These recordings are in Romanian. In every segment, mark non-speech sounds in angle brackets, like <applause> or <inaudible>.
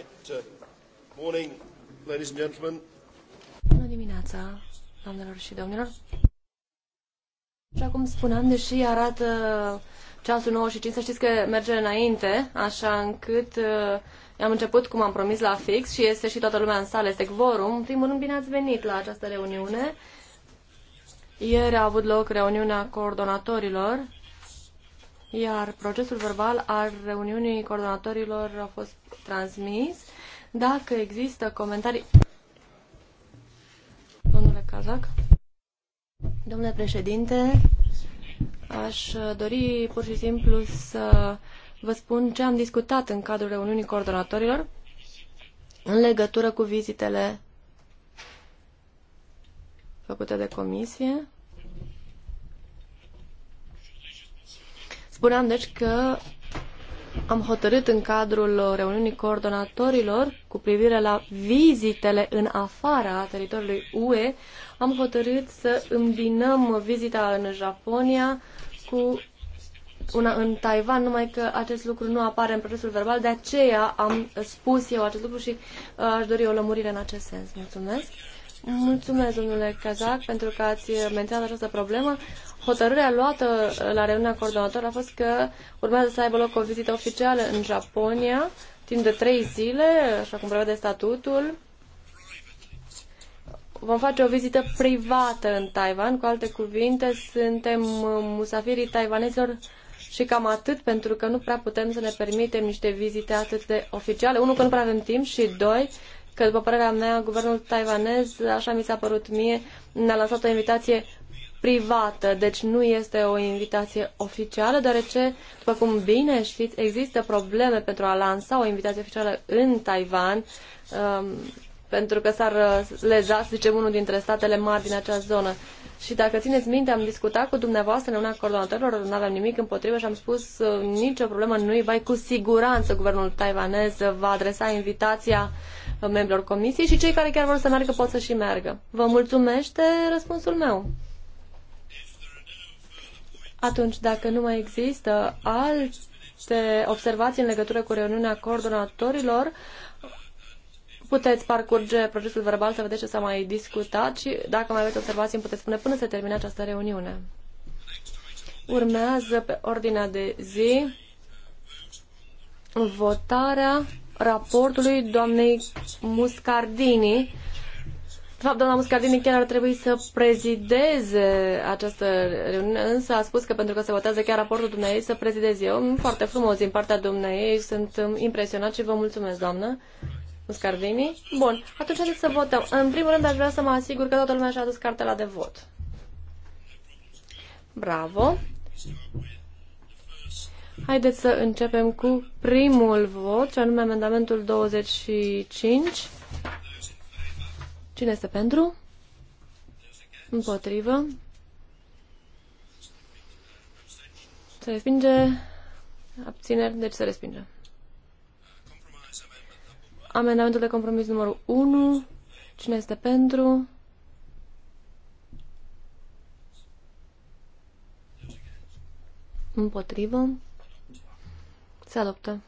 Right. Uh, morning, ladies and gentlemen. Bună dimineața, doamnelor și domnilor. Așa cum spuneam, deși arată ceasul 9 și 5, să știți că merge înainte, așa încât uh, am început cum am promis la fix și este și toată lumea în sală, este Vorum. În primul rând, bine ați venit la această reuniune. Ieri a avut loc reuniunea coordonatorilor iar procesul verbal al reuniunii coordonatorilor a fost transmis. Dacă există comentarii... Domnule Cazac? Domnule președinte, aș dori pur și simplu să vă spun ce am discutat în cadrul reuniunii coordonatorilor în legătură cu vizitele făcute de comisie. Spuneam deci că am hotărât în cadrul reuniunii coordonatorilor cu privire la vizitele în afara teritoriului UE, am hotărât să îmbinăm vizita în Japonia cu una în Taiwan, numai că acest lucru nu apare în procesul verbal, de aceea am spus eu acest lucru și uh, aș dori o lămurire în acest sens. Mulțumesc! Mulțumesc, domnule Cazac, pentru că ați menționat această problemă. Hotărârea luată la reuniunea coordonatoră a fost că urmează să aibă loc o vizită oficială în Japonia, timp de trei zile, așa cum prevede statutul. Vom face o vizită privată în Taiwan, cu alte cuvinte, suntem musafirii taiwanezilor și cam atât, pentru că nu prea putem să ne permitem niște vizite atât de oficiale. Unul, că nu prea avem timp și doi, că după părerea mea, guvernul taiwanez, așa mi s-a părut mie, ne-a lansat o invitație privată, deci nu este o invitație oficială, deoarece, după cum bine știți, există probleme pentru a lansa o invitație oficială în Taiwan, um, pentru că s-ar uh, leza, să zicem, unul dintre statele mari din acea zonă. Și dacă țineți minte, am discutat cu dumneavoastră în una coordonatorilor, nu aveam nimic împotrivă și am spus uh, nicio problemă, nu-i vai, cu siguranță guvernul taiwanez va adresa invitația uh, membrilor comisiei și cei care chiar vor să meargă pot să și meargă. Vă mulțumește răspunsul meu. Atunci, dacă nu mai există alte observații în legătură cu reuniunea coordonatorilor, puteți parcurge procesul verbal să vedeți ce s-a mai discutat și dacă mai aveți observații îmi puteți spune până se termine această reuniune. Urmează pe ordinea de zi votarea raportului doamnei Muscardini de fapt, doamna Muscardini chiar ar trebui să prezideze această reuniune, însă a spus că pentru că se votează chiar raportul dumneavoastră, să prezidez eu. Foarte frumos din partea dumneavoastră, sunt impresionat și vă mulțumesc, doamnă. Muscardini? Bun, atunci haideți să votăm. În primul rând aș vrea să mă asigur că toată lumea și-a adus cartela de vot. Bravo! Haideți să începem cu primul vot, ce anume amendamentul 25. Cine este pentru? Împotrivă. Se respinge. Abțineri, deci se respinge. Amendamentul de compromis numărul 1. Cine este pentru? Împotrivă. Se adoptă.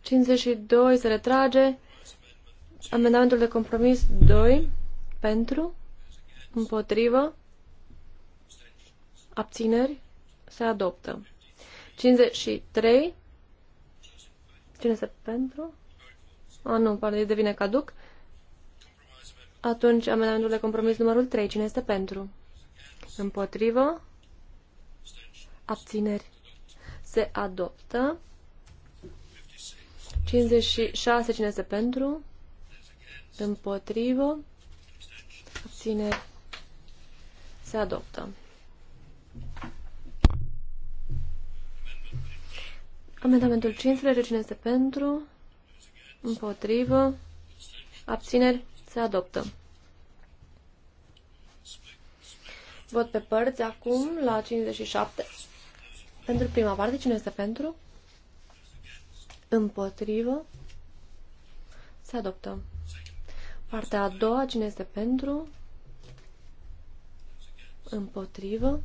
52 se retrage. Amendamentul de compromis 2 pentru, împotrivă, abțineri, se adoptă. 53. Cine se pentru? A, nu, pardon, devine caduc. Atunci, amendamentul de compromis numărul 3. Cine este pentru? Împotrivă. Abțineri. Se adoptă. 56. Cine este pentru? Împotrivă. Abțineri. Se adoptă. Amendamentul 15. Cine este pentru? Împotrivă. Abțineri. Se adoptă. Vot pe părți acum la 57. Pentru prima parte, cine este pentru? Împotrivă. Se adoptă. Partea a doua, cine este pentru? Împotrivă.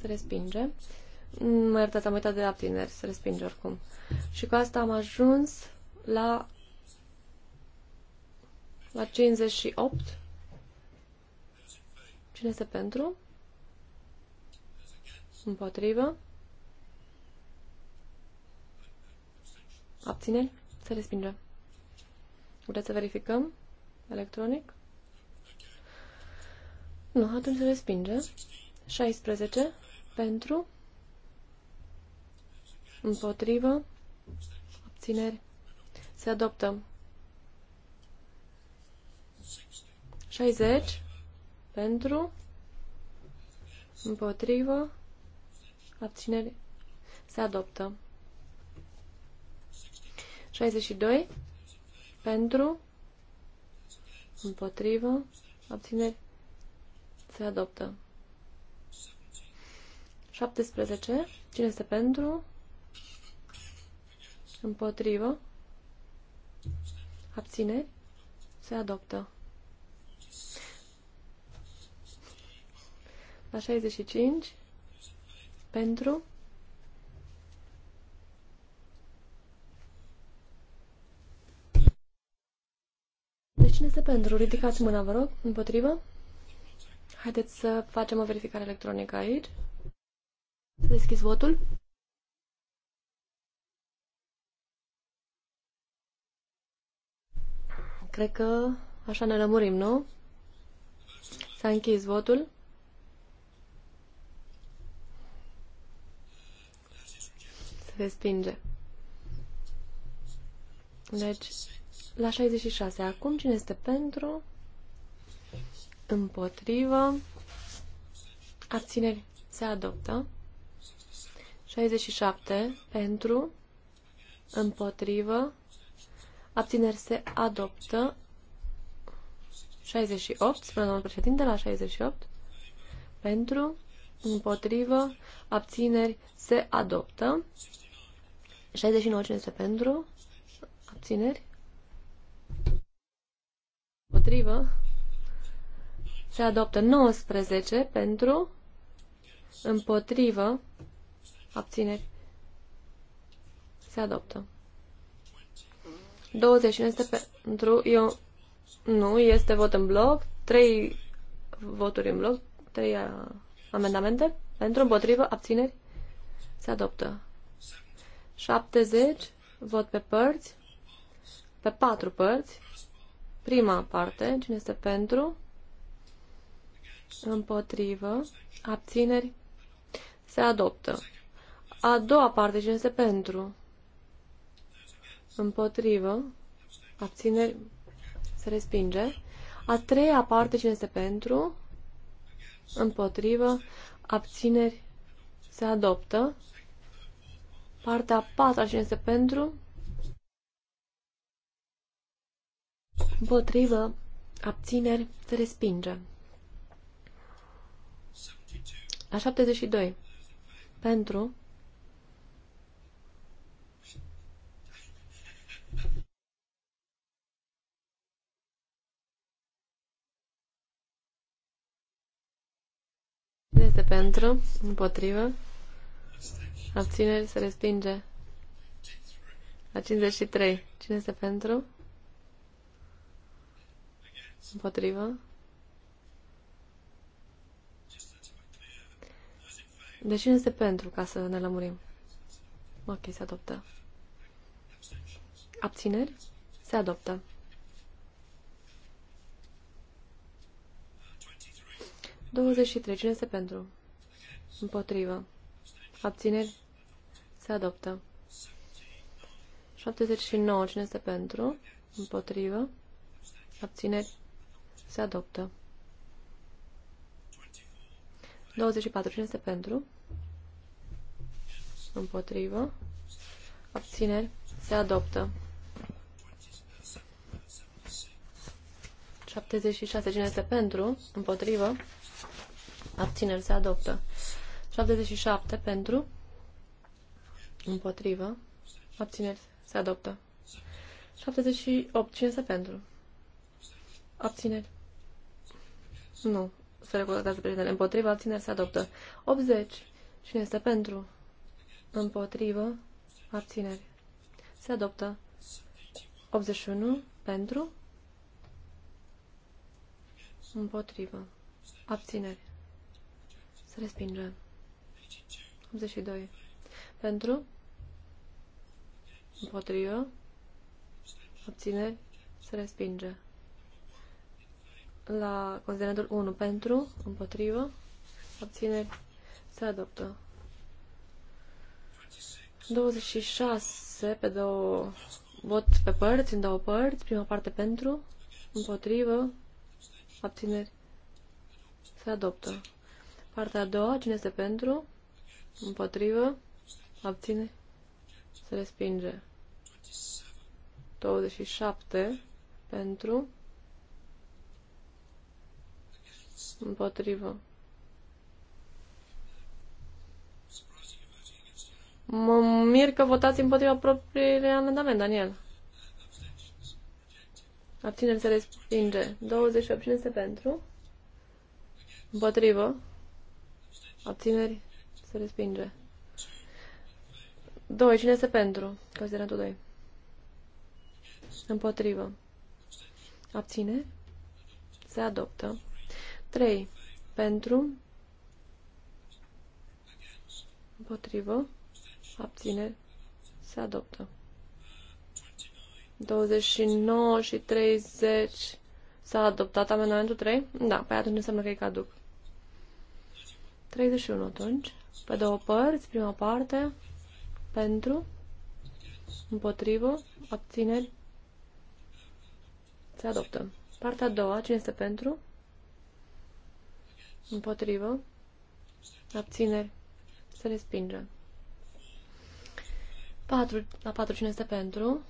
Se respinge. Mă iertați, am uitat de abțineri. Se respinge oricum. Și cu asta am ajuns la la 58. Cine este pentru? Împotrivă. Abțineri? Se respinge. Vreți să verificăm? electronic? Nu, atunci se respinge. 16 pentru, împotrivă, abțineri, se adoptă. 60 pentru, împotrivă, abțineri, se adoptă. 62 pentru, Împotrivă. Abțineri. Se adoptă. 17. Cine este pentru? Împotrivă. abține, Se adoptă. La 65. Pentru. Cine este pentru? Ridicați mâna, vă rog, împotrivă. Haideți să facem o verificare electronică aici. Să deschis votul. Cred că așa ne lămurim, nu? S-a închis votul. Se respinge. Deci, la 66. Acum cine este pentru? Împotrivă. Abțineri. Se adoptă. 67. Pentru. Împotrivă. Abțineri. Se adoptă. 68. Spune domnul președinte la 68. Pentru. Împotrivă. Abțineri. Se adoptă. 69. Cine este pentru? Abțineri împotrivă, se adoptă 19 pentru, împotrivă, abțineri, se adoptă. 21 este pentru, eu, nu, este vot în bloc, 3 voturi în bloc, 3 uh, amendamente, pentru, împotrivă, abțineri, se adoptă. 70, vot pe părți, pe 4 părți. Prima parte, cine este pentru? Împotrivă. Abțineri. Se adoptă. A doua parte, cine este pentru? Împotrivă. Abțineri. Se respinge. A treia parte, cine este pentru? Împotrivă. Abțineri. Se adoptă. Partea a patra, cine este pentru? Împotrivă. Abțineri. Se respinge. La 72. Pentru. Este pentru, împotrivă, abțineri se respinge. La 53. Cine este pentru? Împotrivă. De deci cine este pentru ca să ne lămurim? Ok, se adoptă. Abțineri? Se adoptă. 23. Cine este pentru? Împotrivă. Abțineri? Se adoptă. 79. Cine este pentru? Împotrivă. Abțineri? Se adoptă. 24. Cine este pentru? Împotrivă. Abțineri. Se adoptă. 76. Cine este pentru? Împotrivă. Abțineri. Se adoptă. 77. Pentru? Împotrivă. Abțineri. Se adoptă. 78. Cine este pentru? Abțineri. Nu. Se recunoaște prietenele. Împotriva, abțineri se adoptă. 80. Cine este pentru? Împotrivă, abțineri. Se adoptă. 81. Pentru? Împotrivă. Abțineri. Se respinge. 82. Pentru? Împotrivă. Abțineri. Se respinge la considerentul 1 pentru, împotrivă, obține se adoptă. 26 pe două vot pe părți, în două părți, prima parte pentru, împotrivă, abțineri, se adoptă. Partea a doua, cine este pentru, împotrivă, abține, se respinge. 27 pentru, Împotrivă. Mă mir că votați împotriva propriului amendament, Daniel. Abțineri se respinge. 28. Cine este pentru? Împotrivă. Abțineri se respinge. 2. Cine este pentru? Consideratul 2. Împotrivă. Abține. Se adoptă. 3 pentru, împotrivă, abține, se adoptă. 29 și 30 s-a adoptat amendamentul 3? Da, pe păi atunci înseamnă că e caduc. 31 atunci, pe două părți, prima parte, pentru, împotrivă, abțineri, se adoptă. Partea a doua, cine este pentru? Împotrivă. Abțineri. Se respinge. 4, la 4 cine este pentru?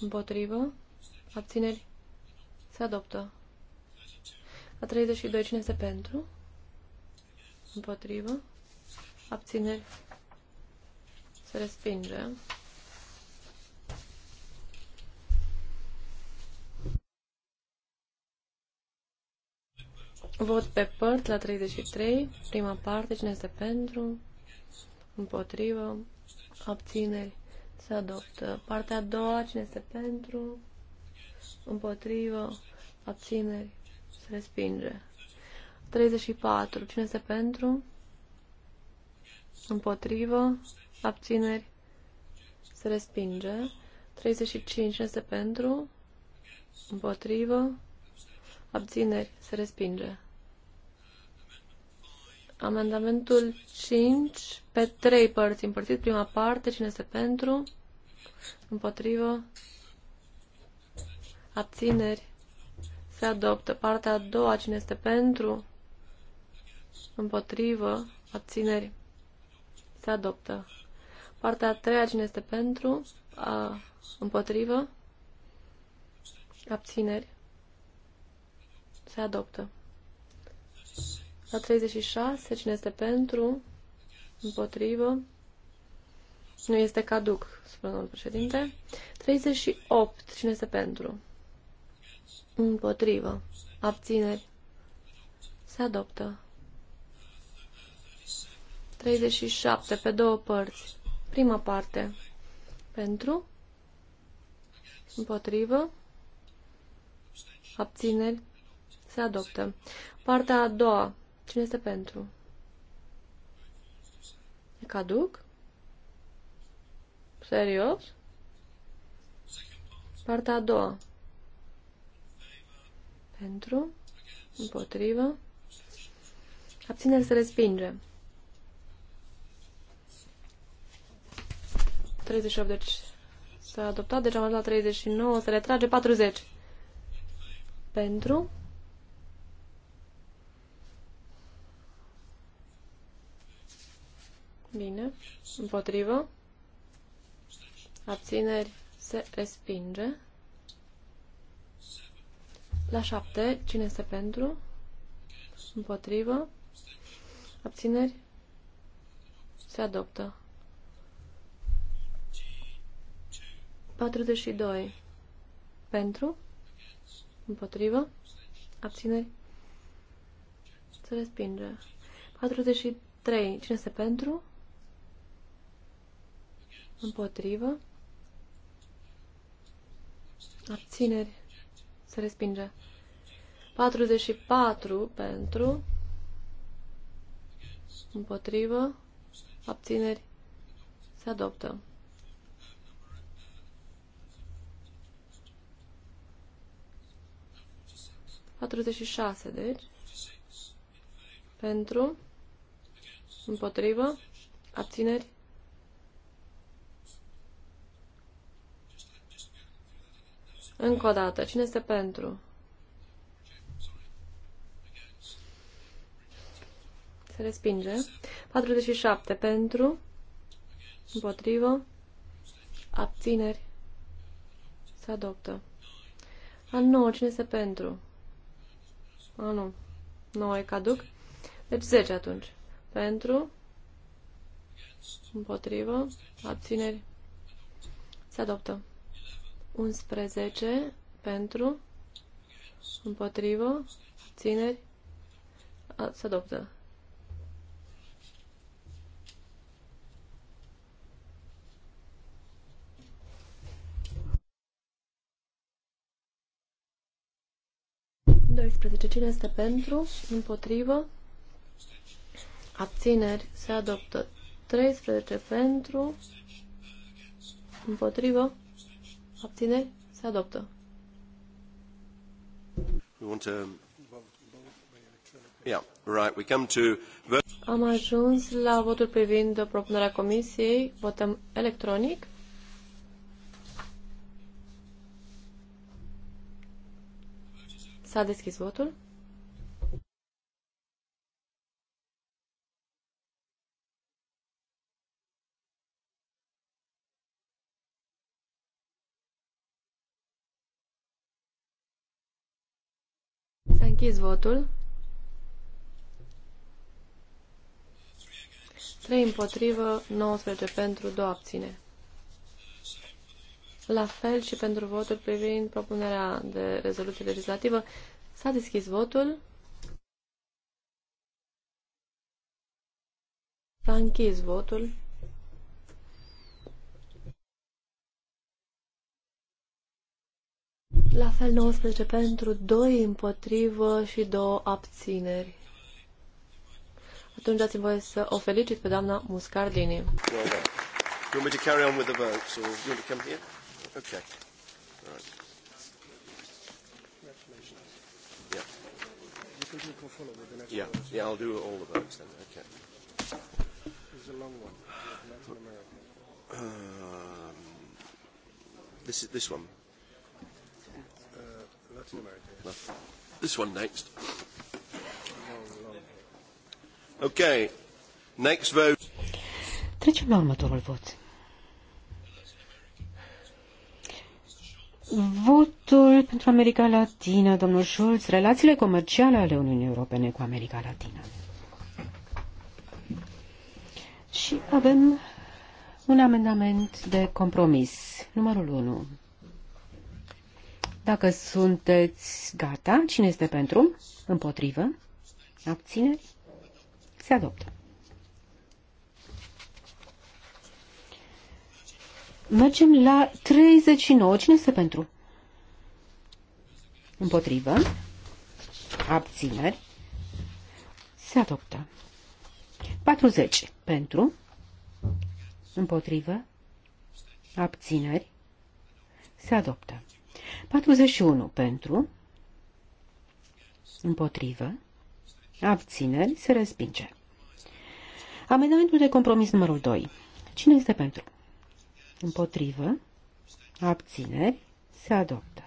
Împotrivă. Abțineri. Se adoptă. La 32 cine este pentru? Împotrivă. Abțineri. Se respinge. Vot pe părți la 33, prima parte, cine este pentru, împotrivă, abțineri, se adoptă. Partea a doua, cine este pentru, împotrivă, abțineri, se respinge. 34, cine este pentru, împotrivă, abțineri, se respinge. 35, cine este pentru, împotrivă, abțineri, se respinge. Amendamentul 5 pe 3 părți împărțit. Prima parte, cine este pentru? Împotrivă? Abțineri? Se adoptă. Partea a doua, cine este pentru? Împotrivă? Abțineri? Se adoptă. Partea a treia, cine este pentru? A, împotrivă? Abțineri? Se adoptă. La 36, cine este pentru? Împotrivă. Nu este caduc, spune domnul președinte. 38, cine este pentru? Împotrivă. Abțineri. Se adoptă. 37, pe două părți. Prima parte. Pentru. Împotrivă. Abțineri. Se adoptă. Partea a doua. Cine este pentru? E caduc? Serios? Partea a doua. Pentru. Împotrivă. Abțineri să respinge. 38, deci s-a adoptat. Deci am ajuns la 39, se retrage 40. Pentru. Bine. Împotrivă. Abțineri. Se respinge. La șapte. Cine este pentru? Împotrivă. Abțineri. Se adoptă. 42. Pentru? Împotrivă? Abțineri? Se respinge. 43. Cine este pentru? Împotrivă. Abțineri. Se respinge. 44 pentru. Împotrivă. Abțineri. Se adoptă. Patruzeci și șase, deci. Pentru. Împotrivă. Abțineri. Încă o dată, cine este pentru? Se respinge. 47 pentru, împotrivă, abțineri, se adoptă. A 9, cine este pentru? A, nu. 9 e caduc. Deci 10 atunci. Pentru, împotrivă, abțineri, se adoptă. 11 pentru, împotrivă, țineri, a, se adoptă. Cine este pentru? Împotrivă? Abțineri. Se adoptă. 13 pentru. Împotrivă? Abține. Se adoptă. Am ajuns la votul privind propunerea comisiei. Votăm electronic. S-a deschis votul. Închis votul. 3 împotrivă, 19 pentru, 2 abține. La fel și pentru votul privind propunerea de rezoluție legislativă, s-a deschis votul. S-a închis votul. La fel 19 pentru, 2 împotrivă și 2 abțineri. Atunci dați-mi voie să o felicit pe doamna Muscardini. Yeah, yeah, I'll do all the votes then. Okay. This is a long one. Latin America. Um, this is this one. No. This one next. Next vote. Trecem la următorul vot. Votul pentru America Latină, domnul Schulz, relațiile comerciale ale Uniunii Europene cu America Latină. Și avem un amendament de compromis, numărul 1. Dacă sunteți gata, cine este pentru? Împotrivă? Abțineri? Se adoptă. Mergem la 39. Cine este pentru? Împotrivă? Abțineri? Se adoptă. 40. Pentru? Împotrivă? Abțineri? Se adoptă. 41 pentru, împotrivă, abțineri, se respinge. Amendamentul de compromis numărul 2. Cine este pentru? Împotrivă, abțineri, se adoptă.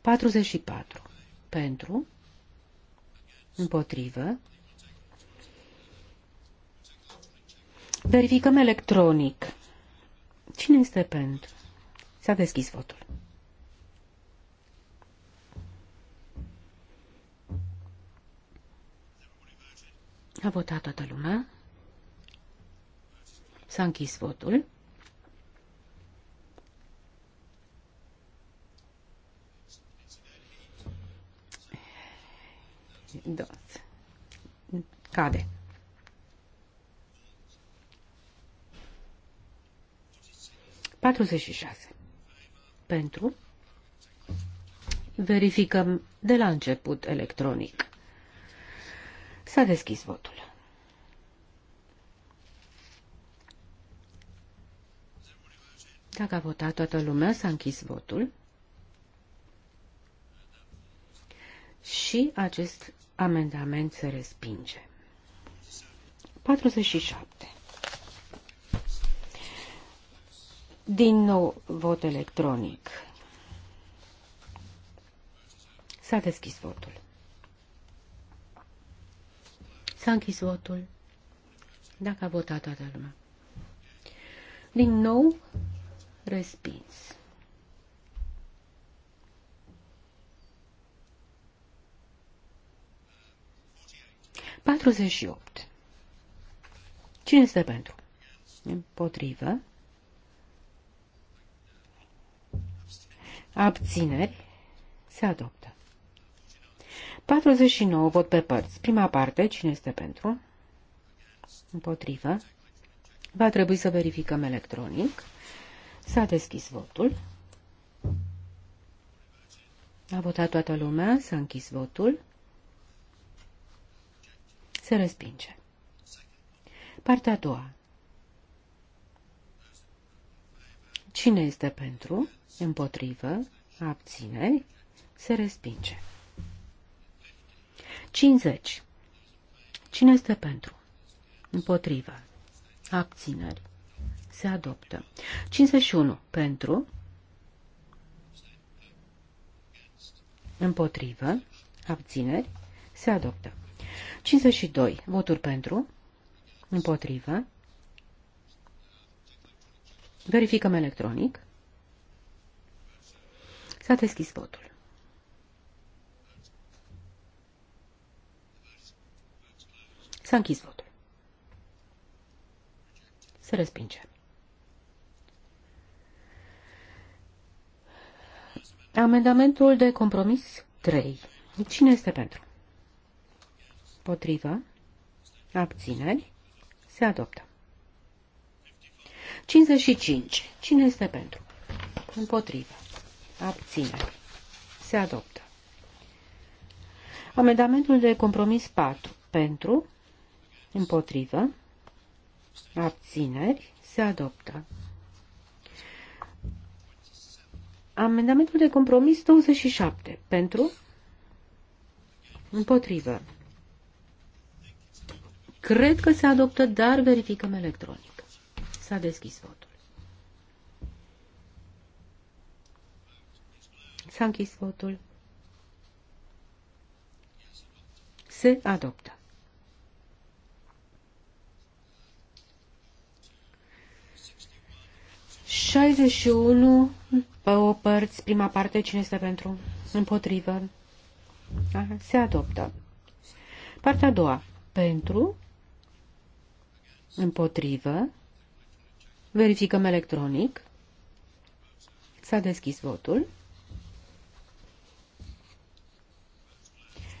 44 pentru, împotrivă, Verificăm electronic. Cine este pentru? S-a deschis votul. A votat toată lumea. S-a închis votul. Da. Cade. Patruzeci și șase pentru. Verificăm de la început electronic. S-a deschis votul. Dacă a votat toată lumea, s-a închis votul. Și acest amendament se respinge. 47. Din nou, vot electronic. S-a deschis votul. S-a închis votul. Dacă a votat toată lumea. Din nou, respins. Patruzeci și opt. Cine este pentru? Împotrivă. abțineri, se adoptă. 49 vot pe părți. Prima parte, cine este pentru? Împotrivă. Va trebui să verificăm electronic. S-a deschis votul. A votat toată lumea, s-a închis votul. Se respinge. Partea a doua. Cine este pentru? Împotrivă? Abțineri? Se respinge. 50. Cine este pentru? Împotrivă. Abțineri. Se adoptă. 51. Pentru. Împotrivă. Abțineri. Se adoptă. 52. Voturi pentru. Împotrivă. Verificăm electronic. S-a deschis votul. S-a închis votul. Se respinge. Amendamentul de compromis 3. Cine este pentru? Potrivă? Abțineri? Se adoptă. 55. Cine este pentru? Împotrivă. Abține. Se adoptă. Amendamentul de compromis 4. Pentru. Împotrivă. Abțineri. Se adoptă. Amendamentul de compromis 27. Pentru. Împotrivă. Cred că se adoptă, dar verificăm electronic. S-a deschis votul. S-a închis votul. Se adoptă. Șaizeci pe o părți, prima parte, cine este pentru? Împotrivă. Da, se adoptă. Partea a doua. Pentru, împotrivă, Verificăm electronic. S-a deschis votul.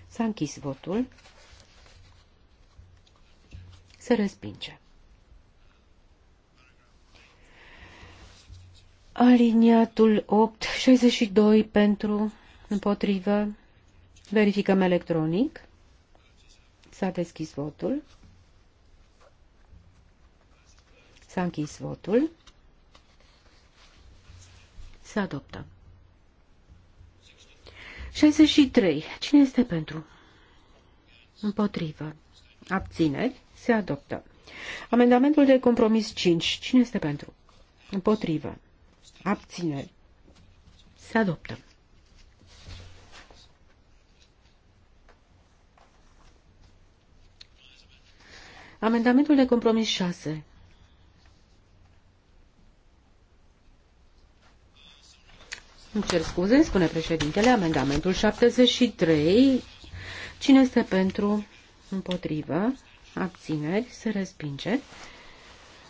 S-a închis votul. Se respinge. Aliniatul 8, 62 pentru, împotrivă. Verificăm electronic. S-a deschis votul. S-a închis votul. Se adoptă. 63. Cine este pentru? Împotrivă. Abțineri. Se adoptă. Amendamentul de compromis 5. Cine este pentru? Împotrivă. Abțineri. Se adoptă. Amendamentul de compromis 6. Îmi cer scuze, spune președintele, amendamentul 73. Cine este pentru? Împotrivă. Abțineri. Se respinge.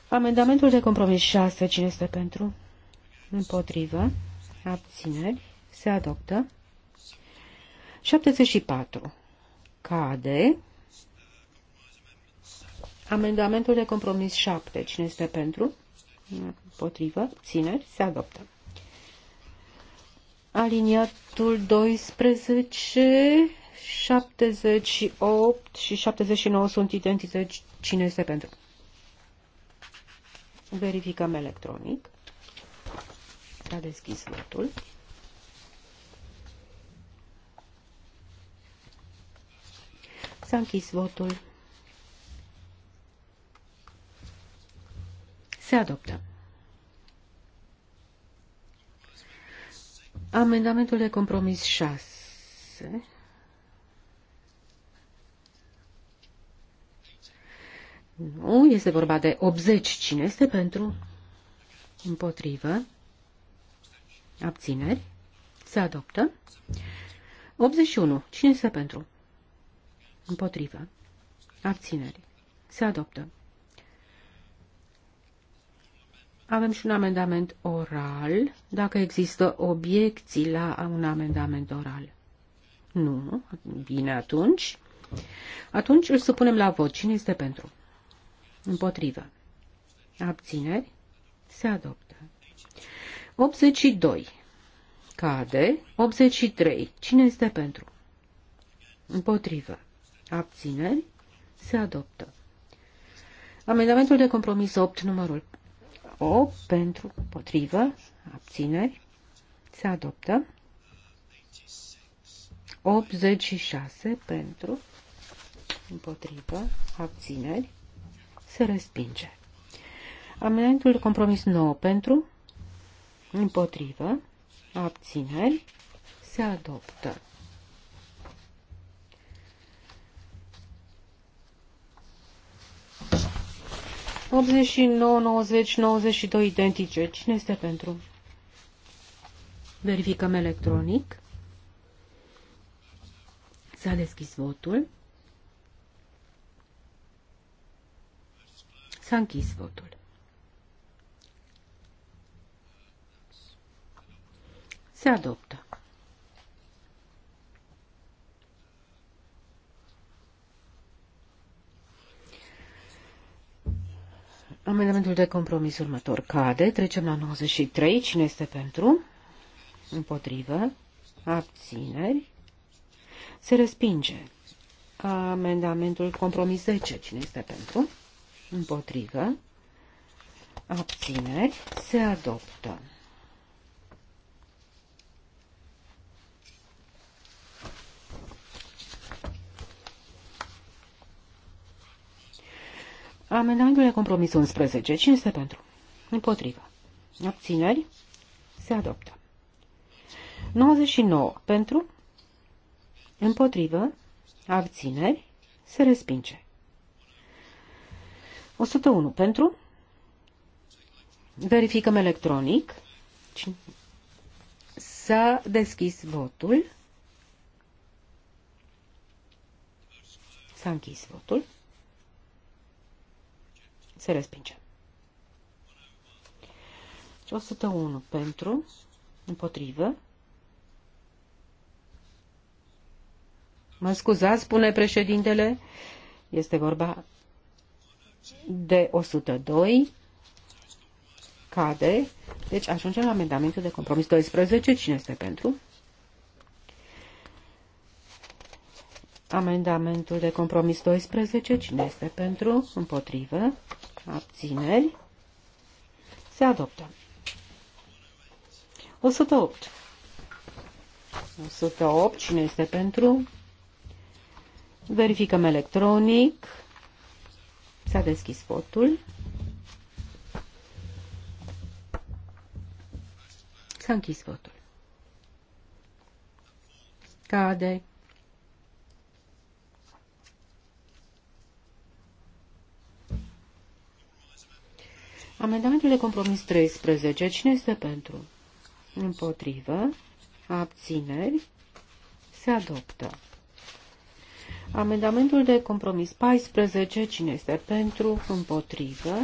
Amendamentul de compromis 6. Cine este pentru? Împotrivă. Abțineri. Se adoptă. 74. Cade. Amendamentul de compromis 7. Cine este pentru? Împotrivă. abțineri, Se adoptă. Aliniatul 12, 78 și 79 sunt identice. Cine este pentru? Verificăm electronic. S-a deschis votul. S-a închis votul. Se adoptă. Amendamentul de compromis 6. Nu, este vorba de 80. Cine este pentru? Împotrivă. Abțineri. Se adoptă. 81. Cine este pentru? Împotrivă. Abțineri. Se adoptă. Avem și un amendament oral, dacă există obiecții la un amendament oral. Nu, bine atunci. Atunci îl supunem la vot. Cine este pentru? Împotrivă. Abțineri? Se adoptă. 82. Cade. 83. Cine este pentru? Împotrivă. Abțineri? Se adoptă. Amendamentul de compromis 8, numărul 8 pentru, potrivă, abțineri, se adoptă. 86 pentru, împotrivă, abțineri, se respinge. Amendamentul compromis 9 pentru, împotrivă, abțineri, se adoptă. 89, 90, 92 identice. Cine este pentru? Verificăm electronic. S-a deschis votul. S-a închis votul. Se adoptă. Amendamentul de compromis următor cade. Trecem la 93. Cine este pentru? Împotrivă. Abțineri. Se respinge. Amendamentul compromis 10. Cine este pentru? Împotrivă. Abțineri. Se adoptă. Amendamentul de compromis 11. Cine este pentru? Împotrivă. Abțineri? Se adoptă. 99. Pentru? Împotrivă. Abțineri? Se respinge. 101. Pentru? Verificăm electronic. S-a deschis votul. S-a închis votul. Se respinge. 101 pentru, împotrivă. Mă scuzați, spune președintele, este vorba de 102, cade, deci ajungem la amendamentul de compromis 12, cine este pentru? Amendamentul de compromis 12, cine este pentru? Împotrivă abțineri, se adoptă. 108. 108, cine este pentru? Verificăm electronic. S-a deschis votul. S-a închis votul. Cade. Amendamentul de compromis 13. Cine este pentru? Împotrivă. Abțineri. Se adoptă. Amendamentul de compromis 14. Cine este pentru? Împotrivă.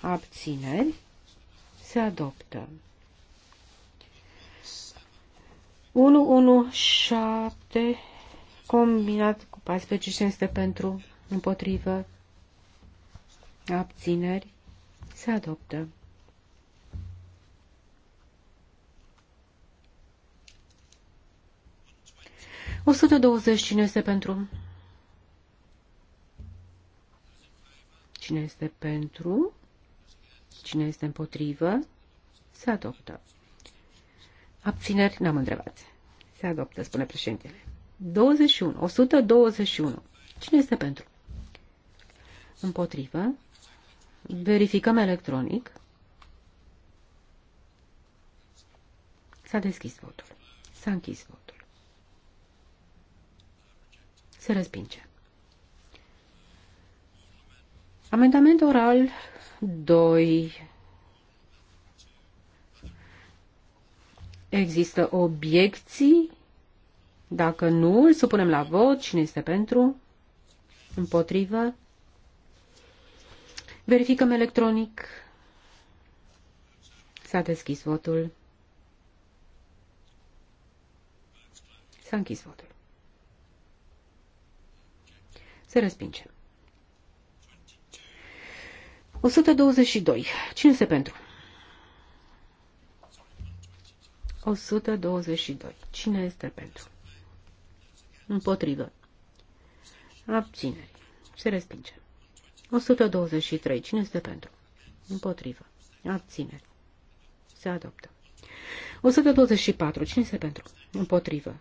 Abțineri. Se adoptă. 117 combinat cu 14 este pentru împotrivă abțineri se adoptă. O sută douăzeci cine este pentru? Cine este pentru? Cine este împotrivă? Se adoptă. Abțineri? N-am întrebat. Se adoptă, spune președintele. 21. 121. Cine este pentru? Împotrivă? verificăm electronic. S-a deschis votul. S-a închis votul. Se respinge. Amendament oral 2. Există obiecții? Dacă nu, îl supunem la vot. Cine este pentru? Împotrivă? Verificăm electronic. S-a deschis votul. S-a închis votul. Se respinge. 122. Cine se pentru? 122. Cine este pentru? Împotrivă. Abțineri. Se respinge. 123. Cine este pentru? Împotrivă. Abțineri. Se adoptă. 124. Cine este pentru? Împotrivă.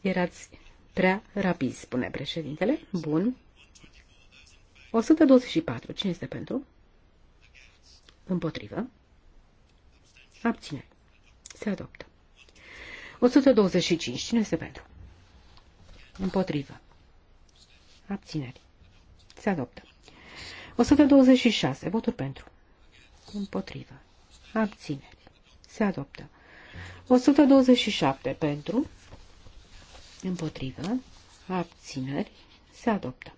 Erați prea rapid, spune președintele. Bun. 124. Cine este pentru? Împotrivă. Abține. Se adoptă. 125. Cine este pentru? Împotrivă. Abțineri. Se adoptă. 126. Voturi pentru. Împotrivă. Abțineri. Se adoptă. 127 pentru. Împotrivă. Abțineri. Se adoptă.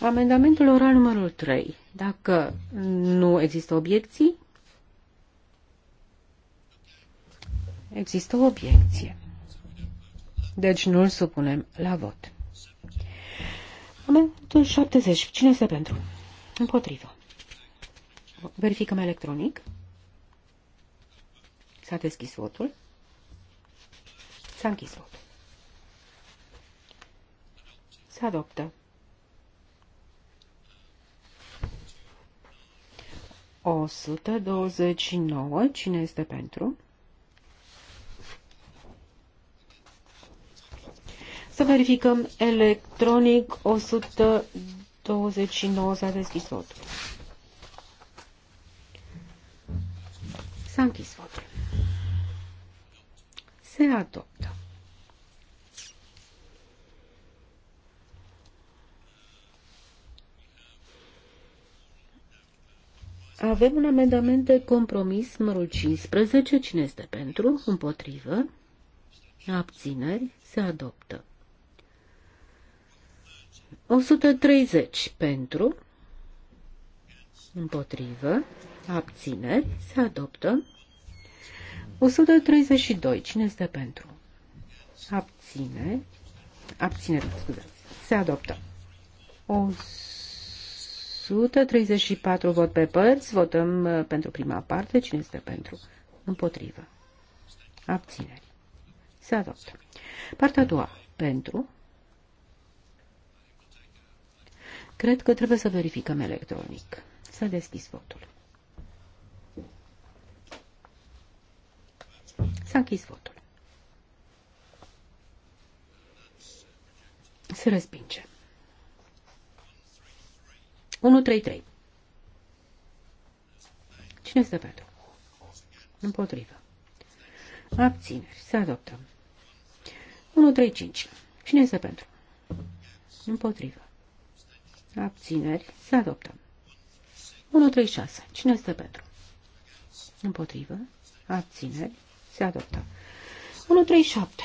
Amendamentul oral numărul 3. Dacă nu există obiecții, Există o obiecție. Deci nu-l supunem la vot. Amendamentul 70. Cine este pentru? Împotrivă. Verificăm electronic. S-a deschis votul. S-a închis votul. Se adoptă. 129. Cine este pentru? Să verificăm electronic 129 s-a deschis votul. S-a închis votul. Se adoptă. Avem un amendament de compromis numărul 15. Cine este pentru? Împotrivă? Abțineri? Se adoptă. 130 pentru, împotrivă, abțineri, se adoptă. 132, cine este pentru? Abține, abțineri, scuzați, se adoptă. 134 vot pe părți, votăm uh, pentru prima parte, cine este pentru? Împotrivă, abțineri, se adoptă. Partea a doua, pentru, Cred că trebuie să verificăm electronic. Să deschis votul. S-a închis votul. Se respinge. 1-3-3. Cine este pentru? Împotrivă. Abțineri. Se adoptă. 1-3-5. Cine este pentru? Împotrivă. Abțineri. Se adoptă. 136. Cine este pentru? Împotrivă. Abțineri. Se adoptă. 137.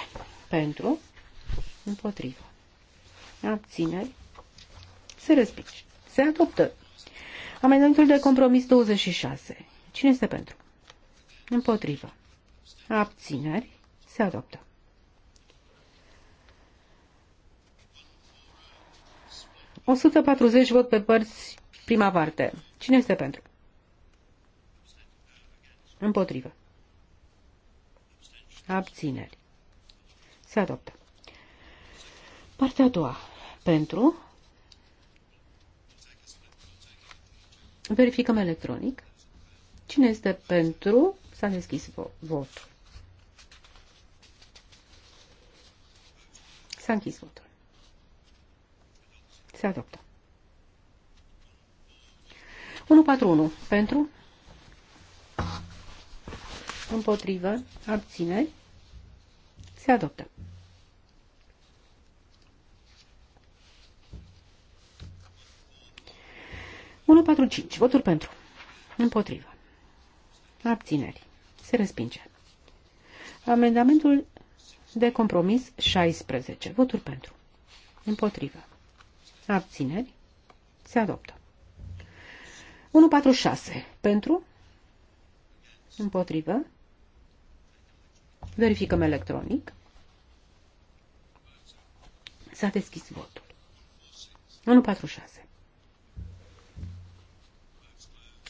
Pentru. Împotrivă. Abțineri. Se respinge. Se adoptă. Amendamentul de compromis 26. Cine este pentru? Împotrivă. Abțineri. Se adoptă. 140 vot pe părți, prima parte. Cine este pentru? Împotrivă. Abțineri. Se adoptă. Partea a doua. Pentru. Verificăm electronic. Cine este pentru? S-a deschis votul. S-a închis votul. Se adoptă. 141. Pentru? Împotrivă. Abțineri. Se adoptă. Unu patru cinci. Votul pentru. Împotrivă. Abțineri. Se respinge. Amendamentul de compromis 16. Voturi pentru. Împotrivă. Abțineri. Se adoptă. 146. Pentru? Împotrivă. Verificăm electronic. S-a deschis votul. 146.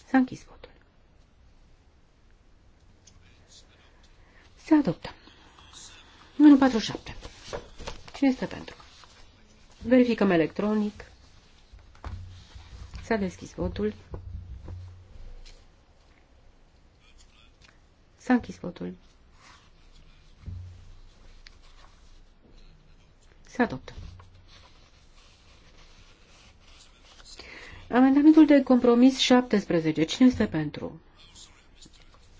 S-a închis votul. Se adoptă. 147. Cine este pentru? Verificăm electronic. S-a deschis votul. S-a închis votul. Se adoptă. Amendamentul de compromis 17. Cine este pentru?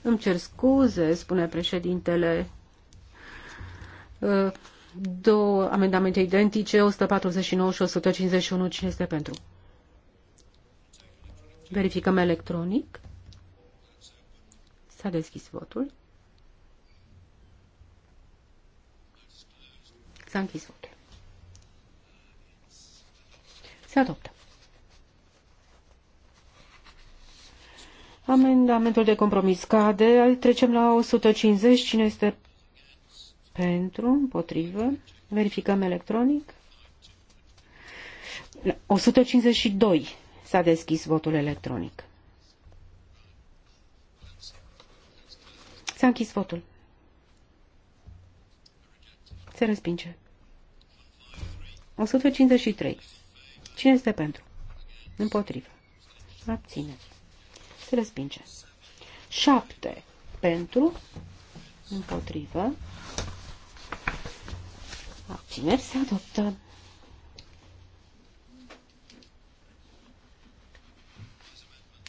Îmi cer scuze, spune președintele. Uh, Două amendamente identice, 149 și 151. Cine este pentru? Verificăm electronic. S-a deschis votul. S-a închis votul. Se adoptă. Amendamentul de compromis cade. Trecem la 150. Cine este pentru, împotrivă. Verificăm electronic. 152 s-a deschis votul electronic. S-a închis votul. Se respinge. 153. Cine este pentru? Împotrivă. Abține. Se respinge. 7. Pentru. Împotrivă. Cine se adoptă.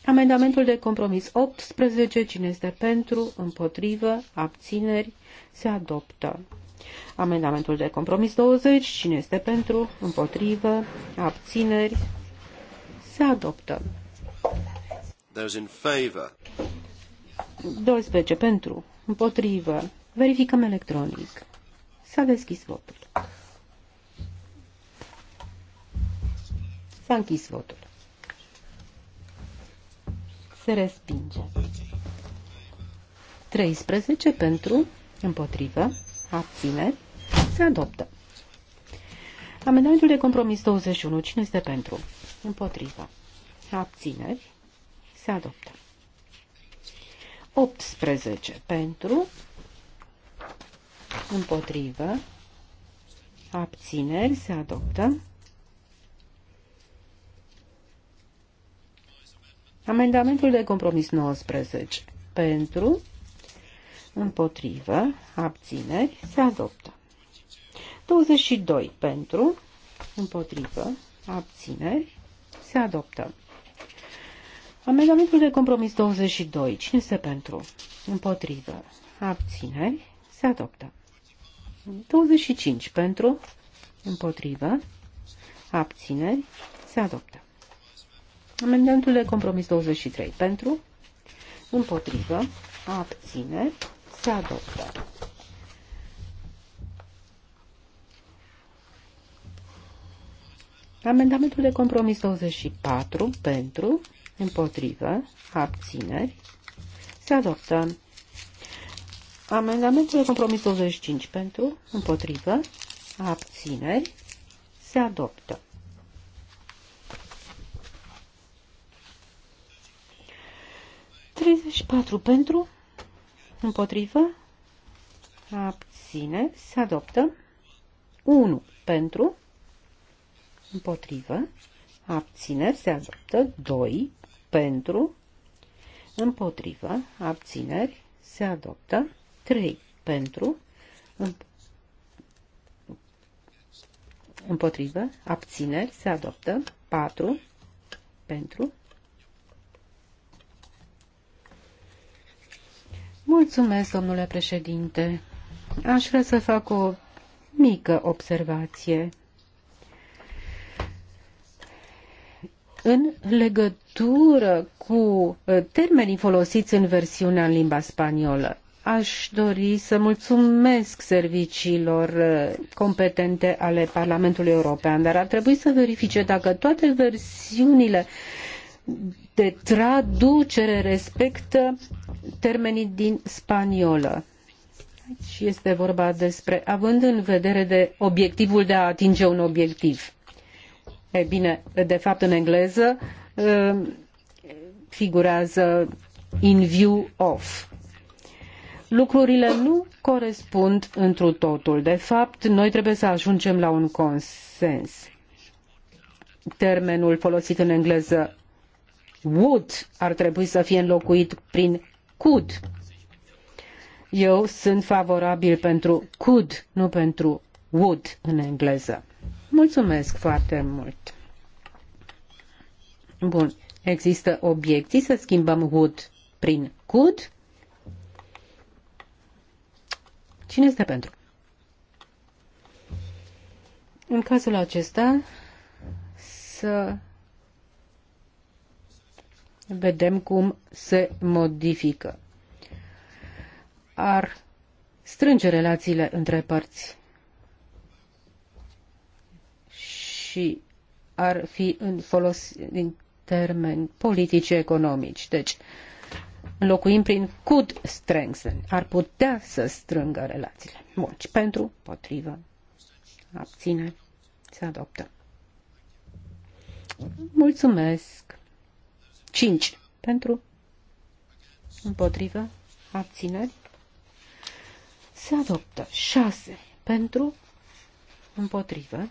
Amendamentul de compromis 18, cine este pentru, împotrivă, abțineri, se adoptă. Amendamentul de compromis 20, cine este pentru, împotrivă, abțineri, se adoptă. 12 pentru, împotrivă, verificăm electronic. S-a deschis votul. S-a închis votul. Se respinge. 13 pentru, împotrivă, abțineri, se adoptă. Amendamentul de compromis 21. Cine este pentru? Împotrivă. Abțineri. Se adoptă. 18 pentru, împotrivă, abțineri, se adoptă. Amendamentul de compromis 19 pentru, împotrivă, abțineri, se adoptă. 22 pentru, împotrivă, abțineri, se adoptă. Amendamentul de compromis 22, cine este pentru, împotrivă, abțineri, se adoptă. 25 pentru, împotrivă, abțineri, se adoptă. Amendamentul de compromis 23 pentru, împotrivă, abțineri, se adoptă. Amendamentul de compromis 24 pentru, împotrivă, abțineri, se adoptă. Amendamentul compromis 25 pentru, împotrivă, abțineri, se adoptă. patru pentru, împotrivă, abțineri, se adoptă. 1 pentru, împotrivă, abțineri, se adoptă. 2 pentru, împotrivă, abțineri, se adoptă. 3 pentru, împotrivă, abțineri, se adoptă, 4 pentru. Mulțumesc, domnule președinte. Aș vrea să fac o mică observație. În legătură cu termenii folosiți în versiunea în limba spaniolă, aș dori să mulțumesc serviciilor uh, competente ale Parlamentului European, dar ar trebui să verifice dacă toate versiunile de traducere respectă termenii din spaniolă. Și este vorba despre având în vedere de obiectivul de a atinge un obiectiv. E bine, de fapt în engleză uh, figurează in view of lucrurile nu corespund întru totul. De fapt, noi trebuie să ajungem la un consens. Termenul folosit în engleză would ar trebui să fie înlocuit prin could. Eu sunt favorabil pentru could, nu pentru would în engleză. Mulțumesc foarte mult. Bun. Există obiecții să schimbăm would prin could? Cine este pentru? În cazul acesta, să vedem cum se modifică. Ar strânge relațiile între părți și ar fi în folos din termeni politici economici. Deci, uh, înlocuim prin could strengthen, ar putea să strângă relațiile. Bun, și pentru, potrivă, abține, se adoptă. Mulțumesc. 5. Pentru, împotrivă, abțineri, se adoptă. 6. Pentru, împotrivă,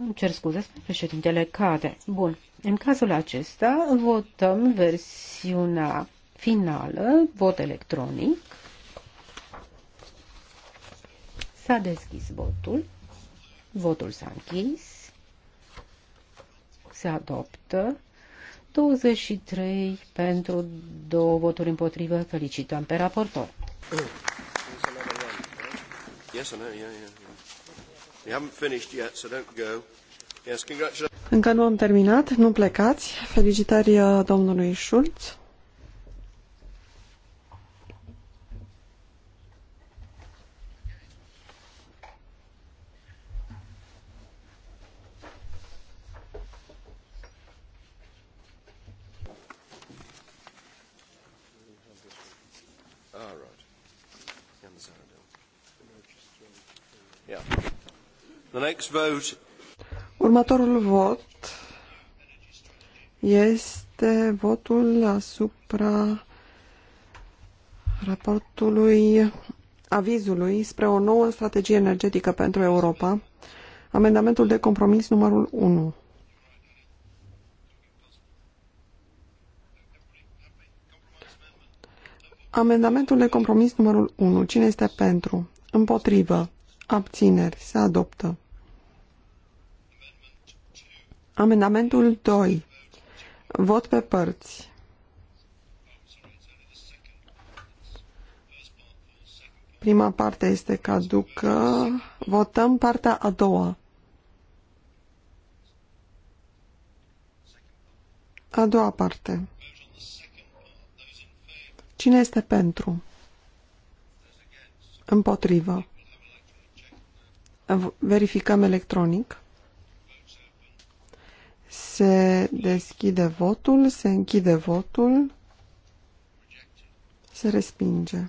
îmi cer scuze, spune președintele Cade. Bun. În cazul acesta votăm versiunea finală, vot electronic. S-a deschis votul. Votul s-a închis. Se adoptă. 23 pentru două voturi împotrivă. Felicităm pe raportor. Yes, no, yeah, yeah, yeah. Încă nu am terminat, nu plecați. Felicitări uh, domnului Schulz. Următorul vot este votul asupra raportului avizului spre o nouă strategie energetică pentru Europa, amendamentul de compromis numărul 1. Amendamentul de compromis numărul 1. Cine este pentru? Împotrivă. Abțineri. Se adoptă. Amendamentul 2. Vot pe părți. Prima parte este caducă. Votăm partea a doua. A doua parte. Cine este pentru? Împotrivă. Verificăm electronic. Se deschide votul, se închide votul, se respinge.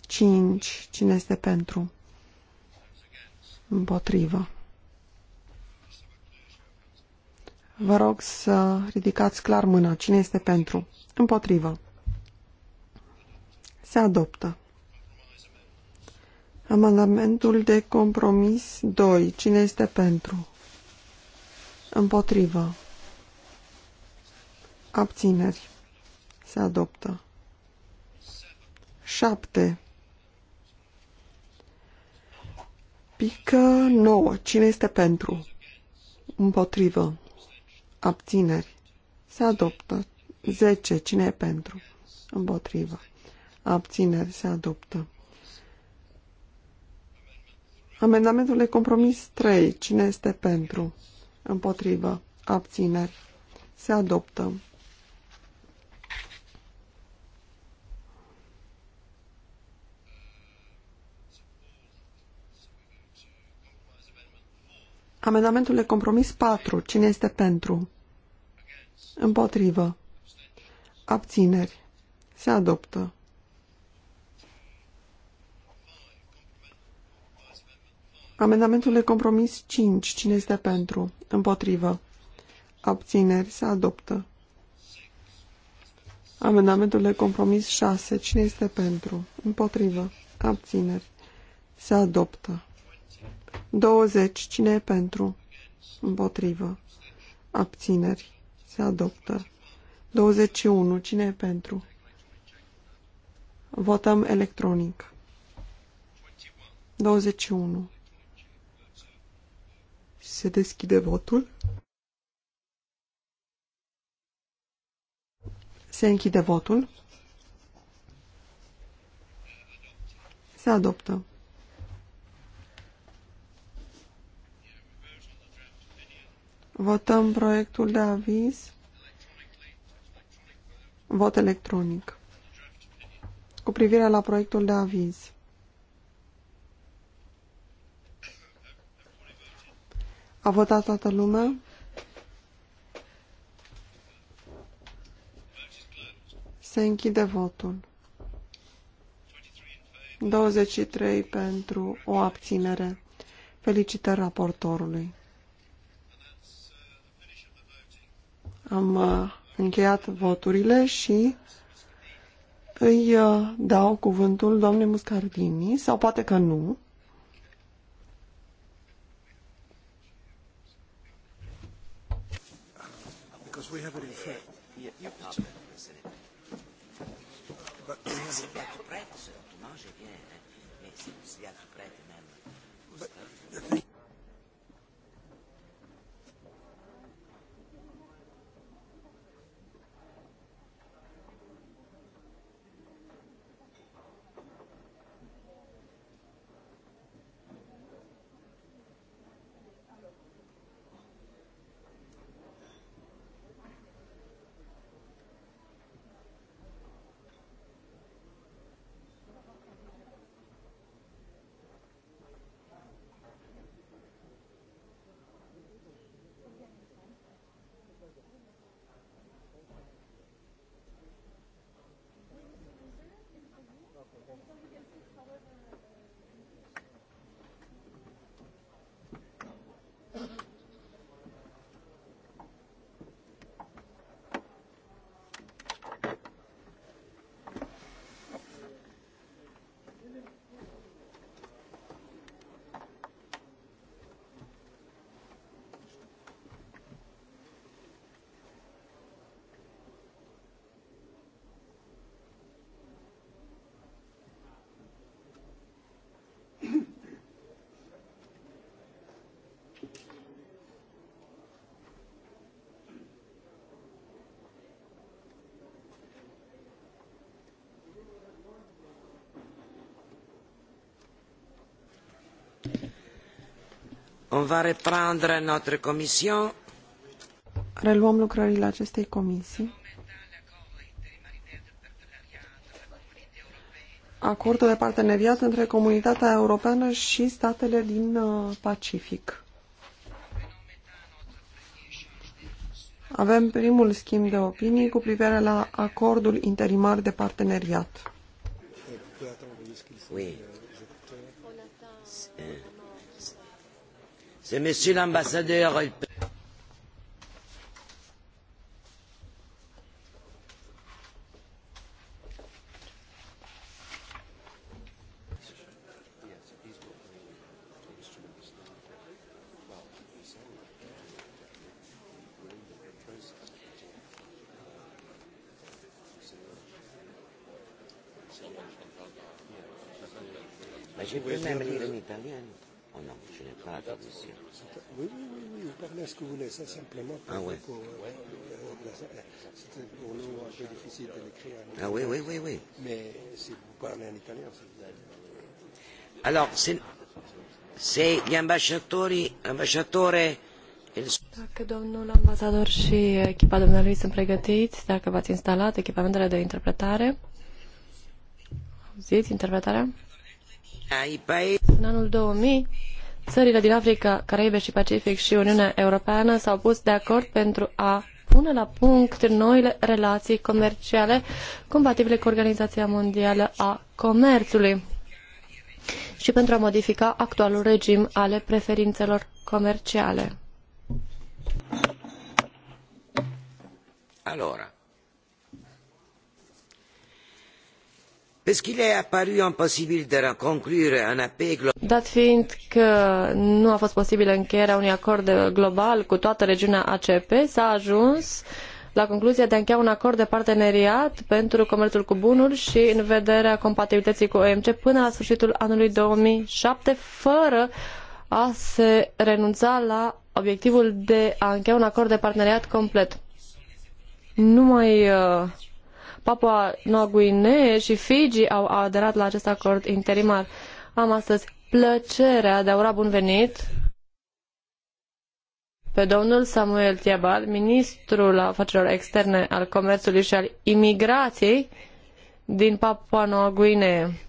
5. Cine este pentru? Împotrivă. Vă rog să ridicați clar mâna. Cine este pentru? Împotrivă. Se adoptă. Amendamentul de compromis 2. Cine este pentru? Împotrivă. Abțineri. Se adoptă. 7. Pică 9. Cine este pentru? Împotrivă. Abțineri. Se adoptă. 10. Cine e pentru? Împotrivă. Abțineri. Se adoptă. Amendamentul de compromis 3. Cine este pentru? Împotrivă. Abțineri. Se adoptă. Amendamentul de compromis 4. Cine este pentru? Împotrivă. Abțineri. Se adoptă. Amendamentul de compromis 5. Cine este pentru? Împotrivă. Abțineri. Se adoptă. Amendamentul de compromis 6. Cine este pentru? Împotrivă. Abțineri. Se adoptă. 20. Cine e pentru? Împotrivă. Abțineri. Se adoptă. 21. Cine e pentru? Votăm electronic. 21. Se deschide votul. Se închide votul. Se adoptă. Votăm proiectul de aviz. Vot electronic. Cu privire la proiectul de aviz. A votat toată lumea? Se închide votul. 23 pentru o abținere. Felicitări raportorului. Am uh, încheiat voturile și îi uh, dau cuvântul domnului Muscardini, sau poate că nu. le pape. Ce n'est pas. S'il va Reluăm lucrările acestei comisii. Acordul de parteneriat între Comunitatea Europeană și statele din uh, Pacific. Avem primul schimb de opinii cu privire la acordul interimar de parteneriat. Oui. c'est monsieur l'ambassadeur euh, ça simplement ah ouais. pour, ouais. C'était pour nous un peu difficile de l'écrire en italien. Ah oui, oui, oui, oui. Mais si vous parlez en italien, c'est... Alors, c'est. se gli ambasciatori, ambasciatore... Dacă domnul ambasador și echipa domnului sunt pregătiți, dacă v-ați instalat echipamentele de interpretare, auziți interpretarea? Păi- În anul 2000, Țările din Africa, Caraibe și Pacific și Uniunea Europeană s-au pus de acord pentru a pune la punct noile relații comerciale compatibile cu Organizația Mondială a Comerțului și pentru a modifica actualul regim ale preferințelor comerciale. Allora, Dat fiind că nu a fost posibilă încheierea unui acord global cu toată regiunea ACP, s-a ajuns la concluzia de a încheia un acord de parteneriat pentru comerțul cu bunuri și în vederea compatibilității cu OMC până la sfârșitul anului 2007, fără a se renunța la obiectivul de a încheia un acord de parteneriat complet. Numai uh, Papua Noua Guinee și Fiji au aderat la acest acord interimar. Am astăzi plăcerea de a ura bun venit pe domnul Samuel Tiabal, ministrul afacerilor externe al comerțului și al imigrației din Papua Noua Guinee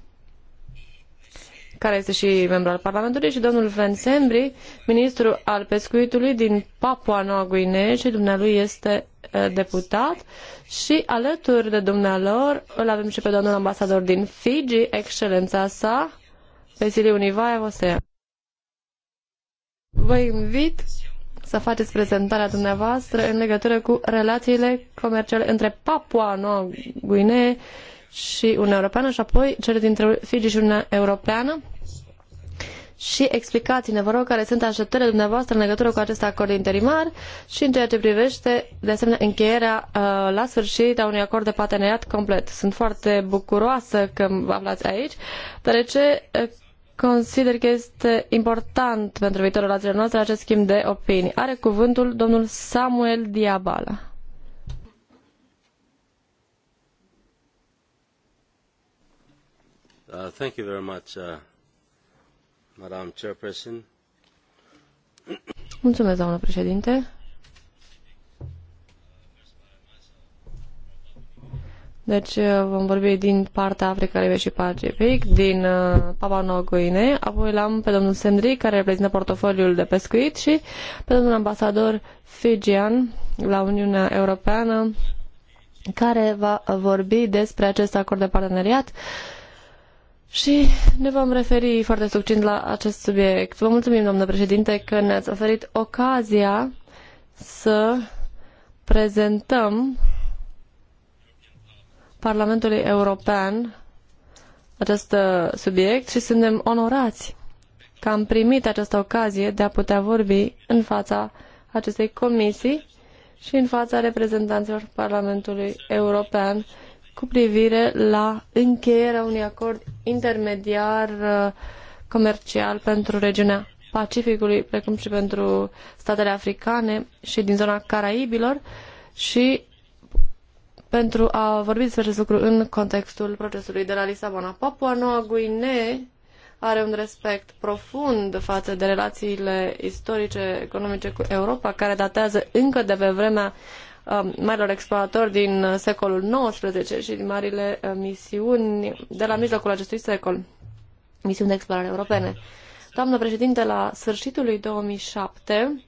care este și membru al Parlamentului, și domnul Sembri, ministru al pescuitului din Papua Noua Guinee și dumnealui este uh, deputat și alături de dumnealor îl avem și pe domnul ambasador din Fiji, excelența sa, Pesiliu Univaia Vosea. Vă invit să faceți prezentarea dumneavoastră în legătură cu relațiile comerciale între Papua Noua Guinee și Uniunea Europeană și apoi cele dintre Fiji și Uniunea Europeană. Și explicați-ne, vă rog, care sunt așteptările dumneavoastră în legătură cu acest acord interimar și în ceea ce privește, de asemenea, încheierea uh, la sfârșit a unui acord de parteneriat complet. Sunt foarte bucuroasă că vă aflați aici, deoarece uh, consider că este important pentru viitorul relațiilor noastre acest schimb de opinii. Are cuvântul domnul Samuel Diabala. Uh, thank you very much, uh, Madam Chairperson. Mulțumesc, doamnă președinte. Deci uh, vom vorbi din partea Africa Libe și Pacific, din uh, Papua Noua Guine, apoi l-am pe domnul Sendri, care reprezintă portofoliul de pescuit și pe domnul ambasador Fijian la Uniunea Europeană, care va vorbi despre acest acord de parteneriat uh, și ne vom referi foarte succint la acest subiect. Vă mulțumim, domnule președinte, că ne-ați oferit ocazia să prezentăm Parlamentului European acest subiect și suntem onorați că am primit această ocazie de a putea vorbi în fața acestei comisii și în fața reprezentanților Parlamentului European cu privire la încheierea unui acord intermediar uh, comercial pentru regiunea Pacificului, precum și pentru statele africane și din zona Caraibilor și pentru a vorbi despre acest lucru în contextul procesului de la Lisabona. Papua Noua Guinee are un respect profund față de relațiile istorice economice cu Europa, care datează încă de pe vremea Um, marilor exploratori din uh, secolul XIX și din marile uh, misiuni de la mijlocul acestui secol, misiuni de explorare europene. Doamnă președinte, la sfârșitul lui 2007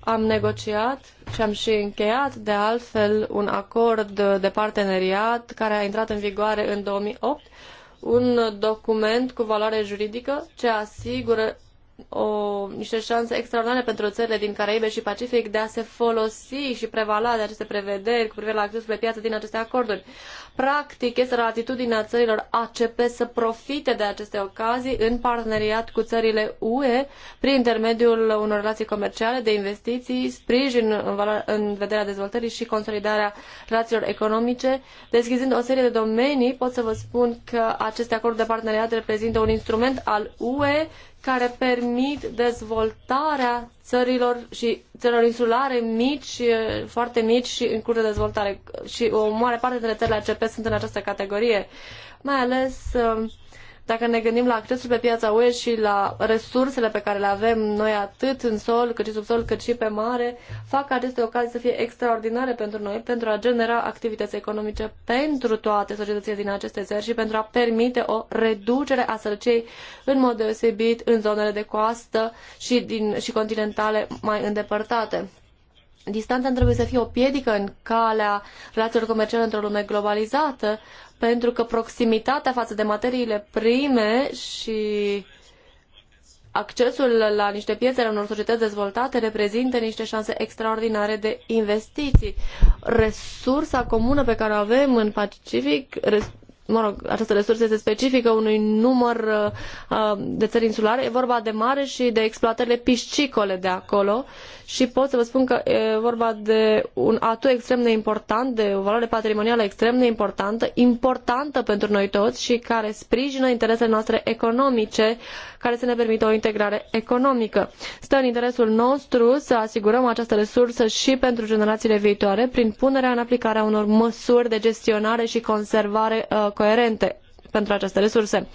am negociat și am și încheiat, de altfel, un acord de parteneriat care a intrat în vigoare în 2008 un document cu valoare juridică ce asigură o, niște șanse extraordinare pentru țările din Caraibe și Pacific de a se folosi și prevala de aceste prevederi cu privire la accesul pe piață din aceste acorduri. Practic, este la atitudinea țărilor ACP să profite de aceste ocazii în parteneriat cu țările UE prin intermediul unor relații comerciale, de investiții, sprijin în, valoare, în vederea dezvoltării și consolidarea relațiilor economice. Deschizând o serie de domenii, pot să vă spun că aceste acorduri de parteneriat reprezintă un instrument al UE care permit dezvoltarea țărilor și țărilor insulare mici, foarte mici și în curs de dezvoltare. Și o mare parte dintre țările ACP sunt în această categorie, mai ales um, dacă ne gândim la accesul pe piața UE și la resursele pe care le avem noi atât în sol, cât și sub sol, cât și pe mare, fac aceste ocazii să fie extraordinare pentru noi, pentru a genera activități economice pentru toate societățile din aceste țări și pentru a permite o reducere a sărăciei în mod deosebit în zonele de coastă și, din, și continentale mai îndepărtate. Distanța trebuie să fie o piedică în calea relațiilor comerciale într-o lume globalizată, pentru că proximitatea față de materiile prime și accesul la niște piețe ale unor societăți dezvoltate reprezintă niște șanse extraordinare de investiții. Resursa comună pe care o avem în Pacific, mă rog, această resursă este specifică unui număr uh, uh, de țări insulare. E vorba de mare și de exploatările piscicole de acolo și pot să vă spun că e vorba de un atu extrem de important, de o valoare patrimonială extrem de importantă, importantă pentru noi toți și care sprijină interesele noastre economice, care să ne permită o integrare economică. Stă în interesul nostru să asigurăm această resursă și pentru generațiile viitoare prin punerea în aplicare a unor măsuri de gestionare și conservare uh, coerente pentru aceste resurse.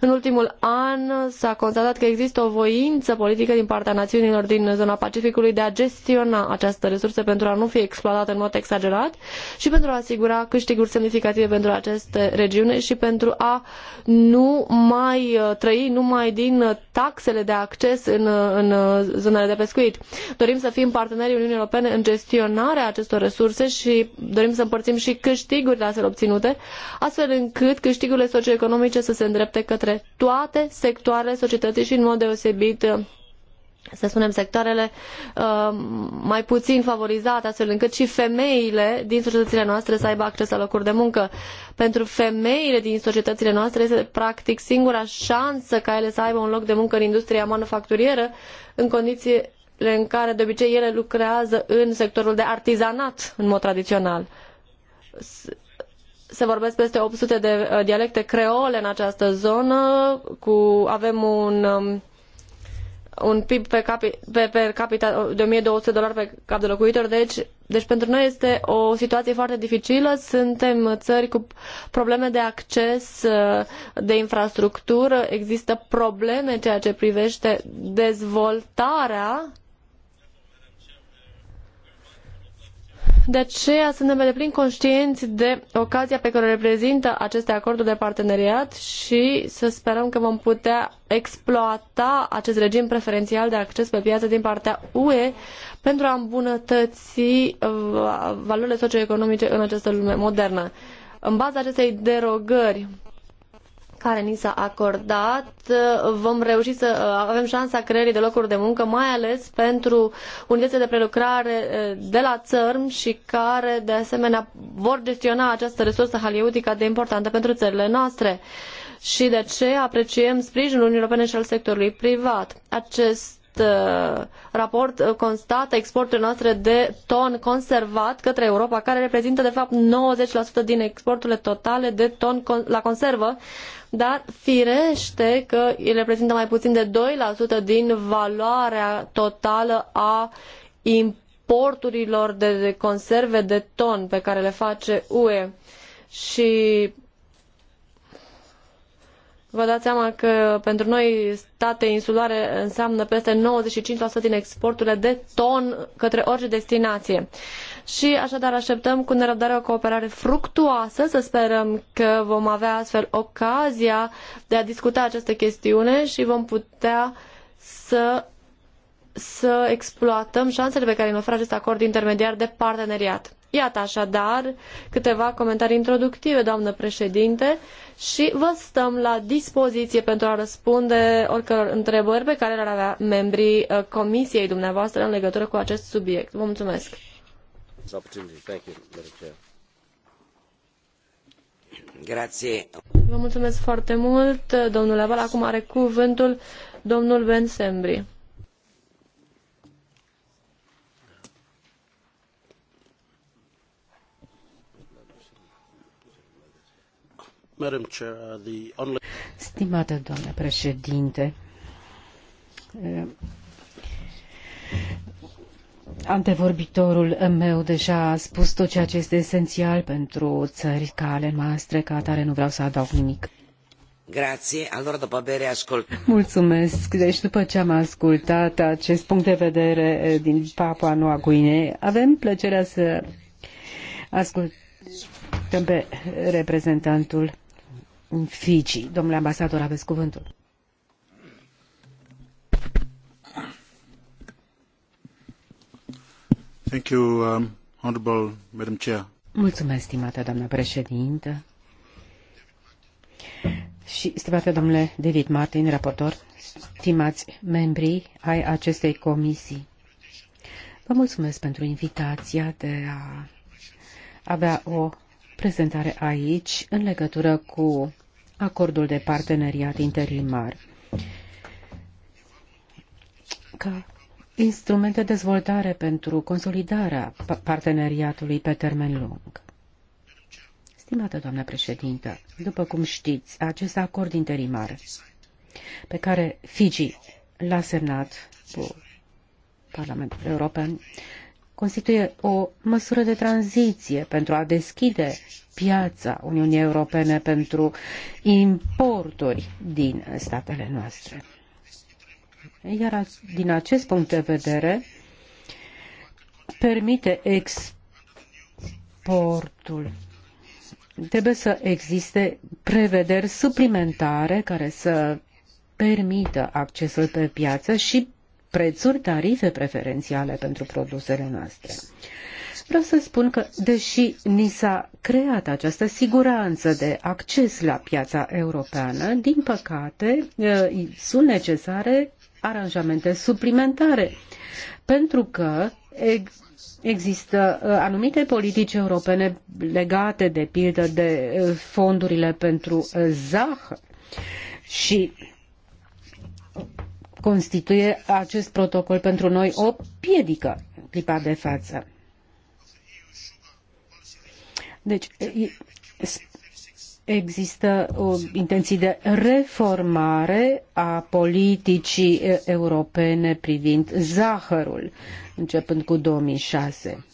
În ultimul an s-a constatat că există o voință politică din partea națiunilor din zona Pacificului de a gestiona această resurse pentru a nu fi exploatată în mod exagerat și pentru a asigura câștiguri semnificative pentru aceste regiune și pentru a nu mai uh, trăi numai din taxele de acces în, uh, în uh, zonele de pescuit. Dorim să fim partenerii Uniunii Europene în gestionarea acestor resurse și dorim să împărțim și câștigurile astfel obținute, astfel încât câștigurile socioeconomice să se îndrepte către toate sectoarele societății și în mod deosebit să spunem, sectoarele uh, mai puțin favorizate, astfel încât și femeile din societățile noastre să aibă acces la locuri de muncă. Pentru femeile din societățile noastre este practic singura șansă ca ele să aibă un loc de muncă în industria manufacturieră, în condițiile în care de obicei ele lucrează în sectorul de artizanat în mod tradițional se vorbesc peste 800 de uh, dialecte creole în această zonă, cu, avem un, um, un PIB pe, capi, pe, pe capita de 1200 dolari pe cap de locuitor, deci, deci pentru noi este o situație foarte dificilă. Suntem țări cu probleme de acces, uh, de infrastructură, există probleme în ceea ce privește dezvoltarea De aceea suntem pe deplin conștienți de ocazia pe care o reprezintă aceste acorduri de parteneriat și să sperăm că vom putea exploata acest regim preferențial de acces pe piață din partea UE pentru a îmbunătăți uh, valorile socioeconomice în această lume modernă. În baza acestei derogări care ni s-a acordat, vom reuși să avem șansa creării de locuri de muncă, mai ales pentru unitățile de prelucrare eh, de la țărm și care, de asemenea, vor gestiona această resursă halieutică de importantă pentru țările noastre. Și de ce apreciem sprijinul Uniunii Europene și al sectorului privat. Acest eh, raport eh, constată exporturile noastre de ton conservat către Europa, care reprezintă de fapt 90% din exporturile totale de ton la conservă, dar firește că reprezintă mai puțin de 2% din valoarea totală a importurilor de conserve de ton pe care le face UE. Și Vă dați seama că pentru noi state insulare înseamnă peste 95% din exporturile de ton către orice destinație și așadar așteptăm cu nerăbdare o cooperare fructuoasă, să sperăm că vom avea astfel ocazia de a discuta această chestiune și vom putea să să exploatăm șansele pe care ne oferă acest acord intermediar de parteneriat. Iată așadar câteva comentarii introductive, doamnă președinte, și vă stăm la dispoziție pentru a răspunde oricăror întrebări pe care le-ar avea membrii uh, comisiei dumneavoastră în legătură cu acest subiect. Vă mulțumesc! this opportunity. Thank you, Madam Chair. Grazie. Vă mulțumesc foarte mult, domnule Aval. Acum are cuvântul domnul Ben Sembri. Stimată doamnă președinte, Antevorbitorul meu deja a spus tot ceea ce este esențial pentru țări ca ale noastre, ca atare nu vreau să adaug nimic. Alora după bere ascult. Mulțumesc. Deci, după ce am ascultat acest punct de vedere eh, din Papua Noua Guine, avem plăcerea să ascultăm pe reprezentantul Fiji. Domnule ambasador, aveți cuvântul. Um, mulțumesc, stimată doamnă președintă. Și, stimate domnule David Martin, raportor, stimați membrii ai acestei comisii, vă mulțumesc pentru invitația de a avea o prezentare aici în legătură cu acordul de parteneriat interimar. Ca instrument de dezvoltare pentru consolidarea parteneriatului pe termen lung. Stimată doamnă președintă, după cum știți, acest acord interimar pe care Fiji l-a semnat cu Parlamentul European constituie o măsură de tranziție pentru a deschide piața Uniunii Europene pentru importuri din statele noastre. Iar din acest punct de vedere, permite exportul. Trebuie să existe prevederi suplimentare care să permită accesul pe piață și prețuri, tarife preferențiale pentru produsele noastre. Vreau să spun că, deși ni s-a creat această siguranță de acces la piața europeană, din păcate eh, sunt necesare aranjamente suplimentare, pentru că există uh, anumite politici europene legate, de pildă, de uh, fondurile pentru uh, zahăr și constituie acest protocol pentru noi o piedică clipa de față. Deci, există uh, intenții de reformare a politicii uh, europene privind zahărul, începând cu 2006.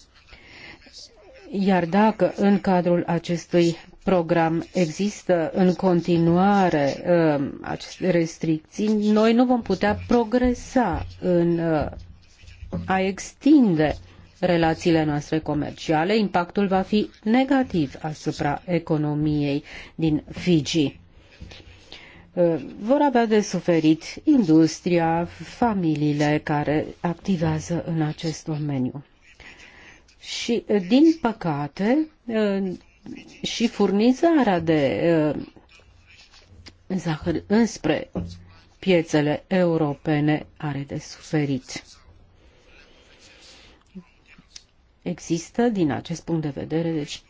Iar dacă în cadrul acestui program există în continuare uh, aceste restricții, noi nu vom putea progresa în uh, a extinde uh, relațiile noastre comerciale, impactul va fi negativ asupra economiei din Fiji. Uh, vor avea de suferit industria, familiile care activează în acest domeniu. Și, uh, din păcate, uh, și furnizarea de zahăr înspre piețele europene are de suferit. Există, din acest punct de vedere, deci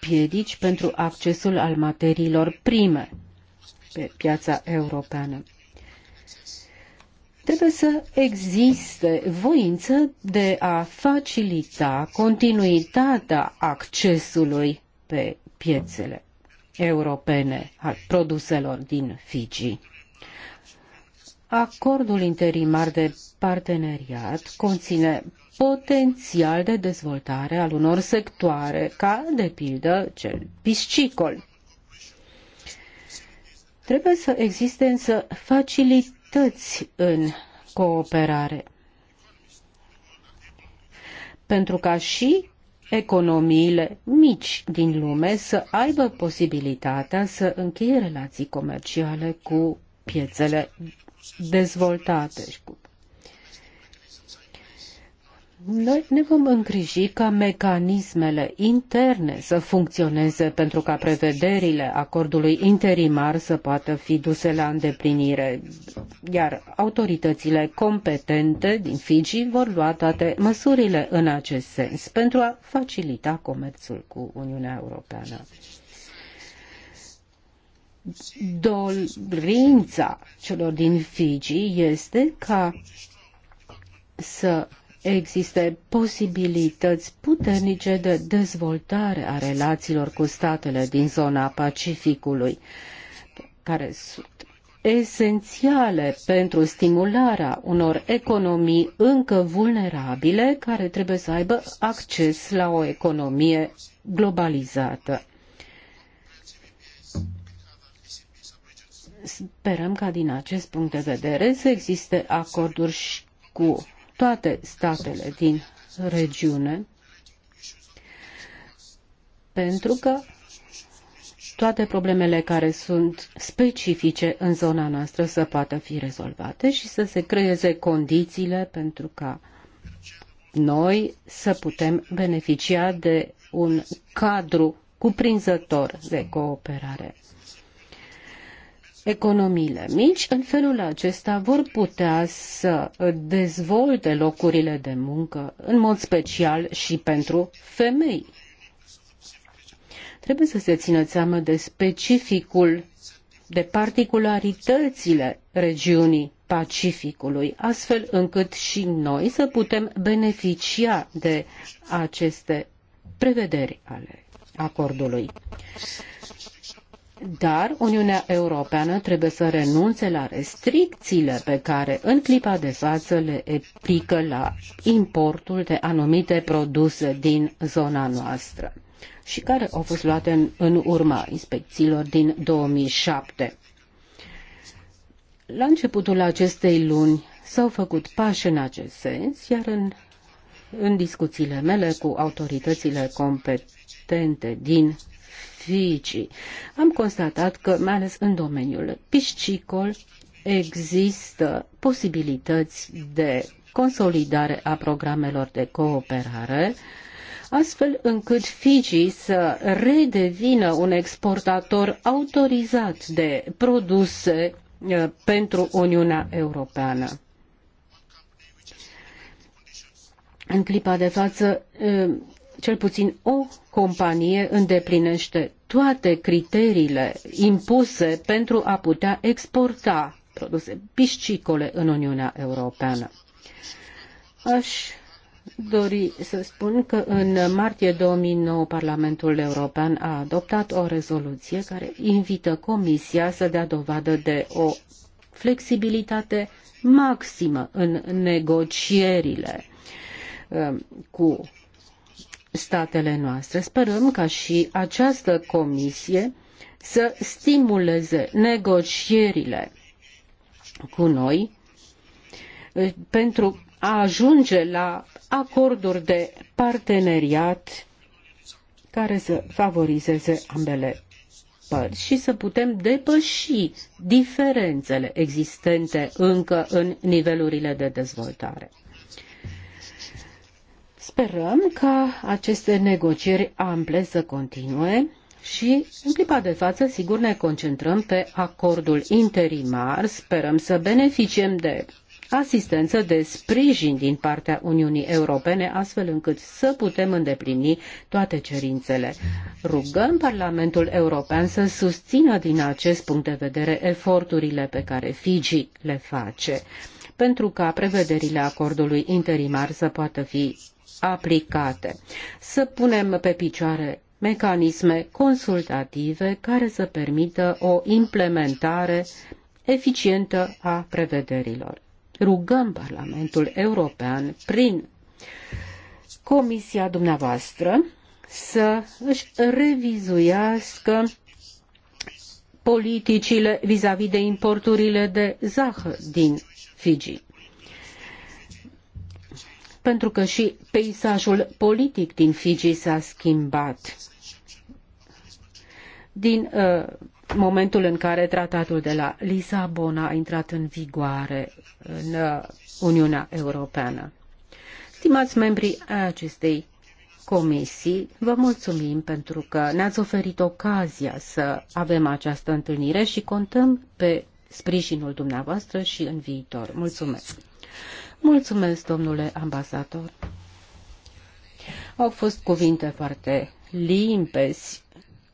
piedici pentru accesul al materiilor prime pe piața europeană. Trebuie să existe voință de a facilita continuitatea accesului pe piețele europene al produselor din Fiji. Acordul interimar de parteneriat conține potențial de dezvoltare al unor sectoare, ca de pildă cel piscicol. Trebuie să existe însă facilități în cooperare. Pentru ca și economiile mici din lume să aibă posibilitatea să încheie relații comerciale cu piețele dezvoltate și cu noi ne vom îngriji ca mecanismele interne să funcționeze pentru ca prevederile acordului interimar să poată fi duse la îndeplinire, iar autoritățile competente din Fiji vor lua toate măsurile în acest sens pentru a facilita comerțul cu Uniunea Europeană dorința celor din Fiji este ca să existe posibilități puternice de dezvoltare a relațiilor cu statele din zona Pacificului, care sunt esențiale pentru stimularea unor economii încă vulnerabile care trebuie să aibă acces la o economie globalizată. Sperăm ca din acest punct de vedere să existe acorduri cu toate statele din regiune, pentru că toate problemele care sunt specifice în zona noastră să poată fi rezolvate și să se creeze condițiile pentru ca noi să putem beneficia de un cadru cuprinzător de cooperare economiile mici, în felul acesta vor putea să dezvolte locurile de muncă, în mod special și pentru femei. Trebuie să se țină seama de specificul, de particularitățile regiunii Pacificului, astfel încât și noi să putem beneficia de aceste prevederi ale acordului. Dar Uniunea Europeană trebuie să renunțe la restricțiile pe care în clipa de față le aplică la importul de anumite produse din zona noastră și care au fost luate în, în urma inspecțiilor din 2007. La începutul acestei luni s-au făcut pași în acest sens, iar în, în discuțiile mele cu autoritățile competente din Fiji. Am constatat că, mai ales în domeniul piscicol, există posibilități de consolidare a programelor de cooperare, astfel încât Fiji să redevină un exportator autorizat de produse eh, pentru Uniunea Europeană. În clipa de față, eh, cel puțin o companie îndeplinește toate criteriile impuse pentru a putea exporta produse piscicole în Uniunea Europeană. Aș dori să spun că în martie 2009 Parlamentul European a adoptat o rezoluție care invită Comisia să dea dovadă de o flexibilitate maximă în negocierile um, cu statele noastre. Sperăm ca și această comisie să stimuleze negocierile cu noi eh, pentru a ajunge la acorduri de parteneriat care să favorizeze ambele părți și să putem depăși diferențele existente încă în nivelurile de dezvoltare. Sperăm ca aceste negocieri ample să continue și, în clipa de față, sigur, ne concentrăm pe acordul interimar. Sperăm să beneficiem de asistență, de sprijin din partea Uniunii Europene, astfel încât să putem îndeplini toate cerințele. Rugăm Parlamentul European să susțină din acest punct de vedere eforturile pe care Fiji le face pentru ca prevederile acordului interimar să poată fi aplicate. Să punem pe picioare mecanisme consultative care să permită o implementare eficientă a prevederilor. Rugăm Parlamentul European prin Comisia dumneavoastră să își revizuiască politicile vis-a-vis -vis de importurile de zahăr din Fiji pentru că și peisajul politic din Fiji s-a schimbat. Din uh, momentul în care tratatul de la Lisabona a intrat în vigoare în uh, Uniunea Europeană. Stimați membrii acestei comisii, vă mulțumim pentru că ne-ați oferit ocazia să avem această întâlnire și contăm pe sprijinul dumneavoastră și în viitor. Mulțumesc! Mulțumesc, domnule ambasador. Au fost cuvinte foarte limpezi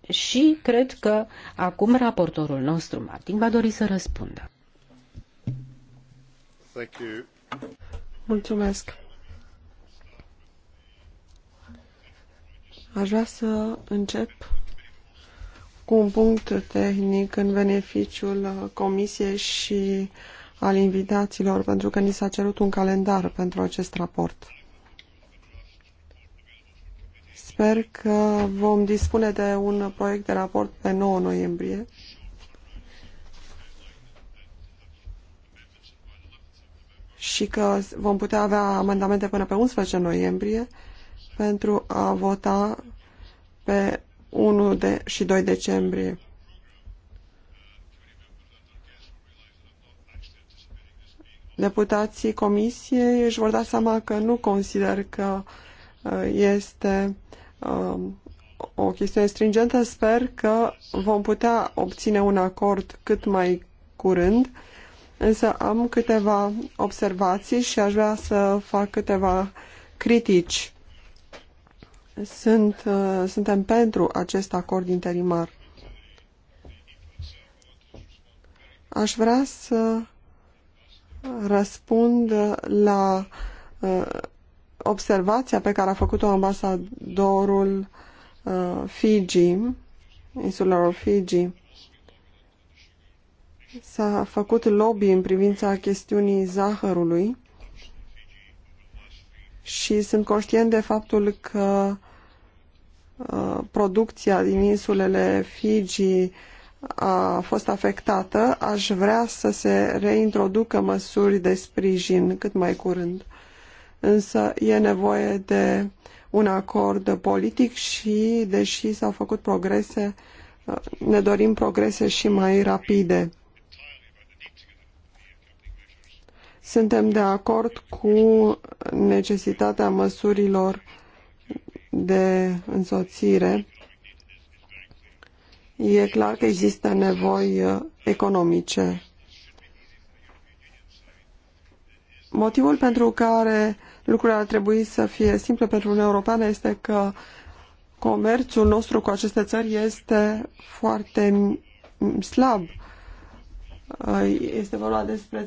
și cred că acum raportorul nostru, Martin, va dori să răspundă. Thank you. Mulțumesc. Aș vrea să încep cu un punct tehnic în beneficiul Comisiei și uh, al invitaților, pentru că ni s-a cerut un calendar pentru acest raport. Sper că vom dispune de un proiect de raport pe 9 noiembrie. și că vom putea avea amendamente până pe 11 noiembrie pentru a vota pe 1 de și 2 decembrie. deputații comisiei își vor da seama că nu consider că uh, este um, o chestiune stringentă. Sper că vom putea obține un acord cât mai curând, însă am câteva observații și aș vrea să fac câteva critici. Sunt, uh, suntem pentru acest acord interimar. Aș vrea să răspund la uh, observația pe care a făcut-o ambasadorul uh, Fiji, insulelor Fiji. S-a făcut lobby în privința chestiunii zahărului și sunt conștient de faptul că uh, producția din insulele Fiji a fost afectată, aș vrea să se reintroducă măsuri de sprijin cât mai curând. Însă e nevoie de un acord politic și, deși s-au făcut progrese, ne dorim progrese și mai rapide. Suntem de acord cu necesitatea măsurilor de însoțire E clar că există nevoi uh, economice. Motivul pentru care lucrurile ar trebui să fie simple pentru Uniunea Europeană este că comerțul nostru cu aceste țări este foarte slab. Uh, este vorba despre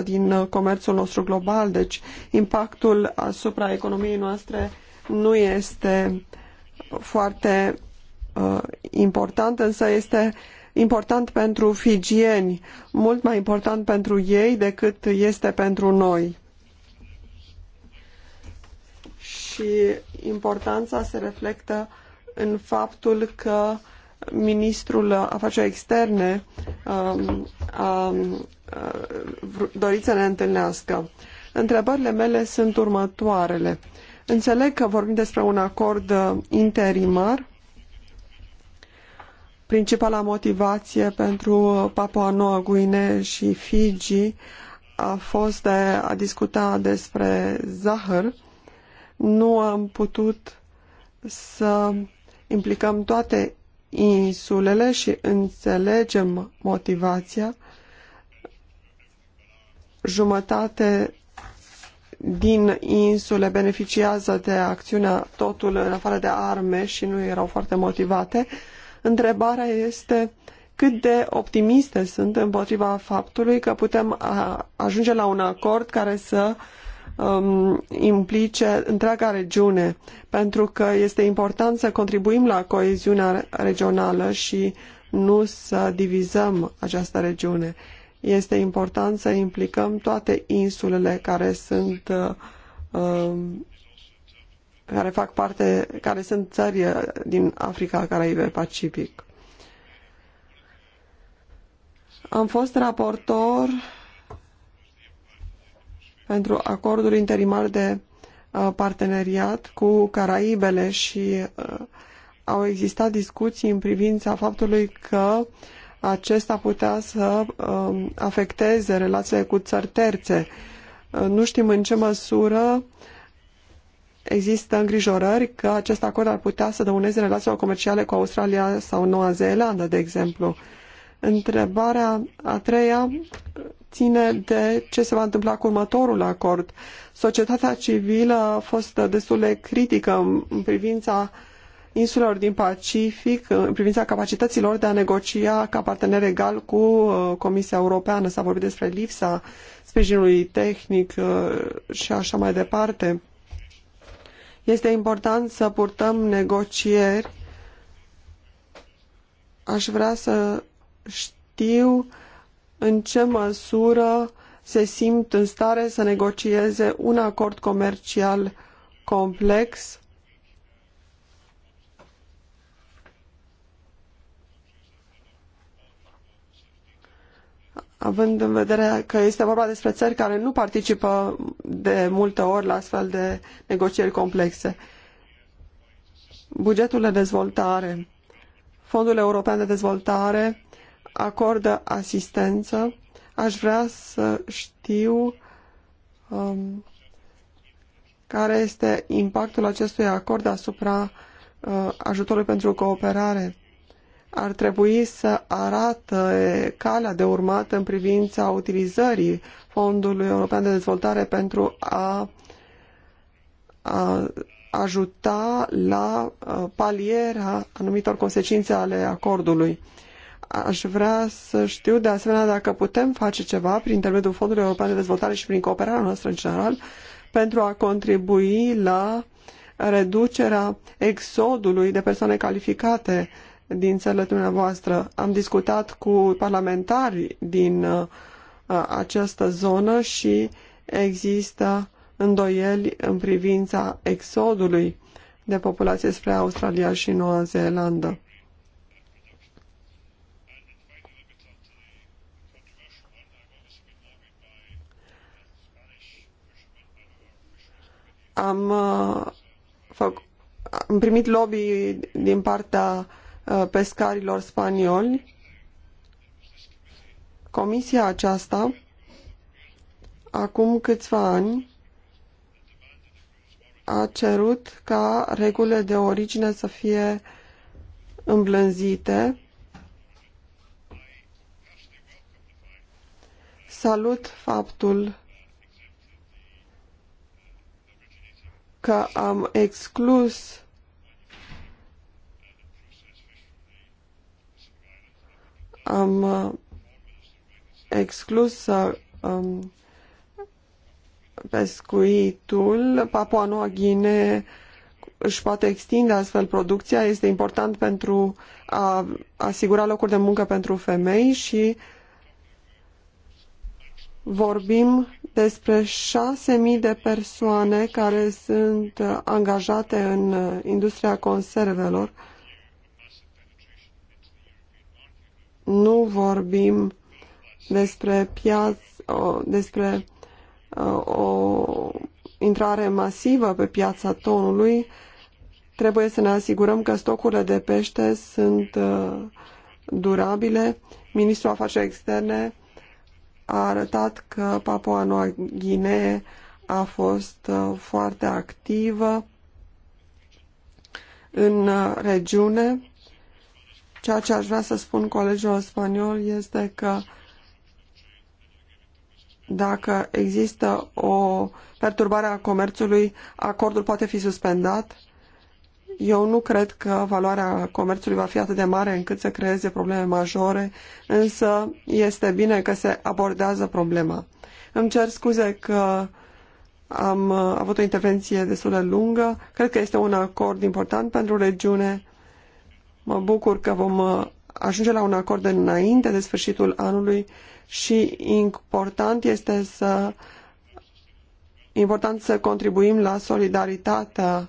0,5% din uh, comerțul nostru global, deci impactul asupra economiei noastre nu este foarte Uh, important, însă este important pentru figieni, mult mai important pentru ei decât este pentru noi. Și importanța se reflectă în faptul că ministrul afacerilor externe um, a um, dorit să ne întâlnească. Întrebările mele sunt următoarele. Înțeleg că vorbim despre un acord interimar, Principala motivație pentru Papua Noua Guinee și Fiji a fost de a discuta despre zahăr. Nu am putut să implicăm toate insulele și înțelegem motivația. Jumătate din insule beneficiază de acțiunea totul în afară de arme și nu erau foarte motivate. Întrebarea este cât de optimiste sunt împotriva faptului că putem ajunge la un acord care să um, implice întreaga regiune, pentru că este important să contribuim la coeziunea regională și nu să divizăm această regiune. Este important să implicăm toate insulele care sunt uh, um, care fac parte, care sunt țări eh, din Africa, Caraibe, Pacific. Am fost raportor pentru acordul interimar de eh, parteneriat cu Caraibele și eh, au existat discuții în privința faptului că acesta putea să afecteze relațiile cu țări terțe. Nu știm în ce măsură uh, Există îngrijorări că acest acord ar putea să dăuneze relațiile comerciale cu Australia sau Noua Zeelandă, de exemplu. Întrebarea a treia ține de ce se va întâmpla cu următorul acord. Societatea civilă a fost destul de critică în privința insulelor din Pacific, în privința capacităților de a negocia ca partener egal cu uh, Comisia Europeană. S-a vorbit despre lipsa sprijinului tehnic uh, și așa mai departe. Este important să purtăm negocieri. Aș vrea să știu în ce măsură se simt în stare să negocieze un acord comercial complex având în vedere că este vorba despre țări care nu participă de multe ori la astfel de negocieri complexe. Bugetul de dezvoltare, Fondul European de Dezvoltare acordă asistență. Aș vrea să știu um, care este impactul acestui acord asupra uh, ajutorului pentru cooperare ar trebui să arată calea de urmat în privința utilizării Fondului European de Dezvoltare pentru a, a ajuta la palierea anumitor consecințe ale acordului. Aș vrea să știu de asemenea dacă putem face ceva prin intermediul Fondului European de Dezvoltare și prin cooperarea noastră în general pentru a contribui la reducerea exodului de persoane calificate din țările dumneavoastră. Am discutat cu parlamentari din uh, această zonă și există îndoieli în privința exodului de populație spre Australia și Noua Zeelandă. Am, uh, am primit lobby din partea Uh, pescarilor spanioli, comisia aceasta, acum câțiva ani, a cerut ca regulile de origine să fie îmblânzite. Salut faptul că am exclus am uh, exclus uh, um, pescuitul, Papua Noua Ghine își poate extinde astfel producția, este important pentru a asigura locuri de muncă pentru femei și vorbim despre 6.000 de persoane care sunt uh, angajate în industria conservelor nu vorbim despre piață, despre o intrare masivă pe piața tonului, trebuie să ne asigurăm că stocurile de pește sunt uh, durabile. Ministrul Afacerilor Externe a arătat că Papua Noua Guinee a fost uh, foarte activă în uh, regiune. Ceea ce aș vrea să spun colegilor spaniol este că dacă există o perturbare a comerțului, acordul poate fi suspendat. Eu nu cred că valoarea comerțului va fi atât de mare încât să creeze probleme majore, însă este bine că se abordează problema. Îmi cer scuze că am avut o intervenție destul de lungă. Cred că este un acord important pentru regiune. Mă bucur că vom uh, ajunge la un acord înainte de sfârșitul anului și important este să important să contribuim la solidaritatea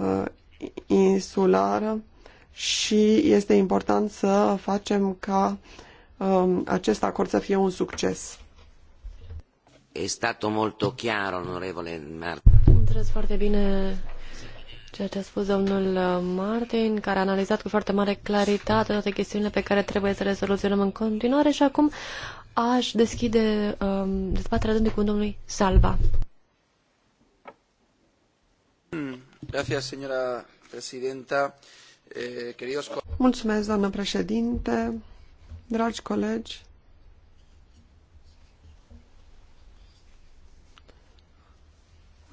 uh, insulară și este important să facem ca um, acest acord să fie un succes. E stato molto chiaro, onorevole Martin. Înțeles foarte bine ceea ce a spus domnul uh, Martin, care a analizat cu foarte mare claritate toate chestiunile pe care trebuie să le soluționăm în continuare și acum aș deschide um, dezbaterea de cu domnului Salva. Gracias, señora presidenta. Eh, Mulțumesc, doamnă președinte, dragi colegi.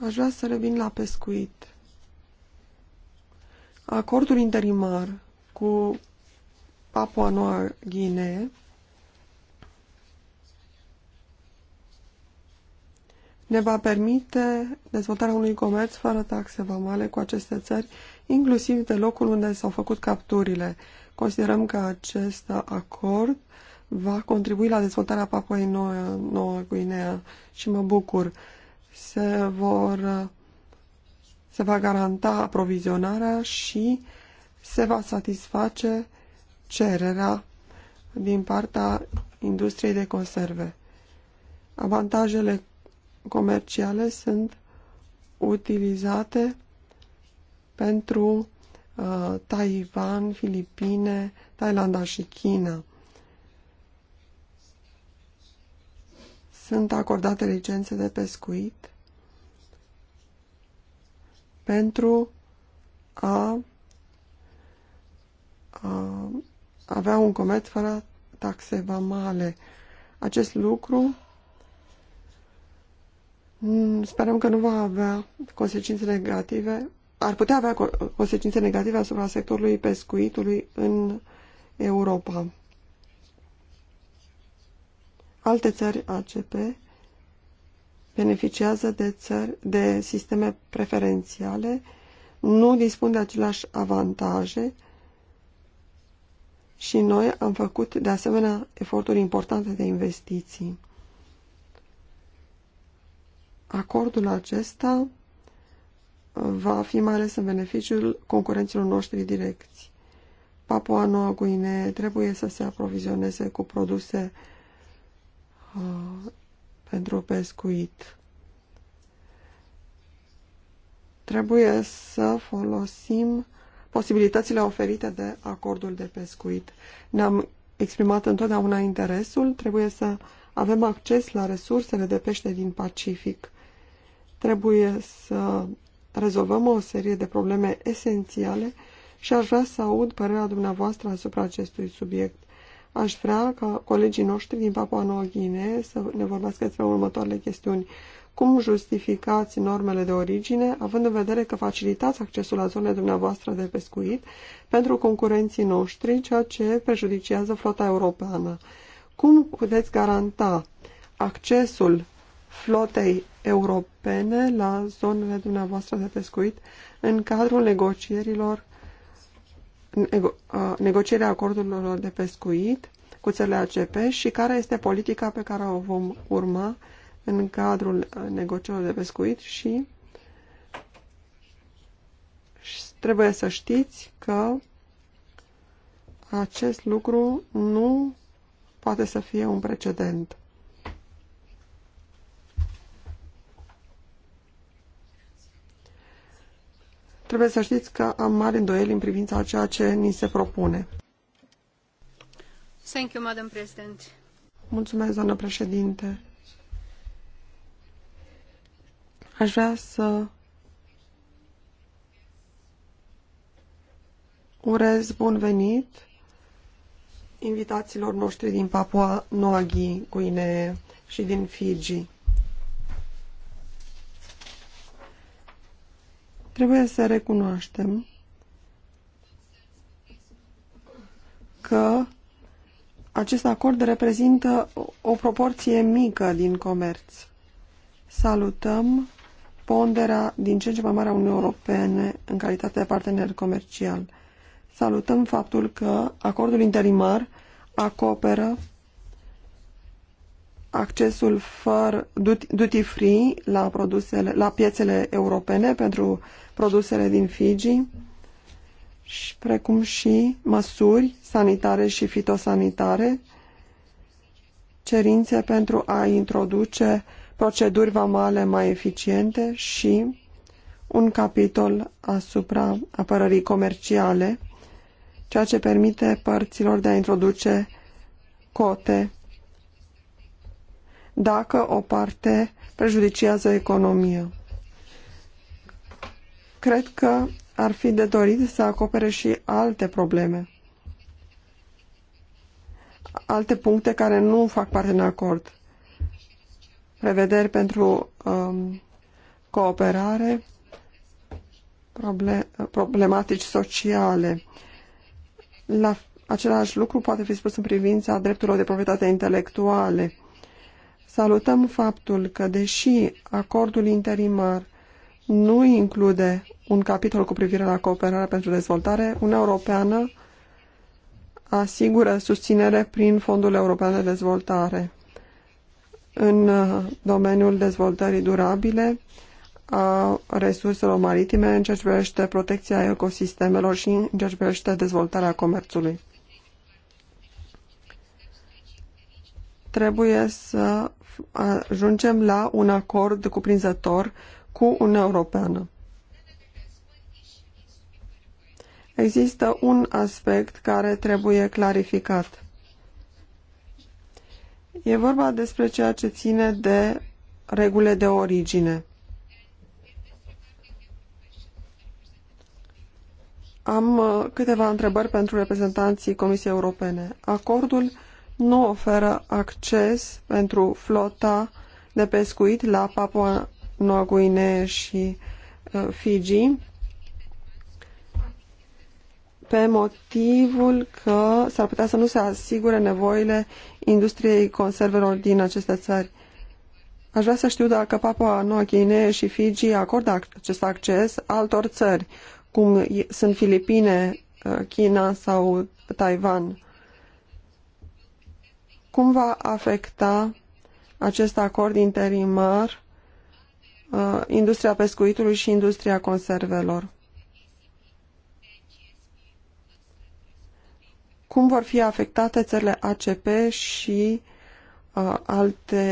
Aș vrea să revin la pescuit. Acordul interimar cu Papua Noua Guinee ne va permite dezvoltarea unui comerț fără taxe vamale cu aceste țări, inclusiv de locul unde s-au făcut capturile. Considerăm că acest acord va contribui la dezvoltarea Papuei Noua Guinea și mă bucur. Se vor se va garanta aprovizionarea și se va satisface cererea din partea industriei de conserve. Avantajele comerciale sunt utilizate pentru uh, Taiwan, Filipine, Thailanda și China. Sunt acordate licențe de pescuit pentru a, a avea un comerț fără taxe vamale. Acest lucru mm, sperăm că nu va avea consecințe negative, ar putea avea consecințe negative asupra sectorului pescuitului în Europa. Alte țări ACP beneficiază de, țări, de sisteme preferențiale, nu dispun de aceleași avantaje și noi am făcut de asemenea eforturi importante de investiții. Acordul acesta va fi mai ales în beneficiul concurenților noștri direcți. Papua Noua Guinee trebuie să se aprovizioneze cu produse uh, pentru pescuit. Trebuie să folosim posibilitățile oferite de acordul de pescuit. Ne-am exprimat întotdeauna interesul, trebuie să avem acces la resursele de pește din Pacific. Trebuie să rezolvăm o serie de probleme esențiale și aș vrea să aud părerea dumneavoastră asupra acestui subiect. Aș vrea ca colegii noștri din Papua Noua Ghine să ne vorbească despre următoarele chestiuni. Cum justificați normele de origine, având în vedere că facilitați accesul la zonele dumneavoastră de pescuit pentru concurenții noștri, ceea ce prejudiciază flota europeană? Cum puteți garanta accesul flotei europene la zonele dumneavoastră de pescuit în cadrul negocierilor nego negocierea acordurilor de pescuit cu țările ACP și care este politica pe care o vom urma în cadrul negocierilor de pescuit și trebuie să știți că acest lucru nu poate să fie un precedent. trebuie să știți că am mari îndoieli în privința a ceea ce ni se propune. Thank you, Madam President. Mulțumesc, doamnă președinte. Aș vrea să urez bun venit invitațiilor noștri din Papua Noua Guinee și din Fiji. Trebuie să recunoaștem că acest acord reprezintă o proporție mică din comerț. Salutăm ponderea din ce în ce mai mare a Uniunii Europene în calitate de partener comercial. Salutăm faptul că acordul interimar acoperă accesul fără duty free la, produsele, la piețele europene pentru produsele din Fiji, și precum și măsuri sanitare și fitosanitare, cerințe pentru a introduce proceduri vamale mai eficiente și un capitol asupra apărării comerciale, ceea ce permite părților de a introduce cote dacă o parte prejudiciază economia. Cred că ar fi de dorit să acopere și alte probleme, alte puncte care nu fac parte din acord. Prevederi pentru um, cooperare, problematici sociale. La același lucru poate fi spus în privința drepturilor de proprietate intelectuale. Salutăm faptul că, deși acordul interimar nu include un capitol cu privire la cooperarea pentru dezvoltare, Uniunea Europeană asigură susținere prin Fondul European de Dezvoltare. În uh, domeniul dezvoltării durabile, a resurselor maritime, în ce privește protecția ecosistemelor și în ce privește dezvoltarea comerțului. Trebuie să ajungem la un acord cuprinzător cu Uniunea Europeană. Există un aspect care trebuie clarificat. E vorba despre ceea ce ține de regulile de origine. Am uh, câteva întrebări pentru reprezentanții Comisiei Europene. Acordul nu oferă acces pentru flota de pescuit la Papua Noua Guinee și uh, Fiji pe motivul că s-ar putea să nu se asigure nevoile industriei conservelor din aceste țări. Aș vrea să știu dacă Papua Noua Guinee și Fiji acordă acest acces altor țări, cum sunt Filipine, uh, China sau Taiwan. Cum va afecta acest acord interimar uh, industria pescuitului și industria conservelor? Cum vor fi afectate țările ACP și uh, alte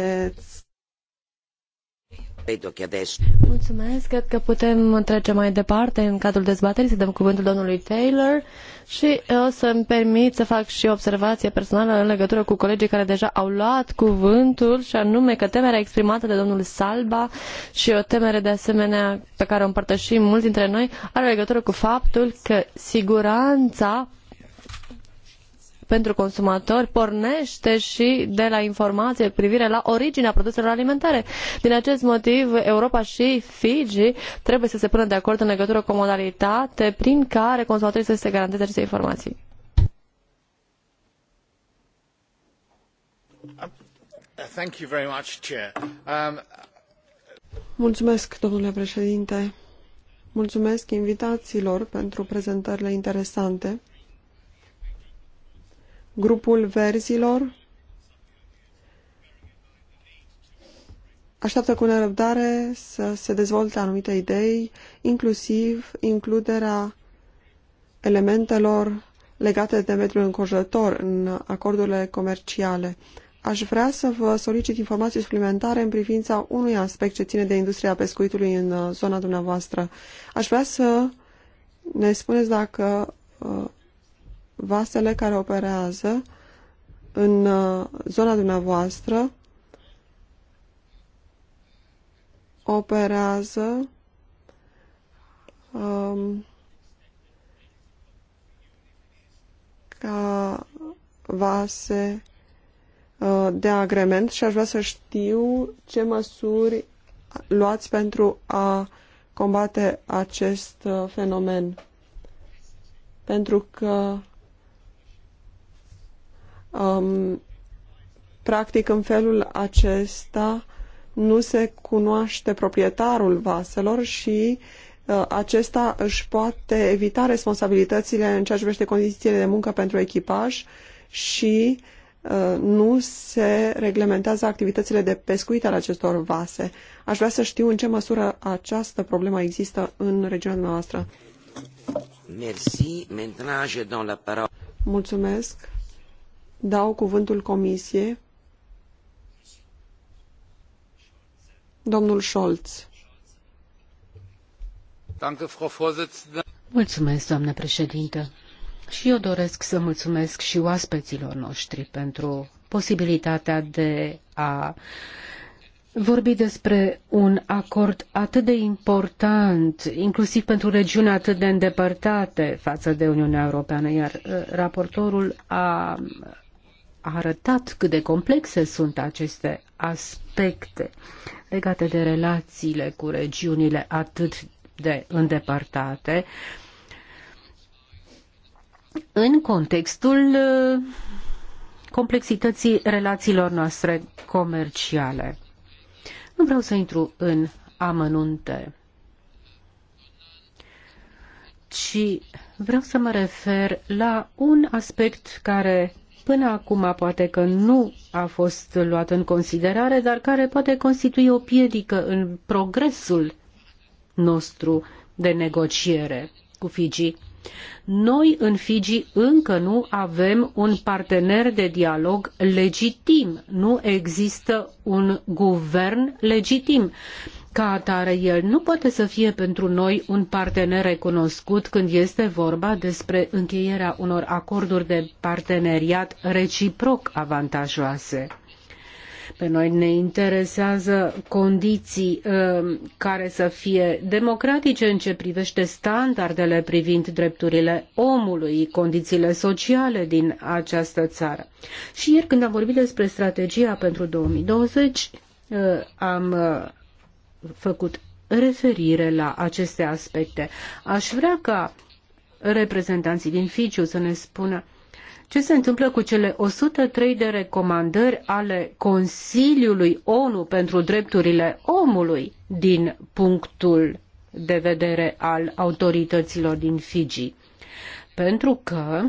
Mulțumesc. Cred că putem trece mai departe în cadrul dezbaterii, să dăm cuvântul domnului Taylor și o uh, să-mi permit să fac și o observație personală în legătură cu colegii care deja au luat cuvântul și anume că temerea exprimată de domnul Salba și o temere de asemenea pe care o împărtășim mulți dintre noi are legătură cu faptul că siguranța pentru consumatori pornește și de la informație cu privire la originea produselor alimentare. Din acest motiv, Europa și Fiji trebuie să se pună de acord în legătură cu o modalitate prin care consumatorii să se garanteze aceste informații. Thank you very much, Chair. Um... Mulțumesc, domnule președinte. Mulțumesc invitațiilor pentru prezentările interesante. Grupul verzilor așteaptă cu nerăbdare să se dezvolte anumite idei, inclusiv includerea elementelor legate de mediul înconjurător în acordurile comerciale. Aș vrea să vă solicit informații suplimentare în privința unui aspect ce ține de industria pescuitului în uh, zona dumneavoastră. Aș vrea să ne spuneți dacă uh, vasele care operează în uh, zona dumneavoastră operează um, ca vase uh, de agrement și aș vrea să știu ce măsuri luați pentru a combate acest uh, fenomen. Pentru că Um, practic, în felul acesta nu se cunoaște proprietarul vaselor și uh, acesta își poate evita responsabilitățile în ceea ce privește condițiile de muncă pentru echipaj și uh, nu se reglementează activitățile de pescuit al acestor vase. Aș vrea să știu în ce măsură această problemă există în regiunea noastră. Mulțumesc dau cuvântul comisiei. Domnul Scholz. Mulțumesc, doamnă președintă. Și eu doresc să mulțumesc și oaspeților noștri pentru posibilitatea de a vorbi despre un acord atât de important, inclusiv pentru regiuni atât de îndepărtate față de Uniunea Europeană, iar uh, raportorul a arătat cât de complexe sunt aceste aspecte legate de relațiile cu regiunile atât de îndepărtate în contextul uh, complexității relațiilor noastre comerciale. Nu vreau să intru în amănunte, ci vreau să mă refer la un aspect care până acum poate că nu a fost luat în considerare, dar care poate constitui o piedică în progresul nostru de negociere cu Fiji. Noi în Fiji încă nu avem un partener de dialog legitim, nu există un guvern legitim. Ca atare, el nu poate să fie pentru noi un partener recunoscut când este vorba despre încheierea unor acorduri de parteneriat reciproc avantajoase. Pe noi ne interesează condiții uh, care să fie democratice în ce privește standardele privind drepturile omului, condițiile sociale din această țară. Și ieri când am vorbit despre strategia pentru 2020, uh, am uh, făcut referire la aceste aspecte. Aș vrea ca reprezentanții din Ficiu să ne spună ce se întâmplă cu cele 103 de recomandări ale Consiliului ONU pentru drepturile omului din punctul de vedere al autorităților din Fiji. Pentru că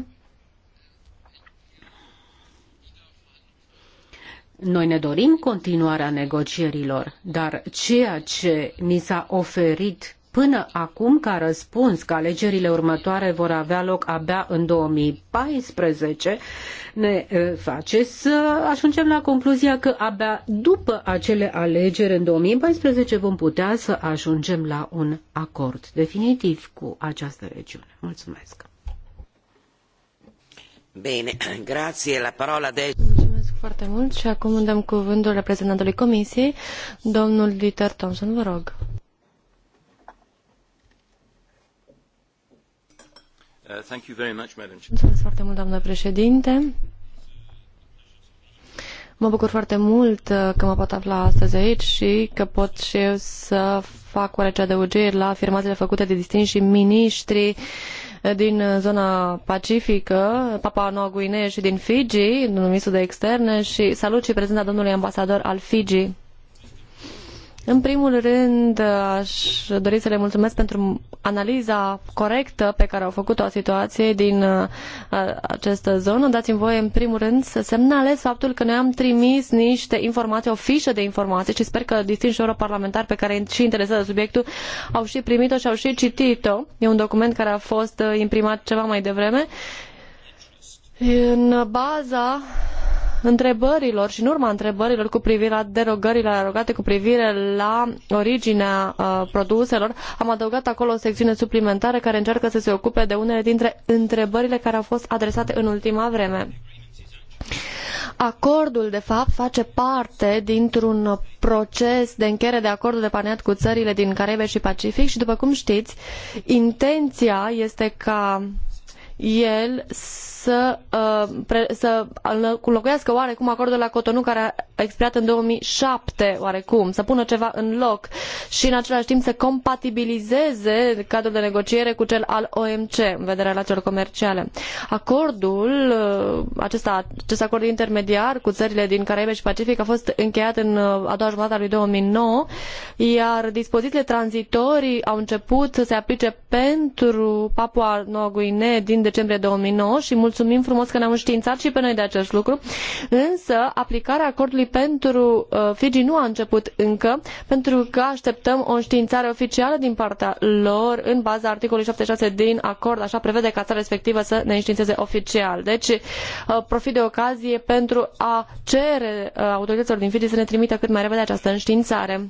Noi ne dorim continuarea negocierilor, dar ceea ce ni s-a oferit până acum ca răspuns că alegerile următoare vor avea loc abia în 2014 ne eh, face să ajungem la concluzia că abia după acele alegeri în 2014 vom putea să ajungem la un acord definitiv cu această regiune. Mulțumesc! Bine, <clears throat> grație, la parola de foarte mult și acum îmi dăm cuvântul reprezentantului Comisiei, domnul Dieter Thompson, vă rog. Uh, thank you very much, Madam. Mulțumesc foarte mult, doamnă președinte. Mă bucur foarte mult uh, că mă pot afla astăzi aici și că pot și eu să fac oarece adăugiri la afirmațiile făcute de distinși miniștri uh, din zona pacifică, Papua Noua Guinee și din Fiji, în ministrul de externe și salut și prezența domnului ambasador al Fiji în primul rând, aș dori să le mulțumesc pentru analiza corectă pe care au făcut-o a situației din uh, această zonă. Dați-mi voie, în primul rând, să semnalez faptul că noi am trimis niște informații, o fișă de informații și sper că distinși europarlamentari pe care și interesează subiectul au și primit-o și au și citit-o. E un document care a fost uh, imprimat ceva mai devreme. În baza întrebărilor și în urma întrebărilor cu privire la derogările arogate cu privire la originea uh, produselor, am adăugat acolo o secțiune suplimentară care încearcă să se ocupe de unele dintre întrebările care au fost adresate în ultima vreme. Acordul, de fapt, face parte dintr-un proces de încheiere de acordul de parteneriat cu țările din Caraibe și Pacific și, după cum știți, intenția este ca el să, uh, să înlocuiască oarecum acordul la Cotonou care a expirat în 2007 oarecum, să pună ceva în loc și în același timp să compatibilizeze cadrul de negociere cu cel al OMC în vederea relațiilor comerciale. Acordul, uh, acesta, acest acord intermediar cu țările din Caraibe și Pacific a fost încheiat în uh, a doua jumătate a lui 2009, iar dispozițiile tranzitorii au început să se aplice pentru Papua Noua Guinee din decembrie 2009 și mulțumim frumos că ne-am înștiințat și pe noi de acest lucru, însă aplicarea acordului pentru uh, Fiji nu a început încă, pentru că așteptăm o înștiințare oficială din partea lor în baza articolului 76 din acord, așa prevede ca țara respectivă să ne înștiințeze oficial. Deci uh, profit de ocazie pentru a cere uh, autorităților din Fiji să ne trimită cât mai repede această înștiințare.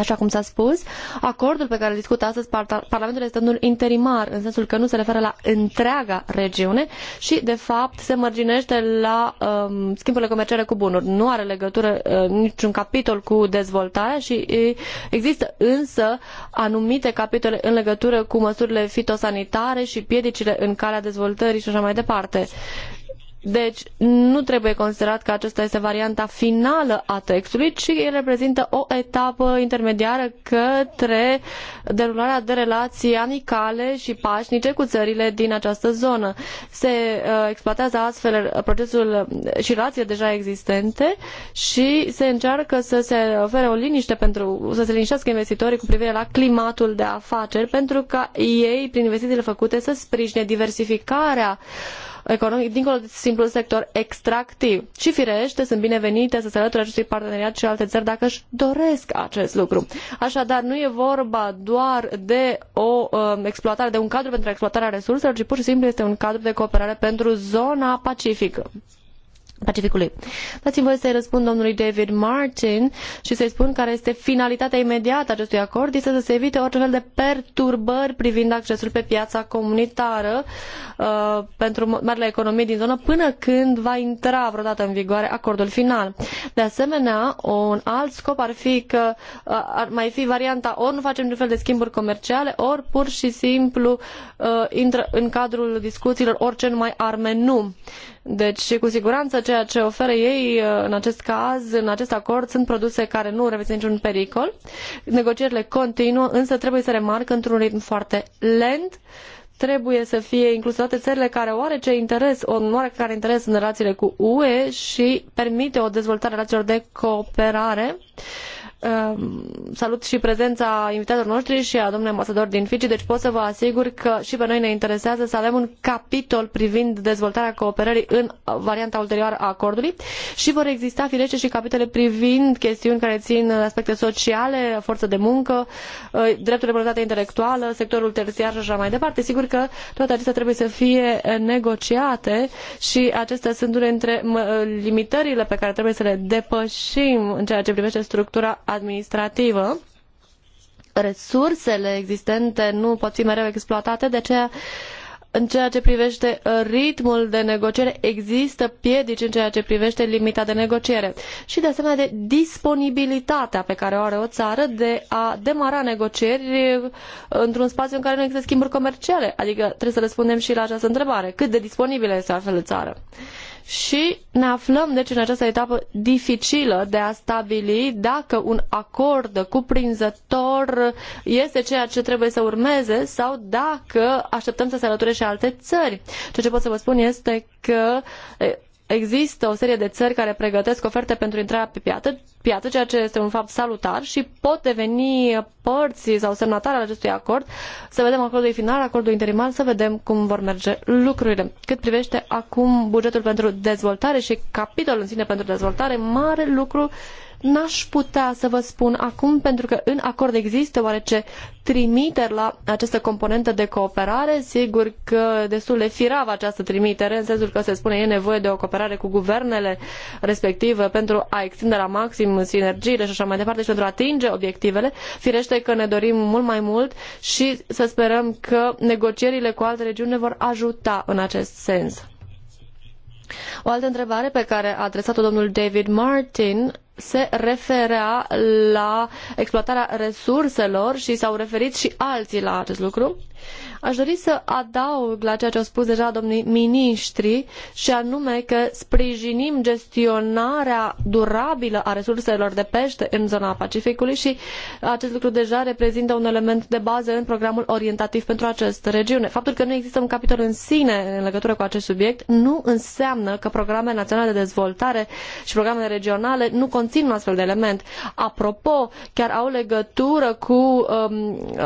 Așa cum s-a spus, acordul pe care îl discută astăzi Parlamentul este unul interimar, în sensul că nu se referă la întreaga regiune și, de fapt, se mărginește la um, schimburile comerciale cu bunuri. Nu are legătură uh, niciun capitol cu dezvoltarea și există însă anumite capitole în legătură cu măsurile fitosanitare și piedicile în calea dezvoltării și așa mai departe. Deci nu trebuie considerat că acesta este varianta finală a textului, ci el reprezintă o etapă intermediară către derularea de relații amicale și pașnice cu țările din această zonă. Se uh, exploatează astfel procesul și relațiile deja existente și se încearcă să se ofere o liniște pentru să se liniștească investitorii cu privire la climatul de afaceri pentru ca ei, prin investițiile făcute, să sprijine diversificarea uh, economic, dincolo de simplul sector extractiv. Și firește, sunt binevenite să se alăture acestui parteneriat și alte țări dacă își doresc acest lucru. Așadar, nu e vorba doar de o um, exploatare, de un cadru pentru exploatarea resurselor, ci pur și simplu este un cadru de cooperare pentru zona pacifică. Pacificului. Dați-mi voie să-i răspund domnului David Martin și să-i spun care este finalitatea imediată acestui acord este să se evite orice fel de perturbări privind accesul pe piața comunitară uh, pentru marile economii din zonă până când va intra vreodată în vigoare acordul final. De asemenea, un alt scop ar fi că uh, ar mai fi varianta ori nu facem niciun fel de schimburi comerciale, ori pur și simplu uh, intră în cadrul discuțiilor orice numai arme nu. Uh, deci, cu siguranță, ceea ce oferă ei uh, în acest caz, în acest acord, sunt produse care nu reprezintă niciun pericol. Negocierile continuă, însă trebuie să remarc într-un ritm foarte lent trebuie să fie incluse toate țările care au oarece interes, o oarecare interes în relațiile cu UE și permite o dezvoltare a relațiilor de cooperare. Uh, Ehm, salut și prezența invitațiilor noștri și a domnului ambasador din Fiji, deci pot să vă asigur că și pe noi ne interesează să avem un capitol privind dezvoltarea cooperării în varianta ulterioară a acordului și vor exista firește și capitole privind chestiuni care țin aspecte sociale, forță de muncă, eh, drepturile de proprietate intelectuală, sectorul terțiar și așa mai departe. Sigur că toate acestea trebuie să fie negociate și acestea sunt unele dintre limitările pe care trebuie să le depășim în ceea ce privește structura administrativă. Resursele existente nu pot fi mereu exploatate, de aceea în ceea ce privește ritmul de negociere, există piedici în ceea ce privește limita de negociere și de asemenea de disponibilitatea pe care o are o țară de a demara negocieri într-un spațiu în care nu există schimburi comerciale. Adică trebuie să răspundem și la această întrebare. Cât de disponibilă este o astfel de țară? și ne aflăm deci în această etapă dificilă de a stabili dacă un acord cuprinzător este ceea ce trebuie să urmeze sau dacă așteptăm să se alăture și alte țări. Ceea ce pot să vă spun este că există o serie de țări care pregătesc oferte pentru intrarea pe piață, piață, ceea ce este un fapt salutar și pot deveni părți sau semnatari al acestui acord. Să vedem acordul final, acordul interimar, să vedem cum vor merge lucrurile. Cât privește acum bugetul pentru dezvoltare și capitolul în sine pentru dezvoltare, mare lucru N-aș putea să vă spun acum, pentru că în acord există oarece trimiteri la această componentă de cooperare. Sigur că destul de firavă această trimitere, în sensul că se spune e nevoie de o cooperare cu guvernele respective pentru a extinde la maxim sinergiile și așa mai departe și pentru a atinge obiectivele. Firește că ne dorim mult mai mult și să sperăm că negocierile cu alte regiuni ne vor ajuta în acest sens. O altă întrebare pe care a adresat-o domnul David Martin se referea la exploatarea resurselor și s-au referit și alții la acest lucru. Uh, Aș dori să adaug la ceea ce au spus deja domnii miniștri și anume că sprijinim gestionarea durabilă a resurselor de pește în zona Pacificului și acest lucru deja reprezintă un element de bază în programul orientativ pentru această regiune. Faptul că nu există un capitol în sine în legătură cu acest subiect nu înseamnă că programele naționale de dezvoltare și programele regionale nu conțin un astfel de element. Apropo, chiar au legătură cu um,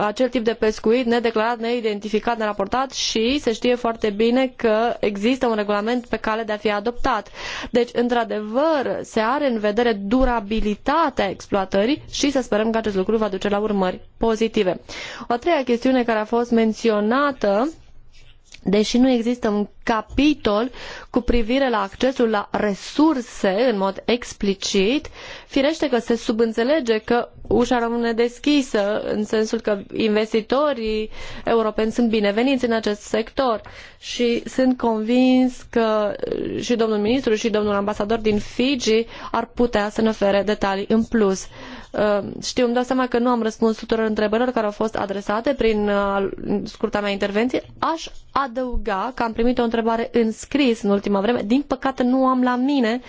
acel tip de pescuit nedeclarat, neidentificat identificat, raportat și se știe foarte bine că există un regulament pe cale de a fi adoptat. Deci, într-adevăr, se are în vedere durabilitatea exploatării și să sperăm că acest lucru va duce la urmări pozitive. O a treia chestiune care a fost menționată Deși nu există un capitol cu privire la accesul la resurse în mod explicit, firește că se subînțelege că ușa rămâne deschisă, în sensul că investitorii europeni sunt bineveniți în acest sector și sunt convins că și domnul ministru și domnul ambasador din Fiji ar putea să ne ofere detalii în plus. Uh, știu, îmi dau seama că nu am răspuns tuturor întrebărilor care au fost adresate prin uh, scurta mea intervenție. Aș adăuga că am primit o întrebare în scris în ultima vreme. Din păcate nu am la mine,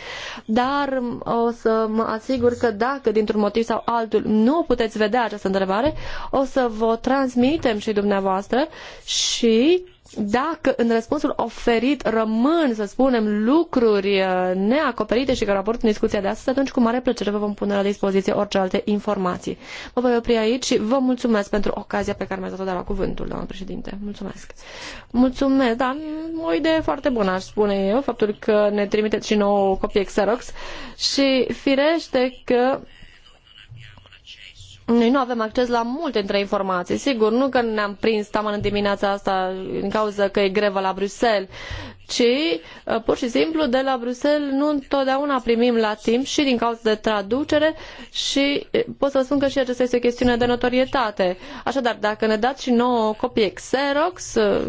dar o să mă asigur că dacă dintr-un motiv sau altul nu puteți vedea această întrebare, o să vă transmitem și dumneavoastră și dacă în răspunsul oferit rămân, să spunem, lucruri uh, neacoperite și care raport în discuția de astăzi, atunci cu mare plăcere vă vom pune la dispoziție orice alte informații. Mă voi opri aici și vă mulțumesc pentru ocazia pe care mi-ați dat-o de la cuvântul, doamnă președinte. Mulțumesc. Mulțumesc, dar o idee foarte bună, aș spune eu, faptul că ne trimiteți și nouă copii Xerox și firește că noi nu avem acces la multe dintre informații. Sigur, nu că ne-am prins taman în dimineața asta din cauza că e grevă la Bruxelles, ci uh, pur și simplu de la Bruxelles nu întotdeauna primim la timp și din cauza de traducere și uh, pot să spun că și aceasta este o chestiune de notorietate. Așadar, dacă ne dați și nouă copie Xerox, uh,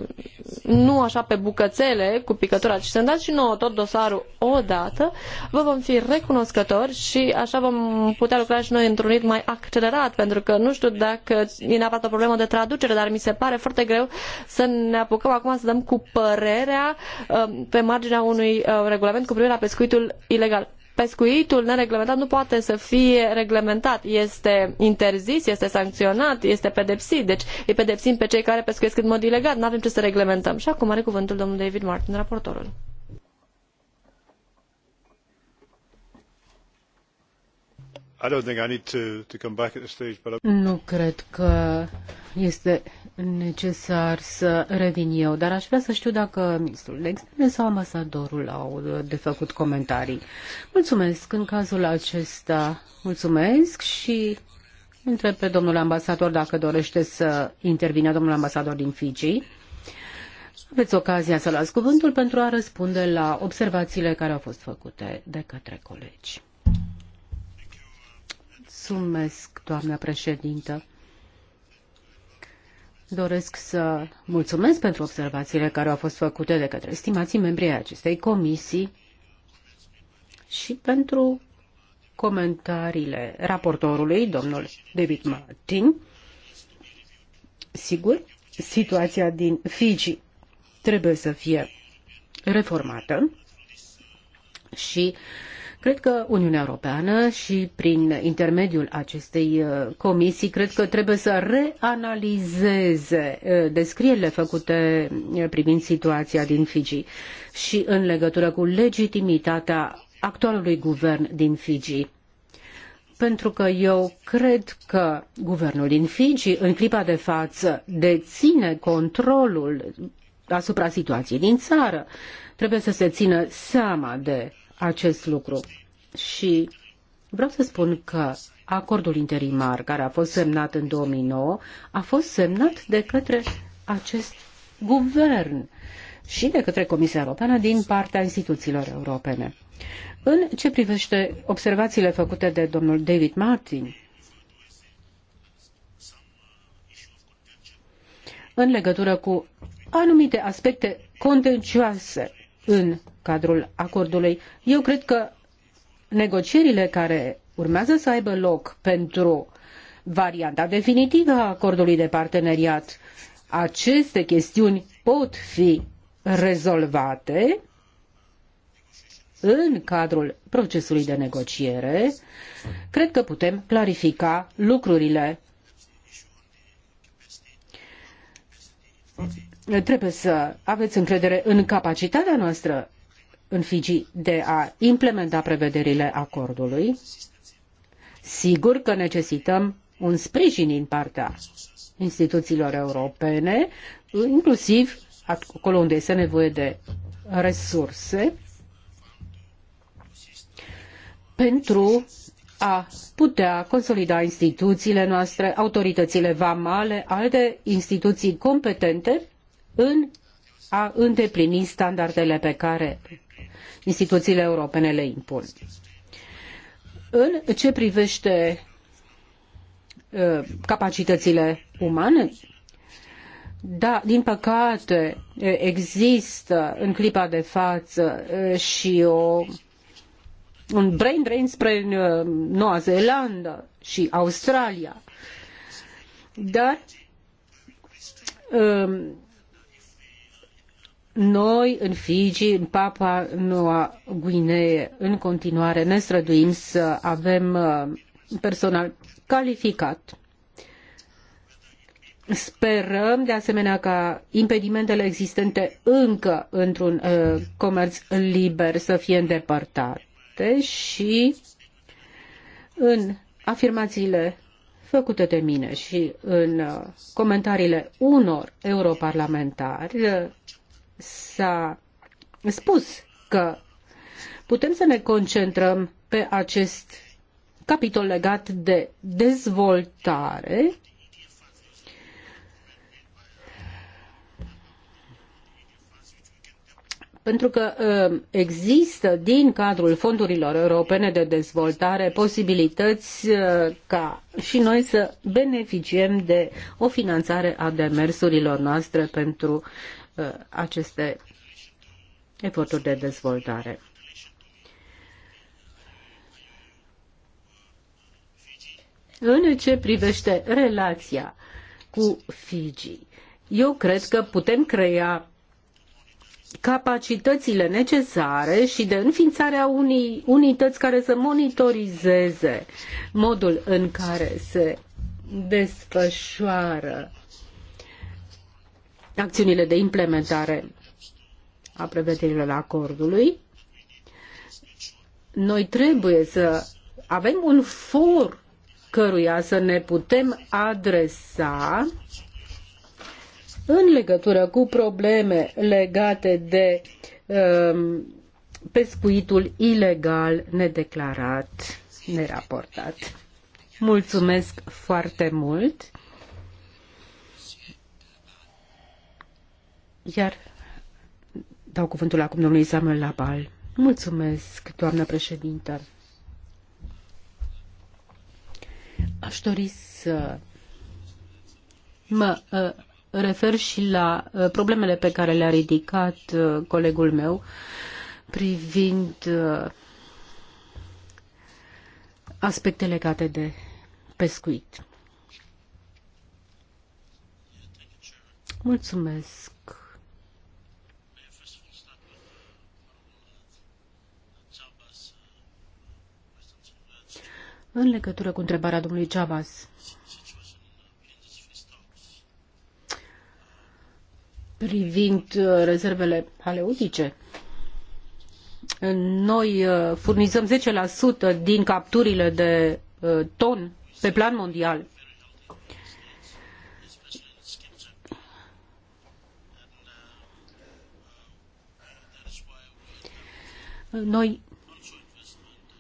nu așa pe bucățele cu picătura, ci să-mi dați și nouă tot dosarul odată, vă vom fi recunoscători și așa vom putea lucra și noi într-un ritm mai accelerat, pentru că nu știu dacă e neapărat o problemă de traducere, dar mi se pare foarte greu să ne apucăm acum să dăm cu părerea Uh, pe marginea unui uh, regulament cu privire la pescuitul ilegal pescuitul nereglementat nu poate să fie reglementat. Este interzis, este sancționat, este pedepsit. Deci îi pedepsim pe cei care pescuiesc în mod ilegal. Nu avem ce să reglementăm. Și acum are cuvântul domnul David Martin, raportorul. Nu cred că este necesar să revin eu, dar aș vrea să știu dacă ministrul de externe sau ambasadorul au de făcut comentarii. Mulțumesc în cazul acesta. Mulțumesc și întreb pe domnul ambasador dacă dorește să intervină domnul ambasador din Fiji. Aveți ocazia să luați cuvântul pentru a răspunde la observațiile care au fost făcute de către colegi. Mulțumesc, doamna președintă. Doresc să mulțumesc pentru observațiile care au fost făcute de către stimații membrii acestei comisii și pentru comentariile raportorului, domnul David Martin. Sigur, situația din Fiji trebuie să fie reformată și uh, Cred că Uniunea Europeană și prin intermediul acestei uh, comisii, cred că trebuie să reanalizeze uh, descrierile făcute uh, privind situația din Fiji și în legătură cu legitimitatea actualului guvern din Fiji pentru că eu cred că guvernul din Fiji, în clipa de față, deține controlul asupra situației din țară. Trebuie să se țină seama de acest lucru. Și vreau să spun că acordul interimar care a fost semnat în 2009 a fost semnat de către acest guvern și de către Comisia Europeană din partea instituțiilor europene. În ce privește observațiile făcute de domnul David Martin, în legătură cu anumite aspecte contencioase în cadrul acordului. Eu cred că negocierile care urmează să aibă loc pentru varianta definitivă a acordului de parteneriat, aceste chestiuni pot fi rezolvate în cadrul procesului de negociere. Cred că putem clarifica lucrurile trebuie să aveți încredere în capacitatea noastră în Fiji de a implementa prevederile acordului. Sigur că necesităm un sprijin din partea instituțiilor europene, inclusiv acolo unde este nevoie de resurse pentru a putea consolida instituțiile noastre, autoritățile vamale, alte instituții competente în a îndeplini standardele pe care instituțiile europene le impun. În ce privește uh, capacitățile umane, da, din păcate uh, există în clipa de față uh, și o, un brain drain spre Noua Zeelandă și Australia. Dar noi în Fiji, în Papua Noua Guinee, în continuare ne străduim să avem uh, personal calificat. Sperăm, de asemenea, ca impedimentele existente încă într-un uh, comerț liber să fie îndepărtate și în afirmațiile făcute de mine și în uh, comentariile unor europarlamentari uh, s-a spus că putem să ne concentrăm pe acest capitol legat de dezvoltare pentru că ă, există din cadrul fondurilor europene de dezvoltare posibilități ă, ca și noi să beneficiem de o finanțare a demersurilor noastre pentru Uh, aceste eforturi de dezvoltare. În ce privește relația cu Fiji, eu cred că putem crea capacitățile necesare și de înființarea unei unități care să monitorizeze modul în care se desfășoară acțiunile de implementare a prevederilor acordului. Noi trebuie să avem un for căruia să ne putem adresa în legătură cu probleme legate de um, pescuitul ilegal, nedeclarat, neraportat. Mulțumesc foarte mult! Iar dau cuvântul acum domnului Samuel Labal. Mulțumesc, doamnă președintă. Aș dori să mă uh, refer și la uh, problemele pe care le-a ridicat uh, colegul meu privind aspecte legate de pescuit. Mulțumesc, În legătură cu întrebarea domnului Chavas, privind uh, rezervele aleutice, noi uh, furnizăm 10% din capturile de uh, ton pe plan mondial. Noi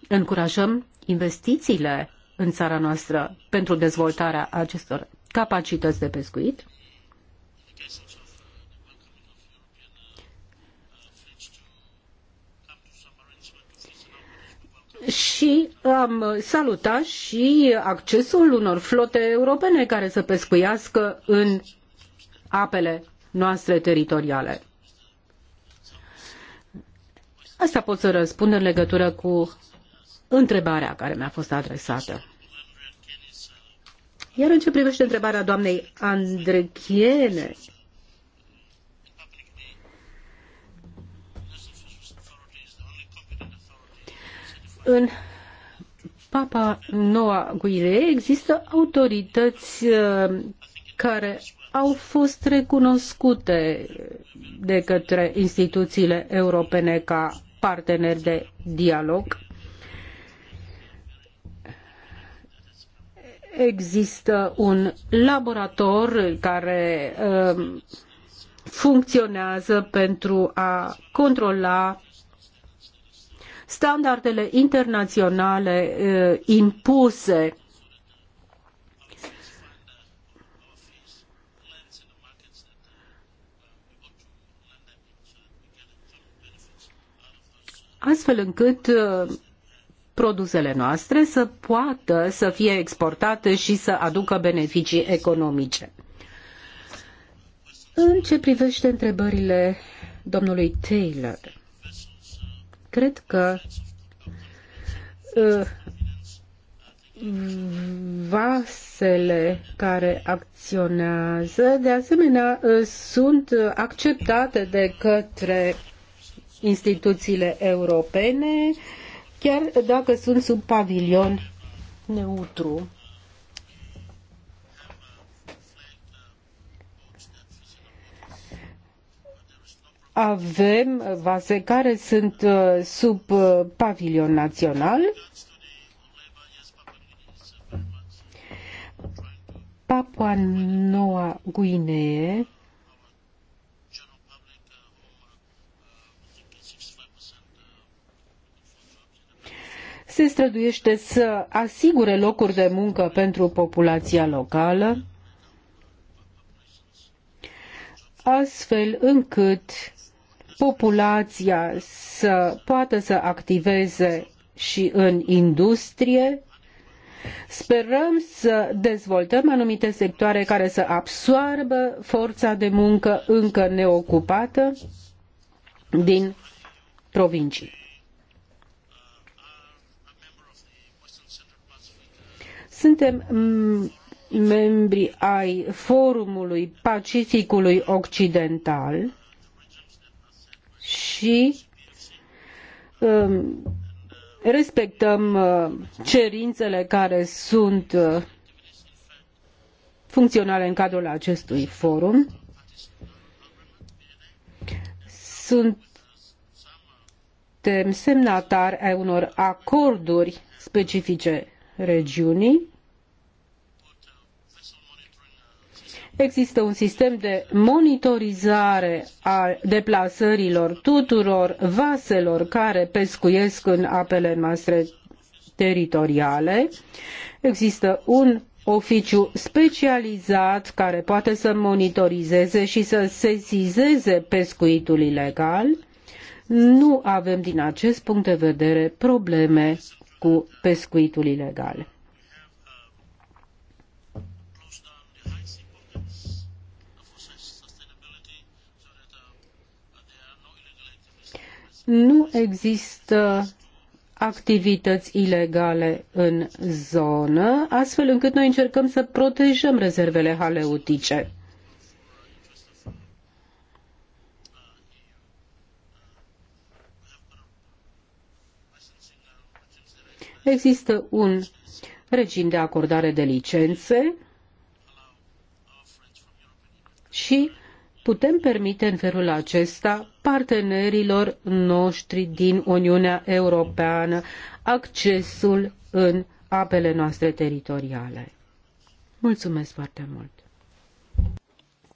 încurajăm investițiile în țara noastră pentru dezvoltarea acestor capacități de pescuit. și am salutat și accesul unor flote europene care să pescuiască în apele noastre teritoriale. Asta pot să răspund în legătură cu întrebarea care mi-a fost adresată. Iar în ce privește întrebarea doamnei Andrechiene, în Papa Noua Guinee există autorități uh, care au fost recunoscute de către instituțiile europene ca parteneri de dialog există un laborator care um, funcționează pentru a controla standardele internaționale uh, impuse astfel încât uh, produsele noastre să poată să fie exportate și să aducă beneficii economice. În ce privește întrebările domnului Taylor, cred că uh, vasele care acționează, de asemenea, uh, sunt acceptate de către instituțiile europene chiar dacă sunt sub pavilion neutru. Avem vase care sunt uh, sub uh, pavilion național. Papua Noua Guinee se străduiește să asigure locuri de muncă pentru populația locală, astfel încât populația să poată să activeze și în industrie. Sperăm să dezvoltăm anumite sectoare care să absoarbă forța de muncă încă neocupată din provincii. Suntem mm, membri ai Forumului Pacificului Occidental și mm, respectăm mm, cerințele care sunt funcționale în cadrul acestui forum. Suntem semnatari ai unor acorduri specifice regiunii Există un sistem de monitorizare a deplasărilor tuturor vaselor care pescuiesc în apele noastre teritoriale. Există un oficiu specializat care poate să monitorizeze și să sesizeze pescuitul ilegal. Nu avem din acest punct de vedere probleme cu pescuitul ilegal. nu există activități ilegale în zonă, astfel încât noi încercăm să protejăm rezervele haleutice. Există un regim de acordare de licențe și putem permite în felul acesta partenerilor noștri din Uniunea Europeană accesul în apele noastre teritoriale. Mulțumesc foarte mult!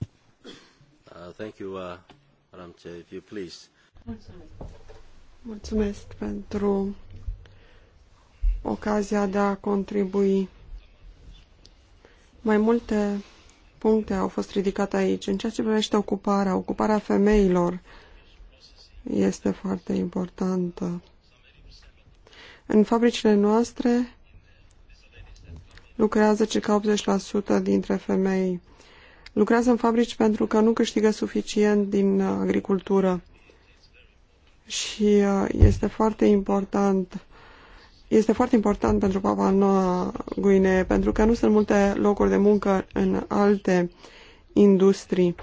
Uh, thank you, uh, if you please. Mulțumesc. Mulțumesc pentru ocazia de a contribui. Mai multe puncte au fost ridicate aici. În ceea ce privește ocuparea, ocuparea femeilor este foarte importantă. În fabricile noastre lucrează circa 80% dintre femei. Lucrează în fabrici pentru că nu câștigă suficient din uh, agricultură. Și uh, este foarte important este foarte important pentru Papua Noua Guine, pentru că nu sunt multe locuri de muncă în alte industrii.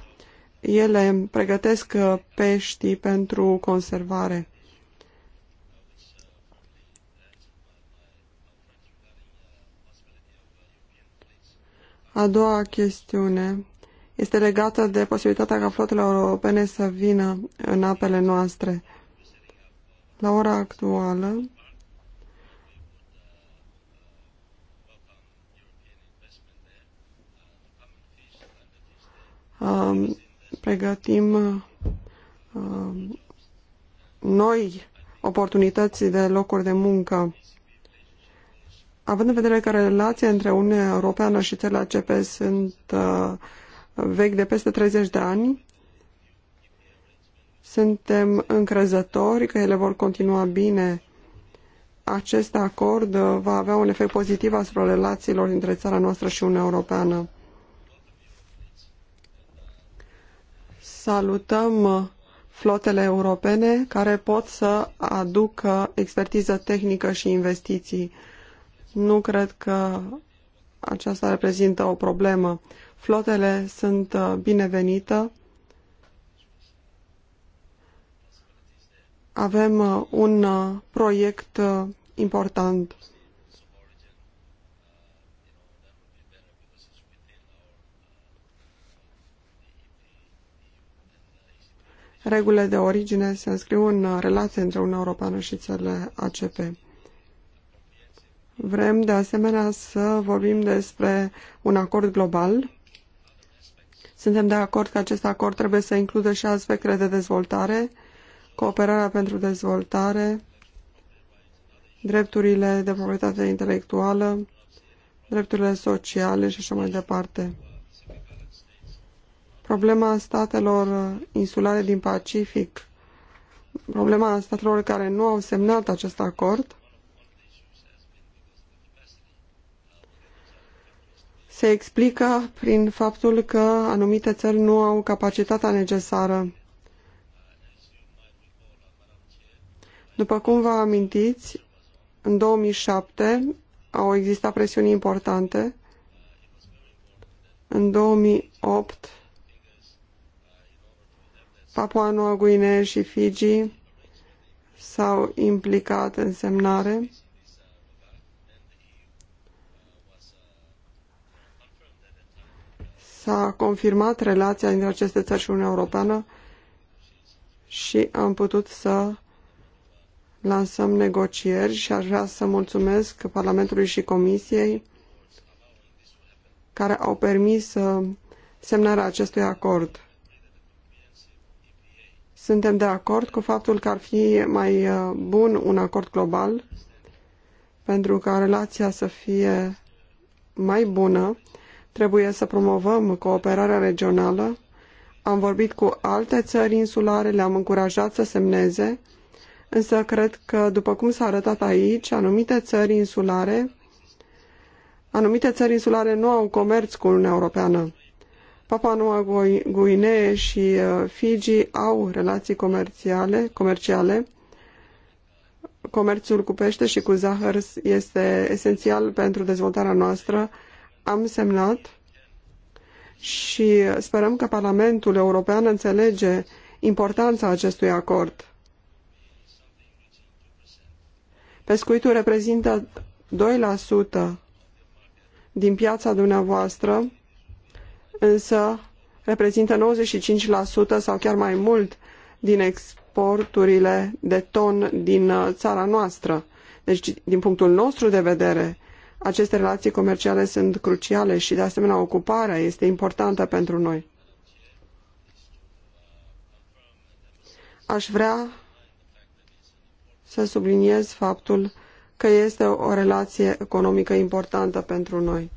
Ele pregătesc uh, peștii pentru conservare. A doua chestiune este legată de posibilitatea ca flotele europene să vină în apele noastre. La ora actuală, Um, pregătim um, noi oportunități de locuri de muncă. Având în vedere că relația între Uniunea Europeană și țările ACP sunt uh, vechi de peste 30 de ani, suntem încrezători că ele vor continua bine. Acest acord va avea un efect pozitiv asupra relațiilor dintre țara noastră și Uniunea Europeană. salutăm uh, flotele europene care pot să aducă expertiză tehnică și investiții. Nu cred că aceasta reprezintă o problemă. Flotele sunt uh, binevenite. Avem uh, un proiect important. regulile de origine se înscriu în relație între Uniunea Europeană și țările ACP. Vrem de asemenea să vorbim despre un acord global. Suntem de acord că acest acord trebuie să includă și aspectele de dezvoltare, cooperarea pentru dezvoltare, drepturile de proprietate intelectuală, drepturile sociale și așa mai departe problema statelor insulare din Pacific, problema statelor care nu au semnat acest acord, se explică prin faptul că anumite țări nu au capacitatea necesară. După cum vă amintiți, în 2007 au existat presiuni importante. În 2008 Papua Noua Guinee și Fiji s-au implicat în semnare. S-a confirmat relația dintre aceste țări și Uniunea Europeană și am putut să lansăm negocieri și aș vrea să mulțumesc Parlamentului și Comisiei care au permis uh, semnarea acestui acord. Suntem de acord cu faptul că ar fi mai uh, bun un acord global pentru ca relația să fie mai bună. Trebuie să promovăm cooperarea regională. Am vorbit cu alte țări insulare, le-am încurajat să semneze, însă cred că, după cum s-a arătat aici, anumite țări insulare anumite țări insulare nu au comerț cu Uniunea Europeană. Papua Noua Guinee și uh, Fiji au relații comerciale, comerciale. Comerțul cu pește și cu zahăr este esențial pentru dezvoltarea noastră. Am semnat și sperăm că Parlamentul European înțelege importanța acestui acord. Pescuitul reprezintă 2% din piața dumneavoastră însă reprezintă 95% sau chiar mai mult din exporturile de ton din uh, țara noastră. Deci, din punctul nostru de vedere, aceste relații comerciale sunt cruciale și, de asemenea, ocuparea este importantă pentru noi. Aș vrea să subliniez faptul că este o relație economică importantă pentru noi.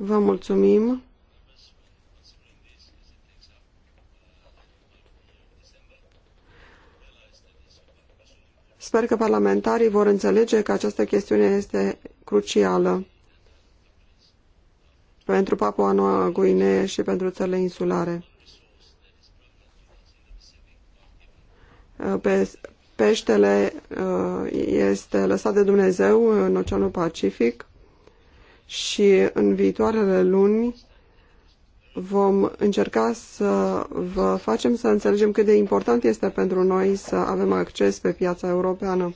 Vă mulțumim. Sper că parlamentarii vor înțelege că această chestiune este crucială pentru Papua Noua Guinee și pentru țările insulare. Pe peștele uh, este lăsat de Dumnezeu în Oceanul Pacific și în viitoarele luni vom încerca să vă facem să înțelegem cât de important este pentru noi să avem acces pe piața europeană.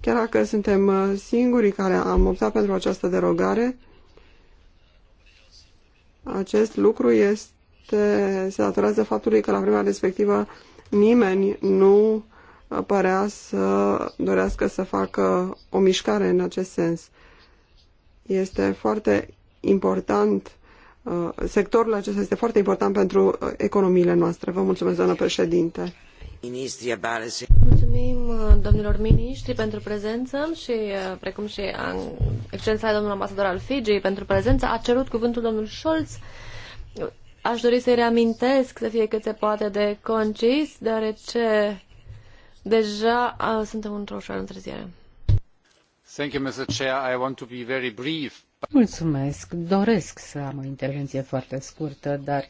Chiar dacă suntem singurii care am optat pentru această derogare, acest lucru este, se datorează faptului că la vremea respectivă nimeni nu părea să dorească să facă o mișcare în acest sens este foarte important, uh, sectorul acesta este foarte important pentru uh, economiile noastre. Vă mulțumesc, doamnă președinte. Mulțumim uh, domnilor miniștri pentru prezență și precum și excelența domnul ambasador al Fiji pentru prezență. A cerut cuvântul domnul Scholz. Aș dori să-i reamintesc să fie cât se poate de concis, deoarece deja suntem într-o ușoară întârziere. Mulțumesc. Doresc să am o intervenție foarte scurtă, dar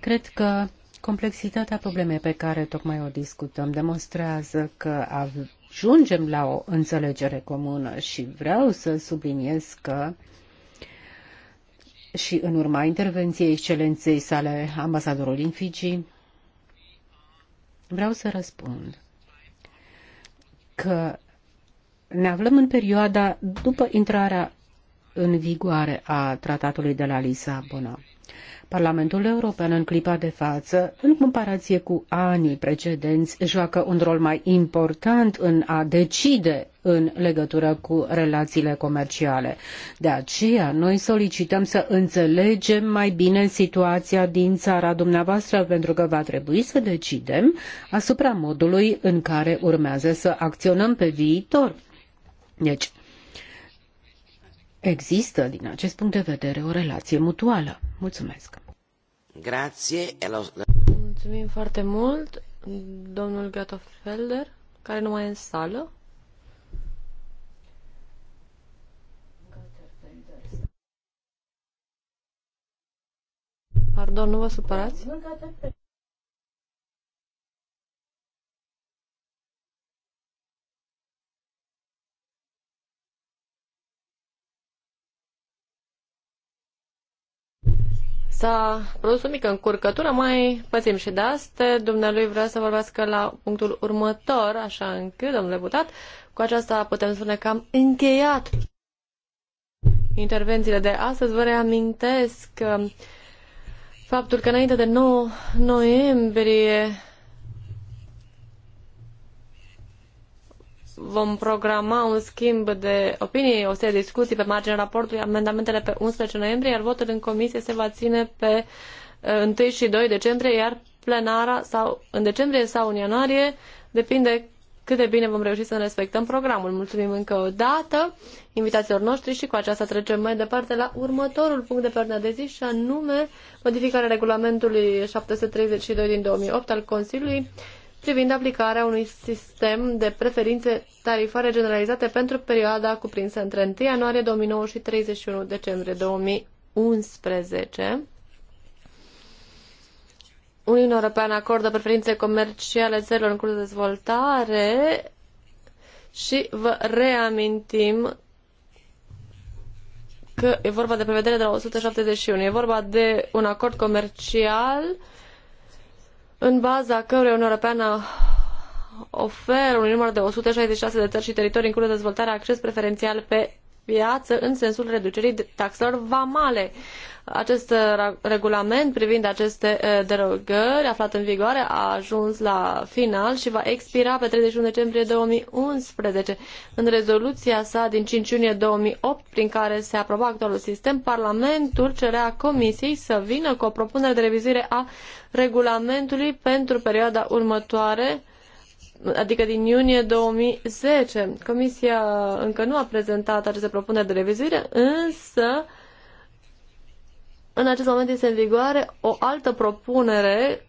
cred că complexitatea problemei pe care tocmai o discutăm demonstrează că ajungem la o înțelegere comună și vreau să subliniez că și în urma intervenției excelenței sale ambasadorul din Fiji, vreau să răspund că ne aflăm în perioada după intrarea în vigoare a tratatului de la Lisabona. Parlamentul European în clipa de față, în comparație cu anii precedenți, joacă un rol mai important în a decide în legătură cu relațiile comerciale. De aceea, noi solicităm să înțelegem mai bine situația din țara dumneavoastră, pentru că va trebui să decidem asupra modului în care urmează să acționăm pe viitor deci, există, din acest punct de vedere, o relație mutuală. Mulțumesc! Grație! Mulțumim foarte mult, domnul Gatofelder, care nu mai e în sală. Pardon, nu vă supărați? S-a produs o mică încurcătură, mai pățim și de asta. Dumnealui vrea să vorbească la punctul următor, așa încât, domnule deputat, cu aceasta putem spune că am încheiat intervențiile de astăzi. Vă reamintesc um, faptul că înainte de 9 noiembrie vom programa un schimb de opinii, o serie de discuții pe marginea raportului, amendamentele pe 11 noiembrie, iar votul în comisie se va ține pe 1 uh, și 2 decembrie, iar plenara sau în decembrie sau în ianuarie, depinde cât de bine vom reuși să ne respectăm programul. Mulțumim încă o dată invitațiilor noștri și cu aceasta trecem mai departe la următorul punct de pe de zi și anume modificarea regulamentului 732 din 2008 al Consiliului privind aplicarea unui sistem de preferințe tarifare generalizate pentru perioada cuprinsă între 1 ianuarie 2009 și 31 decembrie 2011. Uniunea Europeană acordă preferințe comerciale țărilor în curs de dezvoltare și vă reamintim că e vorba de prevedere de la 171. E vorba de un acord comercial uh, în baza căruia Uniunea Europeană oferă un număr de 166 de țări și teritorii în curs de dezvoltare acces preferențial pe piață în sensul reducerii taxelor vamale. Acest uh, regulament privind aceste uh, derogări aflat în vigoare a ajuns la final și va expira pe 31 decembrie 2011. În rezoluția sa din 5 iunie 2008, prin care se aproba actualul sistem, Parlamentul cerea Comisiei să vină cu o propunere de revizuire a regulamentului pentru perioada următoare adică din iunie 2010. Comisia încă nu a prezentat aceste propuneri de revizuire, însă în acest moment este în vigoare o altă propunere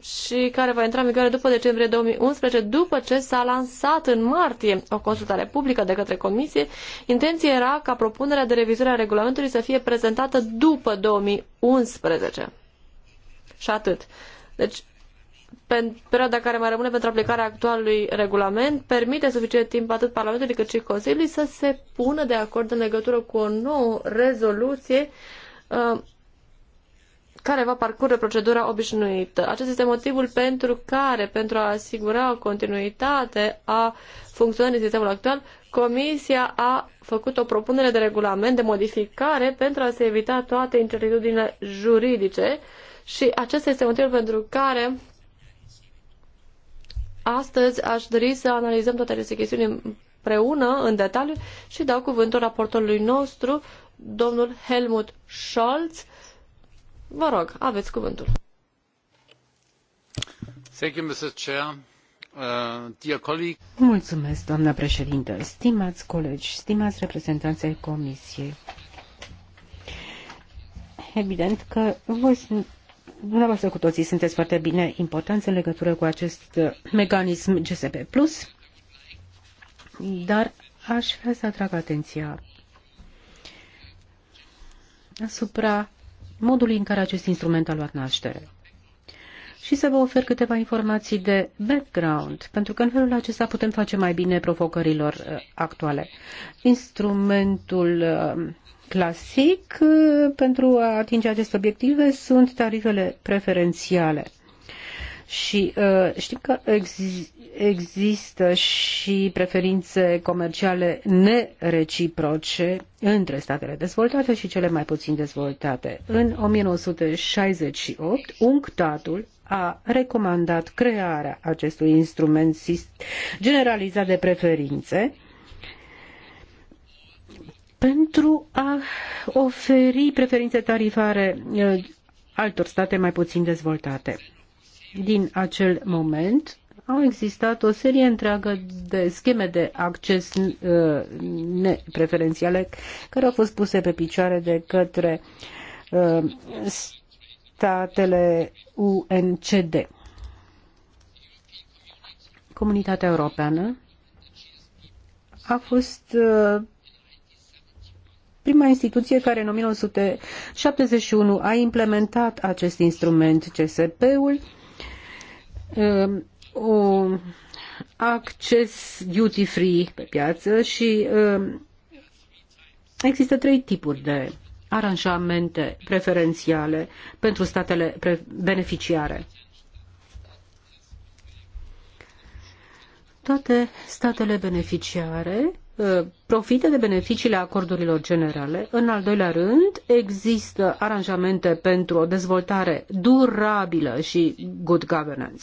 și care va intra în vigoare după decembrie 2011, după ce s-a lansat în martie o consultare publică de către Comisie. Intenția era ca propunerea de revizuire a regulamentului să fie prezentată după 2011. Și atât. Deci, pe perioada care mai rămâne pentru aplicarea actualului regulament permite suficient timp atât Parlamentului cât și Consiliului să se pună de acord în legătură cu o nouă rezoluție uh, Uh, care va parcurge procedura obișnuită. Acest este motivul pentru care, pentru a asigura o continuitate a funcționării sistemului actual, Comisia a făcut o propunere de regulament de modificare pentru a se evita toate incertitudinile juridice și acesta este motivul pentru care astăzi aș dori să analizăm toate aceste chestiuni împreună, în detaliu, și dau cuvântul raportorului nostru, domnul Helmut Scholz. Vă rog, aveți cuvântul. Thank you, Mrs. Chair. Uh, Mulțumesc, doamna președintă. Stimați colegi, stimați reprezentanți ai Comisiei. Evident că voi dumneavoastră cu toții sunteți foarte bine importanți în legătură cu acest uh, mecanism GSP+, dar aș vrea să atrag atenția asupra modului în care acest instrument a luat naștere. Și să vă ofer câteva informații de background, pentru că în felul acesta putem face mai bine provocărilor uh, actuale. Instrumentul uh, clasic uh, pentru a atinge aceste obiective sunt tarifele preferențiale. Și știm că există și preferințe comerciale nereciproce între statele dezvoltate și cele mai puțin dezvoltate. În 1968, UNCTAD-ul a recomandat crearea acestui instrument generalizat de preferințe pentru a oferi preferințe tarifare eh, altor state mai puțin dezvoltate. Din acel moment, au existat o serie întreagă de scheme de acces uh, nepreferențiale care au fost puse pe picioare de către uh, statele UNCD. Comunitatea Europeană a fost uh, prima instituție care în 1971 a implementat acest instrument CSP-ul o acces duty free pe piață și um, există trei tipuri de aranjamente preferențiale pentru statele beneficiare. Toate statele beneficiare uh, profită de beneficiile acordurilor generale. În al doilea rând, există aranjamente pentru o dezvoltare durabilă și good governance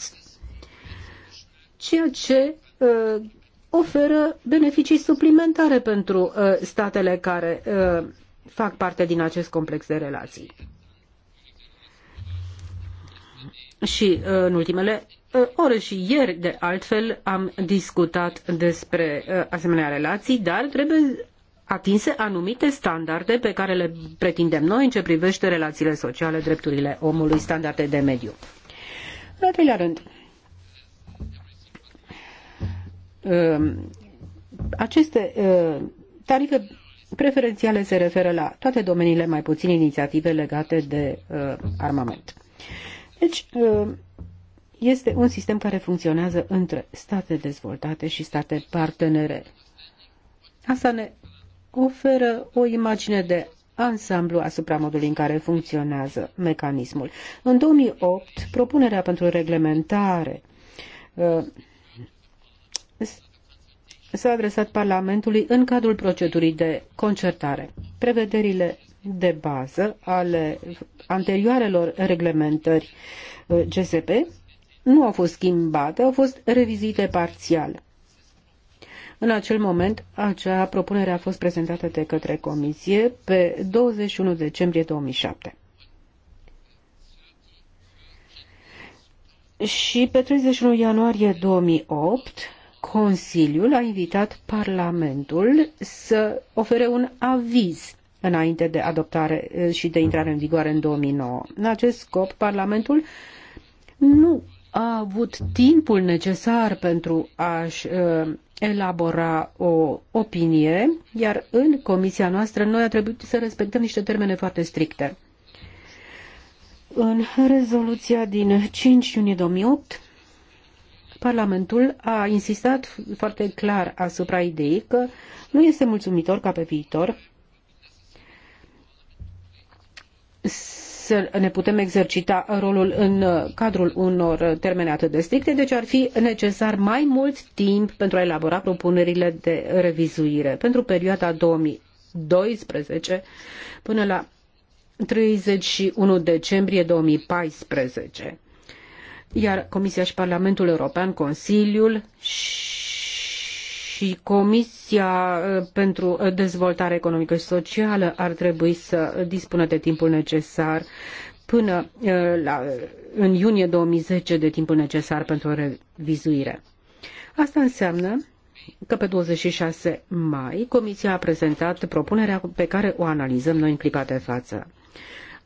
ceea ce uh, oferă beneficii suplimentare pentru uh, statele care uh, fac parte din acest complex de relații. Și în ultimele ore și ieri, de altfel, am discutat despre asemenea relații, dar trebuie atinse anumite standarde pe care le pretindem noi în ce privește relațiile sociale, drepturile omului, standarde de mediu. În al treilea rând, Um, aceste uh, tarife preferențiale se referă la toate domeniile, mai puțin inițiative legate de uh, armament. Deci, uh, este un sistem care funcționează între state dezvoltate și state partenere. Asta ne oferă o imagine de ansamblu asupra modului în care funcționează mecanismul. În 2008, propunerea pentru reglementare s-a adresat Parlamentului în cadrul procedurii de concertare. Prevederile de bază ale anterioarelor reglementări uh, GSP nu au fost schimbate, au fost revizite parțial. În acel moment, acea propunere a fost prezentată de către Comisie pe 21 decembrie 2007. Și pe 31 ianuarie 2008, Consiliul a invitat Parlamentul să ofere un aviz înainte de adoptare eh, și de intrare în vigoare în 2009. În acest scop, Parlamentul nu a avut timpul necesar pentru a-și uh, elabora o opinie, iar în comisia noastră noi a trebuit să respectăm niște termene foarte stricte. În rezoluția din 5 iunie 2008, Parlamentul a insistat foarte clar asupra ideii că nu este mulțumitor ca pe viitor să ne putem exercita rolul în cadrul unor termene atât de stricte, deci ar fi necesar mai mult timp pentru a elabora propunerile de revizuire pentru perioada 2012 până la 31 decembrie 2014 iar Comisia și Parlamentul European, Consiliul și Comisia uh, pentru uh, Dezvoltare Economică și Socială ar trebui să dispună de timpul necesar până uh, la, în iunie 2010 de timpul necesar pentru o revizuire. Asta înseamnă că pe 26 mai Comisia a prezentat propunerea pe care o analizăm noi în clipa de față.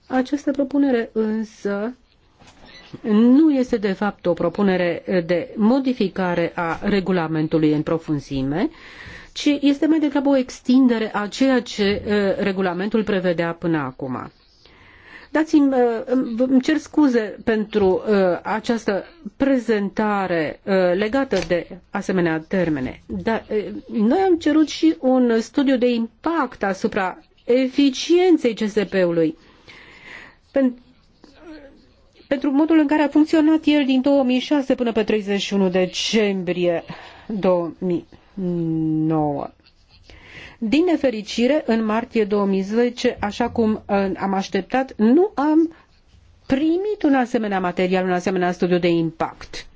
Această propunere însă nu este de fapt o propunere de modificare a regulamentului în profunzime, ci este mai degrabă o extindere a ceea ce uh, regulamentul prevedea până acum. Dați-mi, uh, îmi cer scuze pentru uh, această prezentare legată de asemenea termene, dar noi am cerut și un studiu de impact asupra eficienței CSP-ului pentru modul în care a funcționat el din 2006 până pe 31 decembrie 2009. Din nefericire, în martie 2010, așa cum uh, am așteptat, nu am primit un asemenea material, un asemenea studiu de impact.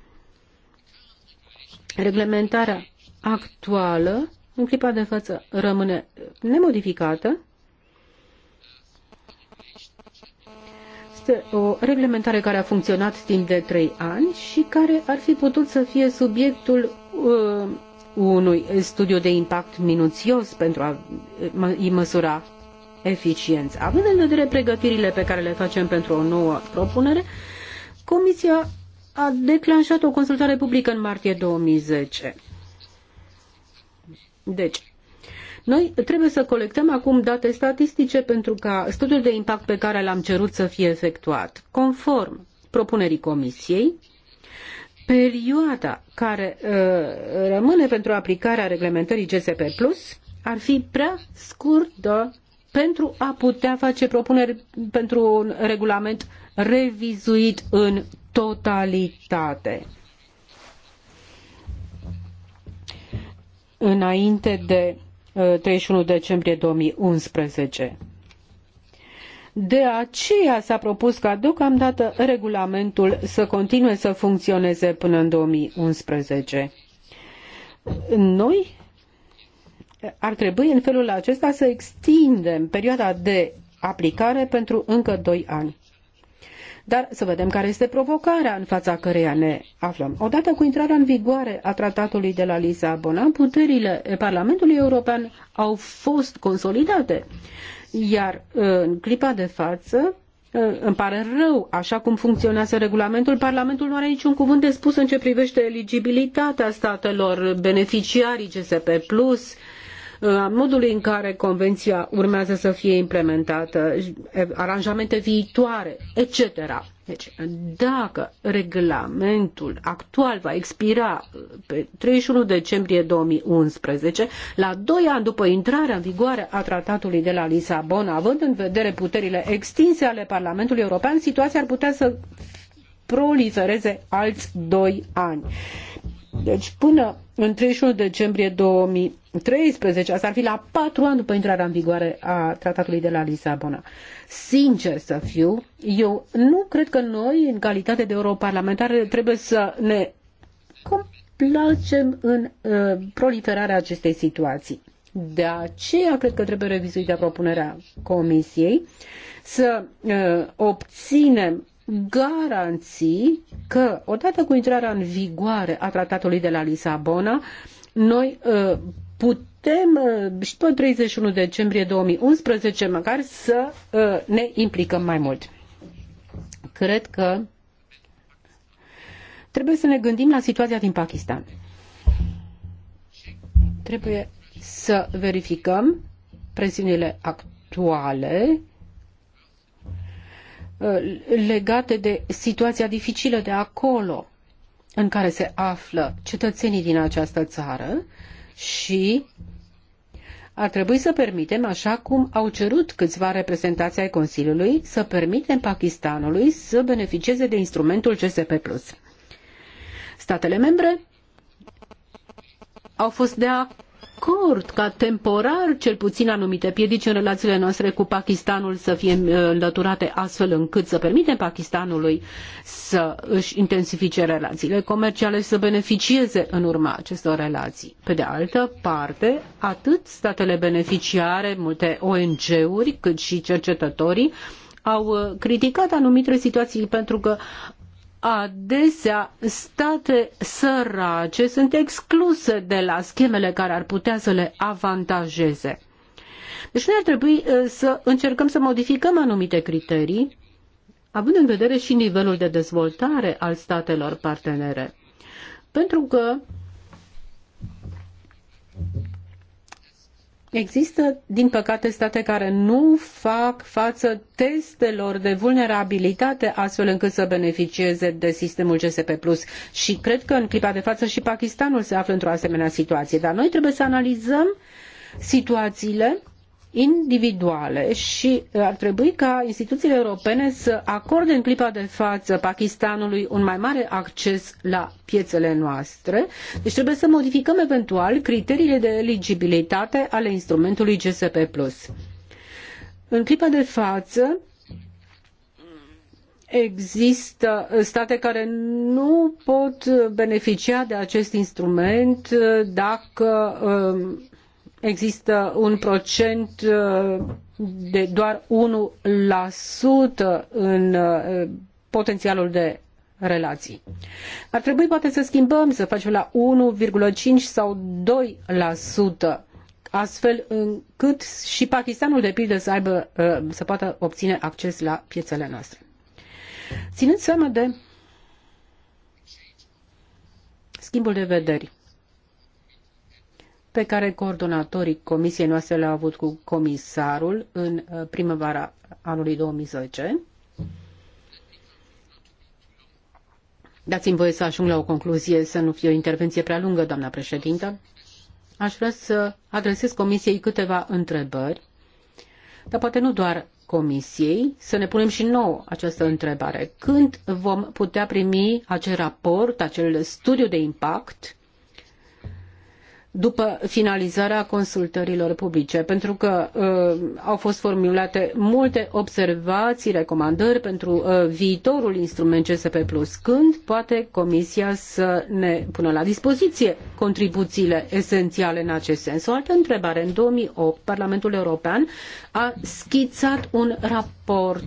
Reglementarea actuală, în clipa de față, rămâne nemodificată este uh, o reglementare care a funcționat timp de trei ani și care ar fi putut să fie subiectul uh, unui studiu de impact minuțios pentru a i măsura eficiența. Având în vedere pregătirile pe care le facem pentru o nouă propunere, Comisia a declanșat o consultare publică în martie 2010. Deci, noi trebuie să colectăm acum date statistice pentru ca studiul de impact pe care l-am cerut să fie efectuat. Conform propunerii Comisiei, perioada care uh, rămâne pentru aplicarea reglementării GSP Plus ar fi prea scurtă pentru a putea face propuneri pentru un regulament revizuit în totalitate. Înainte de 31 uh, decembrie 2011. De aceea s-a propus ca deocamdată regulamentul să continue să funcționeze până în 2011. Noi ar trebui în felul acesta să extindem perioada de aplicare pentru încă 2 ani. Dar să vedem care este provocarea în fața căreia ne aflăm. Odată cu intrarea în vigoare a tratatului de la Lisabona, puterile Parlamentului European au fost consolidate. Iar uh, în clipa de față, uh, îmi pare rău, așa cum funcționează regulamentul, Parlamentul nu are niciun cuvânt de spus în ce privește eligibilitatea statelor beneficiarii GSP Plus, a uh, modului în care convenția urmează să fie implementată, aranjamente viitoare, etc. Deci, dacă regulamentul actual va expira uh, pe 31 decembrie 2011, la doi ani după intrarea în vigoare a tratatului de la Lisabona, având în vedere puterile extinse ale Parlamentului European, situația ar putea să prolifereze alți doi ani. Deci până în 31 decembrie 2013, asta ar fi la patru ani după intrarea în vigoare a tratatului de la Lisabona. Sincer să fiu, eu nu cred că noi, în calitate de europarlamentare, trebuie să ne complacem în uh, proliferarea acestei situații. De aceea cred că trebuie revizuită propunerea Comisiei să uh, obținem garanții că, odată cu intrarea în vigoare a tratatului de la Lisabona, noi uh, putem uh, și pe 31 decembrie 2011 măcar să uh, ne implicăm mai mult. Cred că trebuie să ne gândim la situația din Pakistan. Trebuie să verificăm presiunile actuale Uh, legate de situația dificilă de acolo în care se află cetățenii din această țară și ar trebui să permitem, așa cum au cerut câțiva reprezentanți ai Consiliului, să permitem Pakistanului să beneficieze de instrumentul CSP+. Statele membre au fost de acord acord ca temporar, cel puțin anumite piedici în relațiile noastre cu Pakistanul să fie uh, înlăturate astfel încât să permitem Pakistanului să își intensifice relațiile comerciale și să beneficieze în urma acestor relații. Pe de altă parte, atât statele beneficiare, multe ONG-uri, cât și cercetătorii au uh, criticat anumite situații pentru că adesea state sărace sunt excluse de la schemele care ar putea să le avantajeze. Deci noi ar trebui uh, să încercăm să modificăm anumite criterii, având în vedere și nivelul de dezvoltare al statelor partenere. Pentru că Există, din păcate, state care nu fac față testelor de vulnerabilitate astfel încât să beneficieze de sistemul GSP+. Și cred că în clipa de față și Pakistanul se află într-o asemenea situație. Dar noi trebuie să analizăm situațiile individuale și uh, ar trebui ca instituțiile europene să acorde în clipa de față Pakistanului un mai mare acces la piețele noastre. Deci trebuie să modificăm eventual criteriile de eligibilitate ale instrumentului GSP+. În clipa de față, există state care nu pot beneficia de acest instrument uh, dacă um, există un procent uh, de doar 1% în uh, potențialul de relații. Ar trebui poate să schimbăm, să facem la 1,5 sau 2%, astfel încât și Pakistanul de pildă să aibă, uh, să poată obține acces la piețele noastre. Ținând seama de schimbul de vederi pe care coordonatorii comisiei noastre le-au avut cu comisarul în uh, primăvara anului 2010. Dați-mi voie să ajung la o concluzie, să nu fie o intervenție prea lungă, doamna președintă. Aș vrea să adresez comisiei câteva întrebări, dar poate nu doar comisiei, să ne punem și nouă această întrebare. Când vom putea primi acel raport, acel studiu de impact după finalizarea consultărilor publice, pentru că uh, au fost formulate multe observații, recomandări pentru uh, viitorul instrument CSP+, când poate Comisia să ne pună la dispoziție contribuțiile esențiale în acest sens. O altă întrebare. În 2008, Parlamentul European a schițat un raport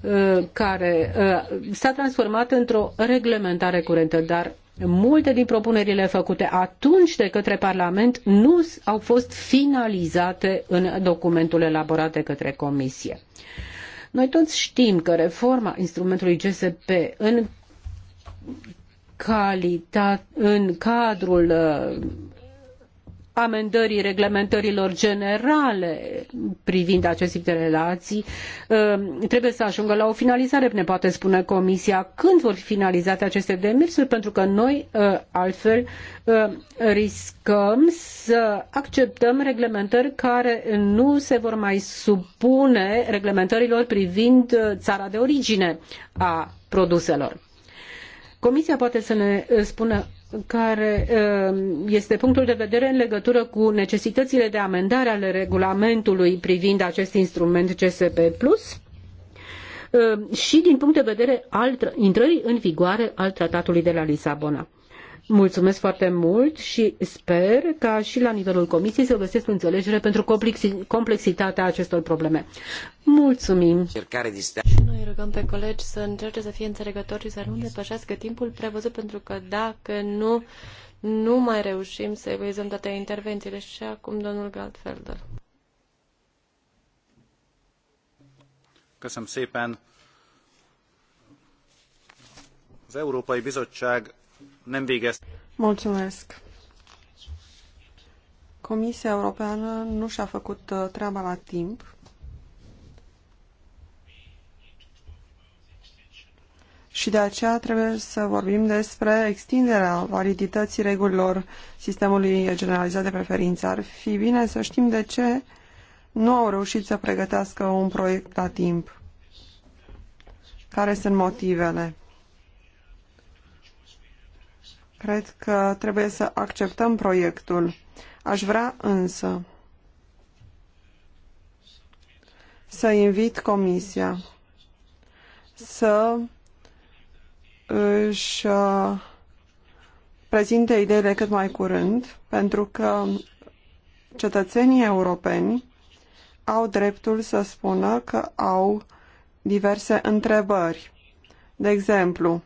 uh, care uh, s-a transformat într-o reglementare curentă, dar multe din propunerile făcute atunci de către Parlament nu au fost finalizate în documentul elaborat de către Comisie. Noi toți știm că reforma instrumentului GSP în, calitate, în cadrul uh, amendării reglementărilor generale privind acest tip de relații uh, trebuie să ajungă la o finalizare. Ne poate spune Comisia când vor fi finalizate aceste demersuri, pentru că noi uh, altfel uh, riscăm să acceptăm reglementări care nu se vor mai supune reglementărilor privind țara de origine a produselor. Comisia poate să ne spună care uh, este punctul de vedere în legătură cu necesitățile de amendare ale regulamentului privind acest instrument CSP+, uh, și din punct de vedere al intrării în vigoare al tratatului de la Lisabona. Mulțumesc foarte mult și sper ca și la nivelul comisiei să găsesc înțelegere pentru complexitatea acestor probleme. Mulțumim! Și noi rugăm pe colegi să încerce să fie înțelegători și să nu depășească timpul prevăzut pentru că dacă nu, nu mai reușim să epuizăm toate intervențiile. Și acum domnul Galtfelder. Köszönöm szépen! Az Európai Bizottság Mulțumesc. Comisia Europeană nu și-a făcut uh, treaba la timp. Și de aceea trebuie să vorbim despre extinderea validității regulilor sistemului generalizat de preferință. Ar fi bine să știm de ce nu au reușit să pregătească un proiect la timp. Care sunt motivele? Cred că trebuie să acceptăm proiectul. Aș vrea însă să invit Comisia să își uh, prezinte ideile cât mai curând, pentru că cetățenii europeni au dreptul să spună că au diverse întrebări. De exemplu,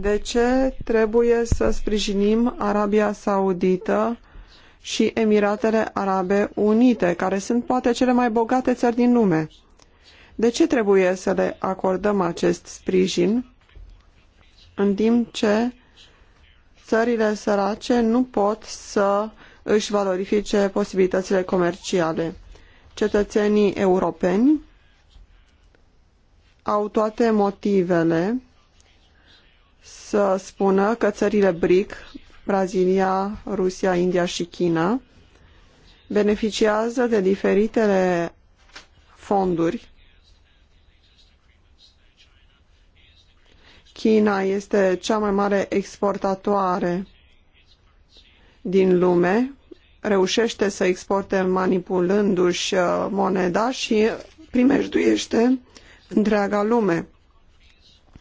de ce trebuie să sprijinim Arabia Saudită și Emiratele Arabe Unite, care sunt poate cele mai bogate țări din lume. De ce trebuie să le acordăm acest sprijin în timp ce țările sărace nu pot să își valorifice posibilitățile comerciale? Cetățenii europeni au toate motivele să spună că țările BRIC, Brazilia, Rusia, India și China, beneficiază de diferitele fonduri. China este cea mai mare exportatoare din lume, reușește să exporte manipulându-și uh, moneda și primejduiește întreaga lume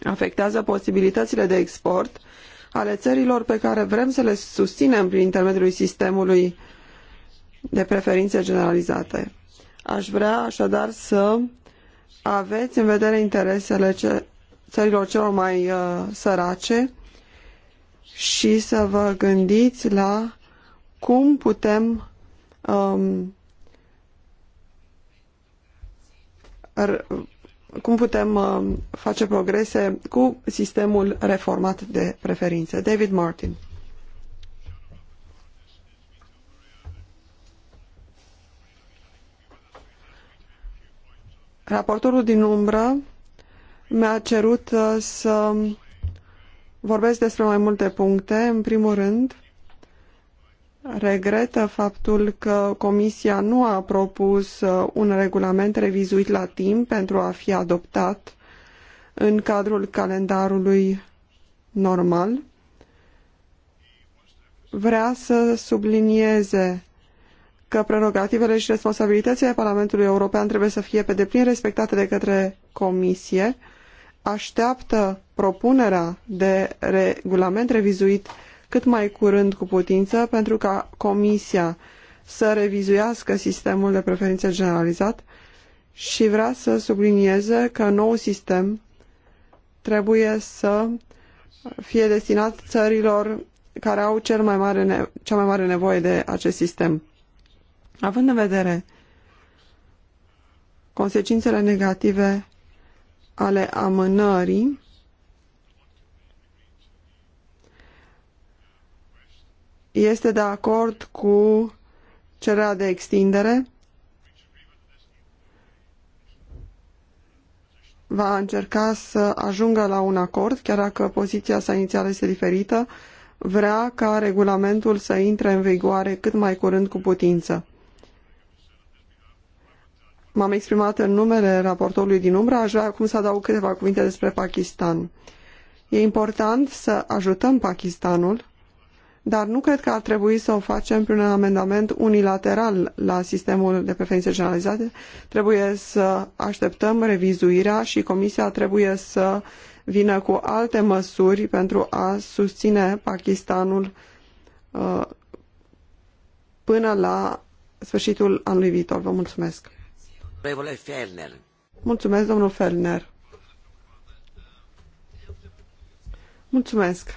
afectează posibilitățile de export ale țărilor pe care vrem să le susținem prin intermediul sistemului de preferințe generalizate. Aș vrea așadar să aveți în vedere interesele ce, țărilor celor mai uh, sărace și să vă gândiți la cum putem um, cum putem uh, face progrese cu sistemul reformat de preferințe. David Martin. Raportorul din umbră mi-a cerut uh, să vorbesc despre mai multe puncte. În primul rând, regretă faptul că Comisia nu a propus uh, un regulament revizuit la timp pentru a fi adoptat în cadrul calendarului normal. Vrea să sublinieze că prerogativele și responsabilitățile Parlamentului European trebuie să fie pe deplin respectate de către Comisie, așteaptă propunerea de regulament revizuit cât mai curând cu putință pentru ca Comisia să revizuiască sistemul de preferințe generalizat și vrea să sublinieze că nou sistem trebuie să fie destinat țărilor care au cel mai mare cea mai mare nevoie de acest sistem. Având în vedere consecințele negative ale amânării, este de acord cu cererea de extindere. Va încerca să ajungă la un acord, chiar dacă poziția sa inițială este diferită, vrea ca regulamentul să intre în vigoare cât mai curând cu putință. M-am exprimat în numele raportorului din umbră, aș vrea acum să adaug câteva cuvinte despre Pakistan. E important să ajutăm Pakistanul dar nu cred că ar trebui să o facem prin un amendament unilateral la sistemul de preferințe generalizate. Trebuie să așteptăm revizuirea și Comisia trebuie să vină cu alte măsuri pentru a susține Pakistanul uh, până la sfârșitul anului viitor. Vă mulțumesc. Mulțumesc, domnul Fellner. Mulțumesc.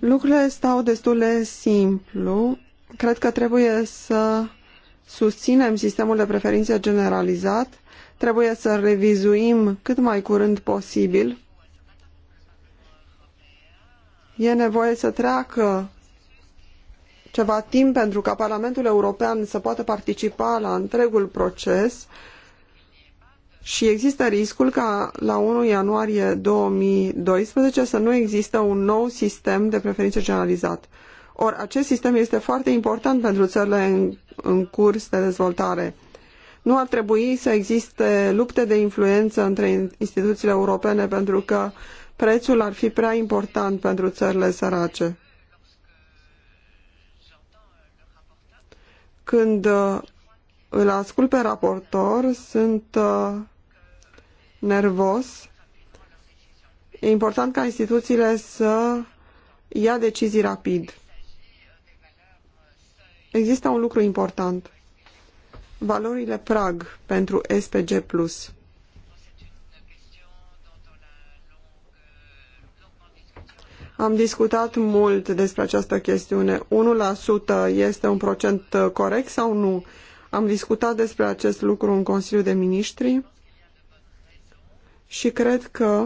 Lucrurile stau destul de simplu. Cred că trebuie să susținem sistemul de preferințe generalizat, trebuie să revizuim cât mai curând posibil. E nevoie să treacă ceva timp pentru ca Parlamentul European să poată participa la întregul proces, și există riscul ca la 1 ianuarie 2012 să nu există un nou sistem de preferințe generalizat. Or, acest sistem este foarte important pentru țările în, în curs de dezvoltare. Nu ar trebui să existe lupte de influență între instituțiile europene pentru că prețul ar fi prea important pentru țările sărace. Când uh, îl ascult pe raportor, sunt uh, nervos. E important ca instituțiile să ia decizii rapid. Există un lucru important. Valorile prag pentru SPG+. Am discutat mult despre această chestiune. 1% este un procent corect sau nu? Am discutat despre acest lucru în Consiliul de Ministri și cred că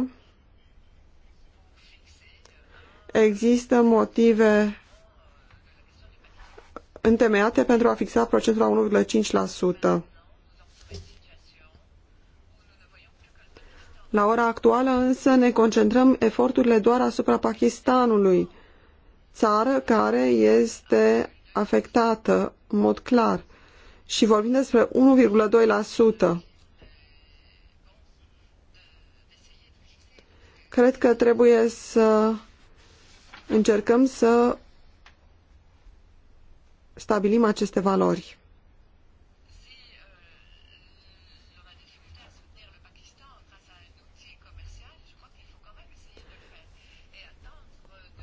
există motive întemeiate pentru a fixa procentul la 1,5%. La ora actuală însă ne concentrăm eforturile doar asupra Pakistanului, țară care este afectată în mod clar și vorbim despre 1,2%. Cred că trebuie să încercăm să stabilim aceste valori.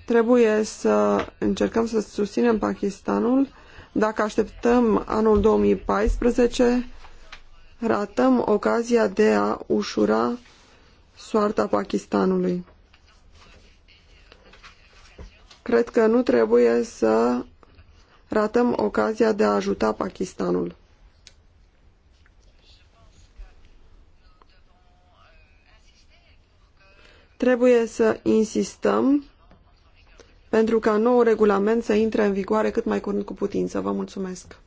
Trebuie să încercăm să susținem Pakistanul. Dacă așteptăm anul 2014, ratăm ocazia de a ușura soarta Pakistanului. Cred că nu trebuie să ratăm ocazia de a ajuta Pakistanul. Trebuie să insistăm pentru ca nou regulament să intre în vigoare cât mai curând cu putință. Vă mulțumesc.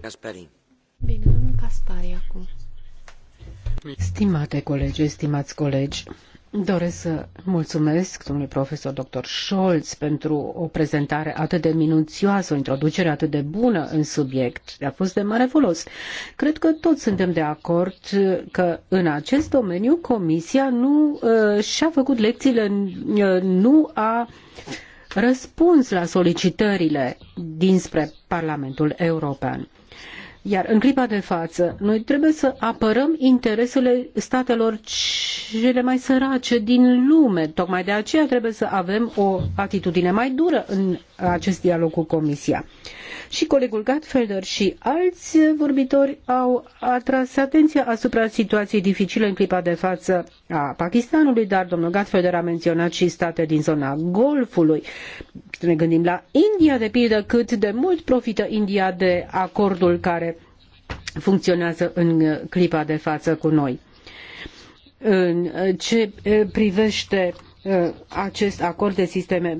Gasparin. Bine, domnul Caspari acum. Stimate colegi, stimați colegi, doresc să mulțumesc domnului profesor dr. Scholz pentru o prezentare atât de minuțioasă, o introducere atât de bună în subiect. A fost de mare folos. Cred că toți suntem de acord că în acest domeniu Comisia nu uh, și-a făcut lecțiile, uh, nu a răspuns la solicitările dinspre Parlamentul European. Iar în clipa de față, noi trebuie să apărăm interesele statelor cele mai sărace din lume. Tocmai de aceea trebuie să avem o atitudine mai dură în acest dialog cu Comisia. Și colegul Gatfelder și alți vorbitori au atras atenția asupra situației dificile în clipa de față a Pakistanului, dar domnul Gatfelder a menționat și state din zona Golfului. Ne gândim la India, de pildă, cât de mult profită India de acordul care funcționează în uh, clipa de față cu noi. În uh, ce uh, privește acest acord de sisteme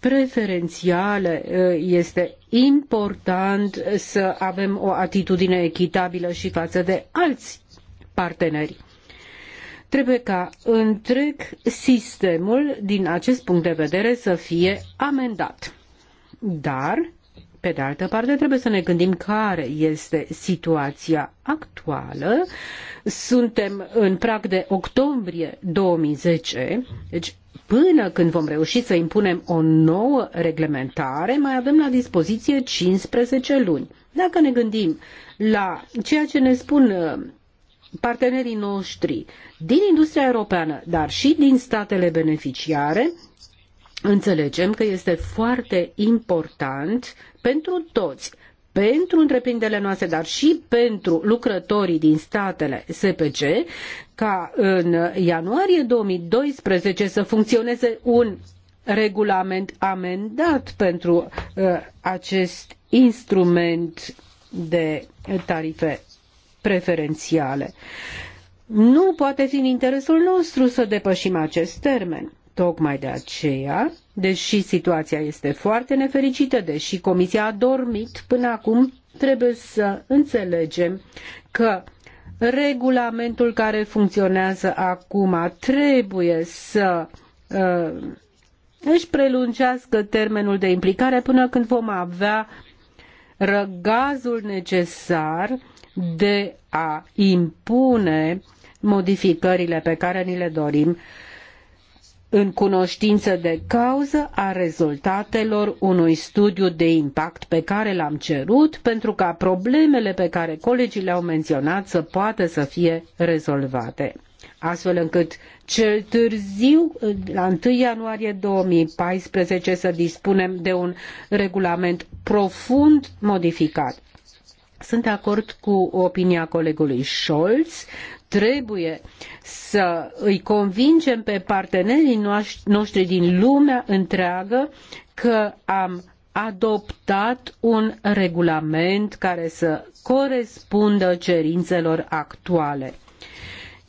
preferențiale, este important să avem o atitudine echitabilă și față de alți parteneri. Trebuie ca întreg sistemul, din acest punct de vedere, să fie amendat. Dar pe de altă parte, trebuie să ne gândim care este situația actuală. Suntem în prag de octombrie 2010, deci până când vom reuși să impunem o nouă reglementare, mai avem la dispoziție 15 luni. Dacă ne gândim la ceea ce ne spun uh, partenerii noștri din industria europeană, dar și din statele beneficiare, înțelegem că este foarte important pentru toți, pentru întreprinderile noastre, dar și pentru lucrătorii din statele SPC, ca în ianuarie 2012 să funcționeze un regulament amendat pentru uh, acest instrument de tarife preferențiale. Nu poate fi în interesul nostru să depășim acest termen. Tocmai de aceea, deși situația este foarte nefericită, deși Comisia a dormit până acum, trebuie să înțelegem că regulamentul care funcționează acum trebuie să uh, își prelungească termenul de implicare până când vom avea răgazul necesar de a impune modificările pe care ni le dorim în cunoștință de cauză a rezultatelor unui studiu de impact pe care l-am cerut pentru ca problemele pe care colegii le-au menționat să poată să fie rezolvate astfel încât cel târziu, la 1 ianuarie 2014, să dispunem de un regulament profund modificat. Sunt de acord cu opinia colegului Scholz trebuie să îi convingem pe partenerii noștri din lumea întreagă că am adoptat un regulament care să corespundă cerințelor actuale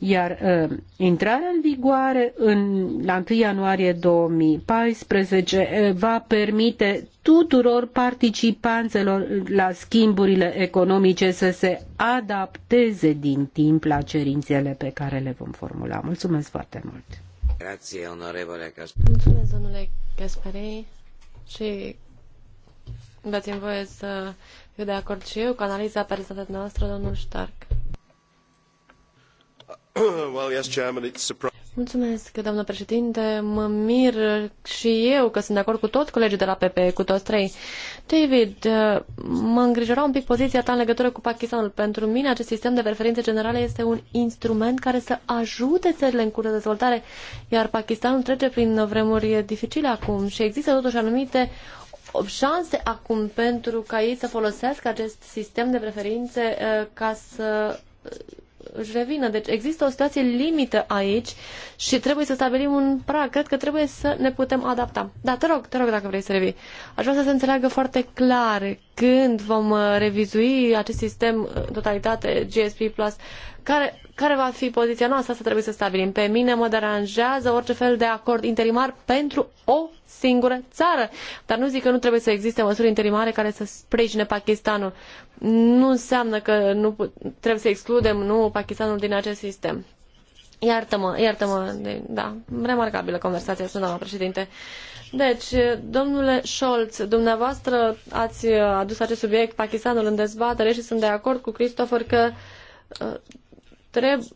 iar uh, intrarea în vigoare în, la 1 ianuarie 2014 uh, va permite tuturor participanțelor la schimburile economice să se adapteze din timp la cerințele pe care le vom formula. Mulțumesc foarte mult! Grație, onorevole Mulțumesc, domnule Caspari, și dați-mi voie să fiu de acord și eu cu analiza prezentată noastră, domnul Stark. <coughs> doamnă președinte. Mă mir și eu că sunt de acord cu toți colegii de la PPE cu toți trei. David, uh, mă îngrijora un pic poziția ta în legătură cu Pakistanul. Pentru mine, acest sistem de preferințe generale este un instrument care să ajute țările în curs de dezvoltare, iar Pakistanul trece prin vremuri dificile acum și există totuși anumite șanse acum pentru ca ei să folosească acest sistem de preferințe uh, ca să își revină. Deci există o situație limită aici și trebuie să stabilim un prag. Cred că trebuie să ne putem adapta. Da, te rog, te rog dacă vrei să revii. Aș vrea să se înțeleagă foarte clar când vom revizui acest sistem totalitate GSP Plus, care care va fi poziția noastră, asta trebuie să stabilim. Pe mine mă deranjează orice fel de acord interimar pentru o singură țară. Dar nu zic că nu trebuie să existe măsuri interimare care să sprijine Pakistanul. Nu înseamnă că nu trebuie să excludem nu Pakistanul din acest sistem. Iartă-mă, iartă-mă, da, remarcabilă conversația, sunt doamna președinte. Deci, domnule Scholz, dumneavoastră ați adus acest subiect, Pakistanul în dezbatere și sunt de acord cu Christopher că uh, trebuie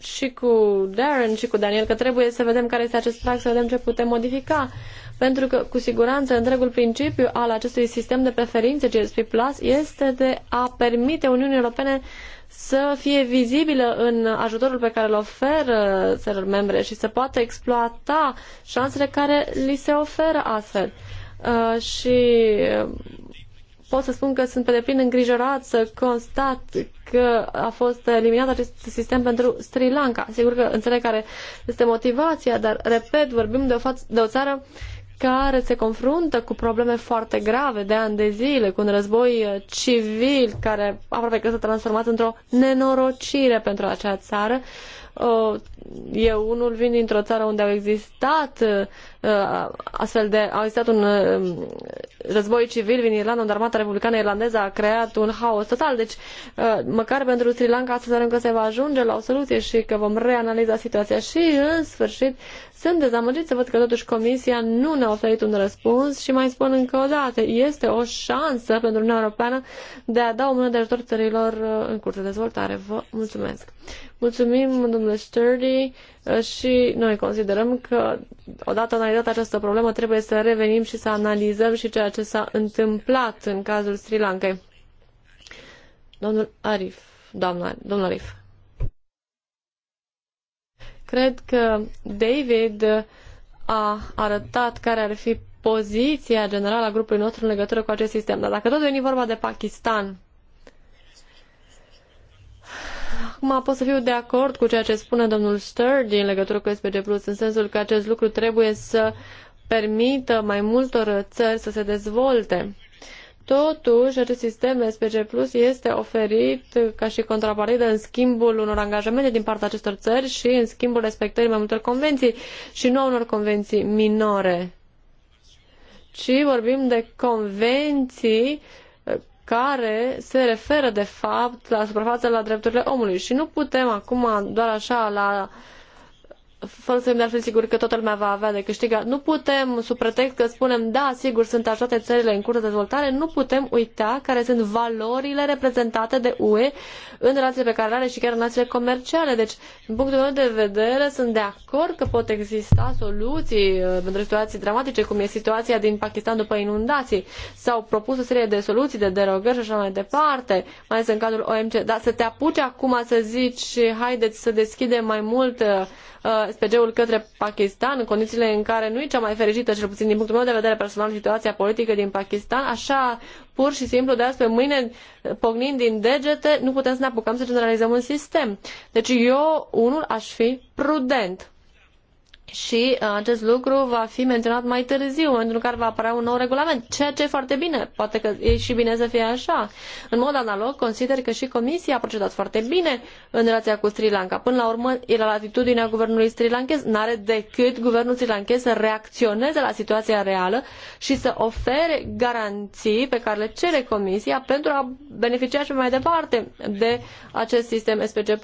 și cu Darren și cu Daniel că trebuie să vedem care este acest prag, să vedem ce putem modifica. Pentru că, cu siguranță, întregul principiu al acestui sistem de preferințe GSP Plus este de a permite Uniunii Europene să fie vizibilă în ajutorul pe care îl oferă țărilor membre și să poată exploata șansele care li se oferă astfel. Uh, și uh, pot să spun că sunt pe deplin îngrijorat să constat că a fost eliminat acest sistem pentru Sri Lanka. Sigur că înțeleg care este motivația, dar, repet, vorbim de o, față, de o țară care se confruntă cu probleme foarte grave de ani de zile, cu un război uh, civil care aproape că s-a transformat într-o nenorocire pentru acea țară Uh, eu unul vin dintr-o țară unde au existat uh, astfel de, au existat un uh, război civil din Irlanda, unde armata republicană irlandeză a creat un haos total. Deci, măcar pentru Sri Lanka să sperăm că se va ajunge la o soluție și că vom reanaliza situația și, în sfârșit, sunt dezamăgit să văd că totuși Comisia nu ne-a oferit un răspuns și mai spun încă o dată, este o șansă pentru Uniunea Europeană de a da o mână de ajutor țărilor uh, în curs de dezvoltare. Vă mulțumesc! Mulțumim, domnule Sturdy, uh, și noi considerăm că odată analizată această problemă trebuie să revenim și să analizăm și ceea ce s-a întâmplat în cazul Sri Lankai. Domnul Arif, doamna, domnul Arif. Cred că David a arătat care ar fi poziția generală a grupului nostru în legătură cu acest sistem. Dar dacă tot veni vorba de Pakistan, Acum pot să fiu de acord cu ceea ce spune domnul Sturdy în legătură cu SPG+, în sensul că acest lucru trebuie să permită mai multor țări să se dezvolte. Totuși, acest SPG Plus este oferit ca și contrapartidă în schimbul unor angajamente din partea acestor țări și în schimbul respectării mai multor convenții și nu a unor convenții minore, ci vorbim de convenții eh, care se referă de fapt la suprafață la drepturile omului și nu putem acum doar așa la uh, fără să mi ar fi sigur că toată lumea va avea de câștigat. Nu putem, sub pretext că spunem, da, sigur, sunt ajutate țările în curs de dezvoltare, nu putem uita care sunt valorile reprezentate de UE în relațiile pe care le are și chiar în relațiile comerciale. Deci, din punctul meu de vedere, sunt de acord că pot exista soluții uh, pentru situații dramatice, cum e situația din Pakistan după inundații. S-au propus o serie de soluții, de derogări și așa mai departe, mai ales în cadrul OMC. Dar să te apuci acum să zici, haideți să deschidem mai mult uh, SPG-ul către Pakistan, în condițiile în care nu e cea mai fericită, cel puțin din punctul meu de vedere personal, situația politică din Pakistan, așa pur și simplu de azi pe mâine, pognind din degete, nu putem să ne apucăm să generalizăm un sistem. Deci eu, unul, aș fi prudent și uh, acest lucru va fi menționat mai târziu, în momentul în care va apărea un nou regulament, ceea ce e foarte bine. Poate că e și bine să fie așa. În mod analog, consider că și Comisia a procedat foarte bine în relația cu Sri Lanka. Până la urmă, e la latitudinea guvernului sri lankez. N-are decât guvernul sri lankez să reacționeze la situația reală și să ofere garanții pe care le cere Comisia pentru a beneficia și mai departe de acest sistem SPG+.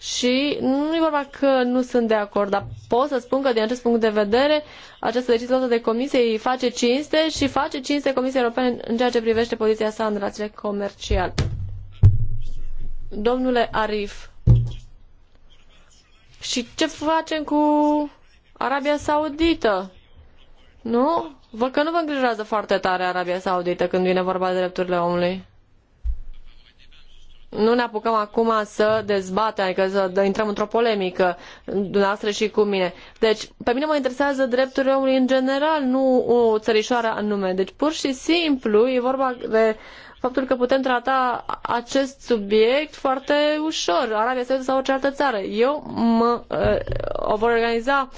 Și nu e vorba că nu sunt de acord, dar pot să spun spun că, din acest punct de vedere, această decizie luată de comisie îi face cinste și face cinste Comisiei Europene în ceea ce privește poziția sa în relațiile comerciale. Domnule Arif, și ce facem cu Arabia Saudită? Nu? Văd că nu vă îngrijează foarte tare Arabia Saudită când vine vorba de drepturile omului nu ne apucăm acum să dezbatem, adică să intrăm într-o polemică dumneavoastră și cu mine. Deci, pe mine mă interesează drepturile omului în general, nu o țărișoară anume. Deci, pur și simplu, e vorba de faptul că putem trata acest subiect foarte ușor, Arabia Saudită sau orice altă țară. Eu mă, eh, o vor organiza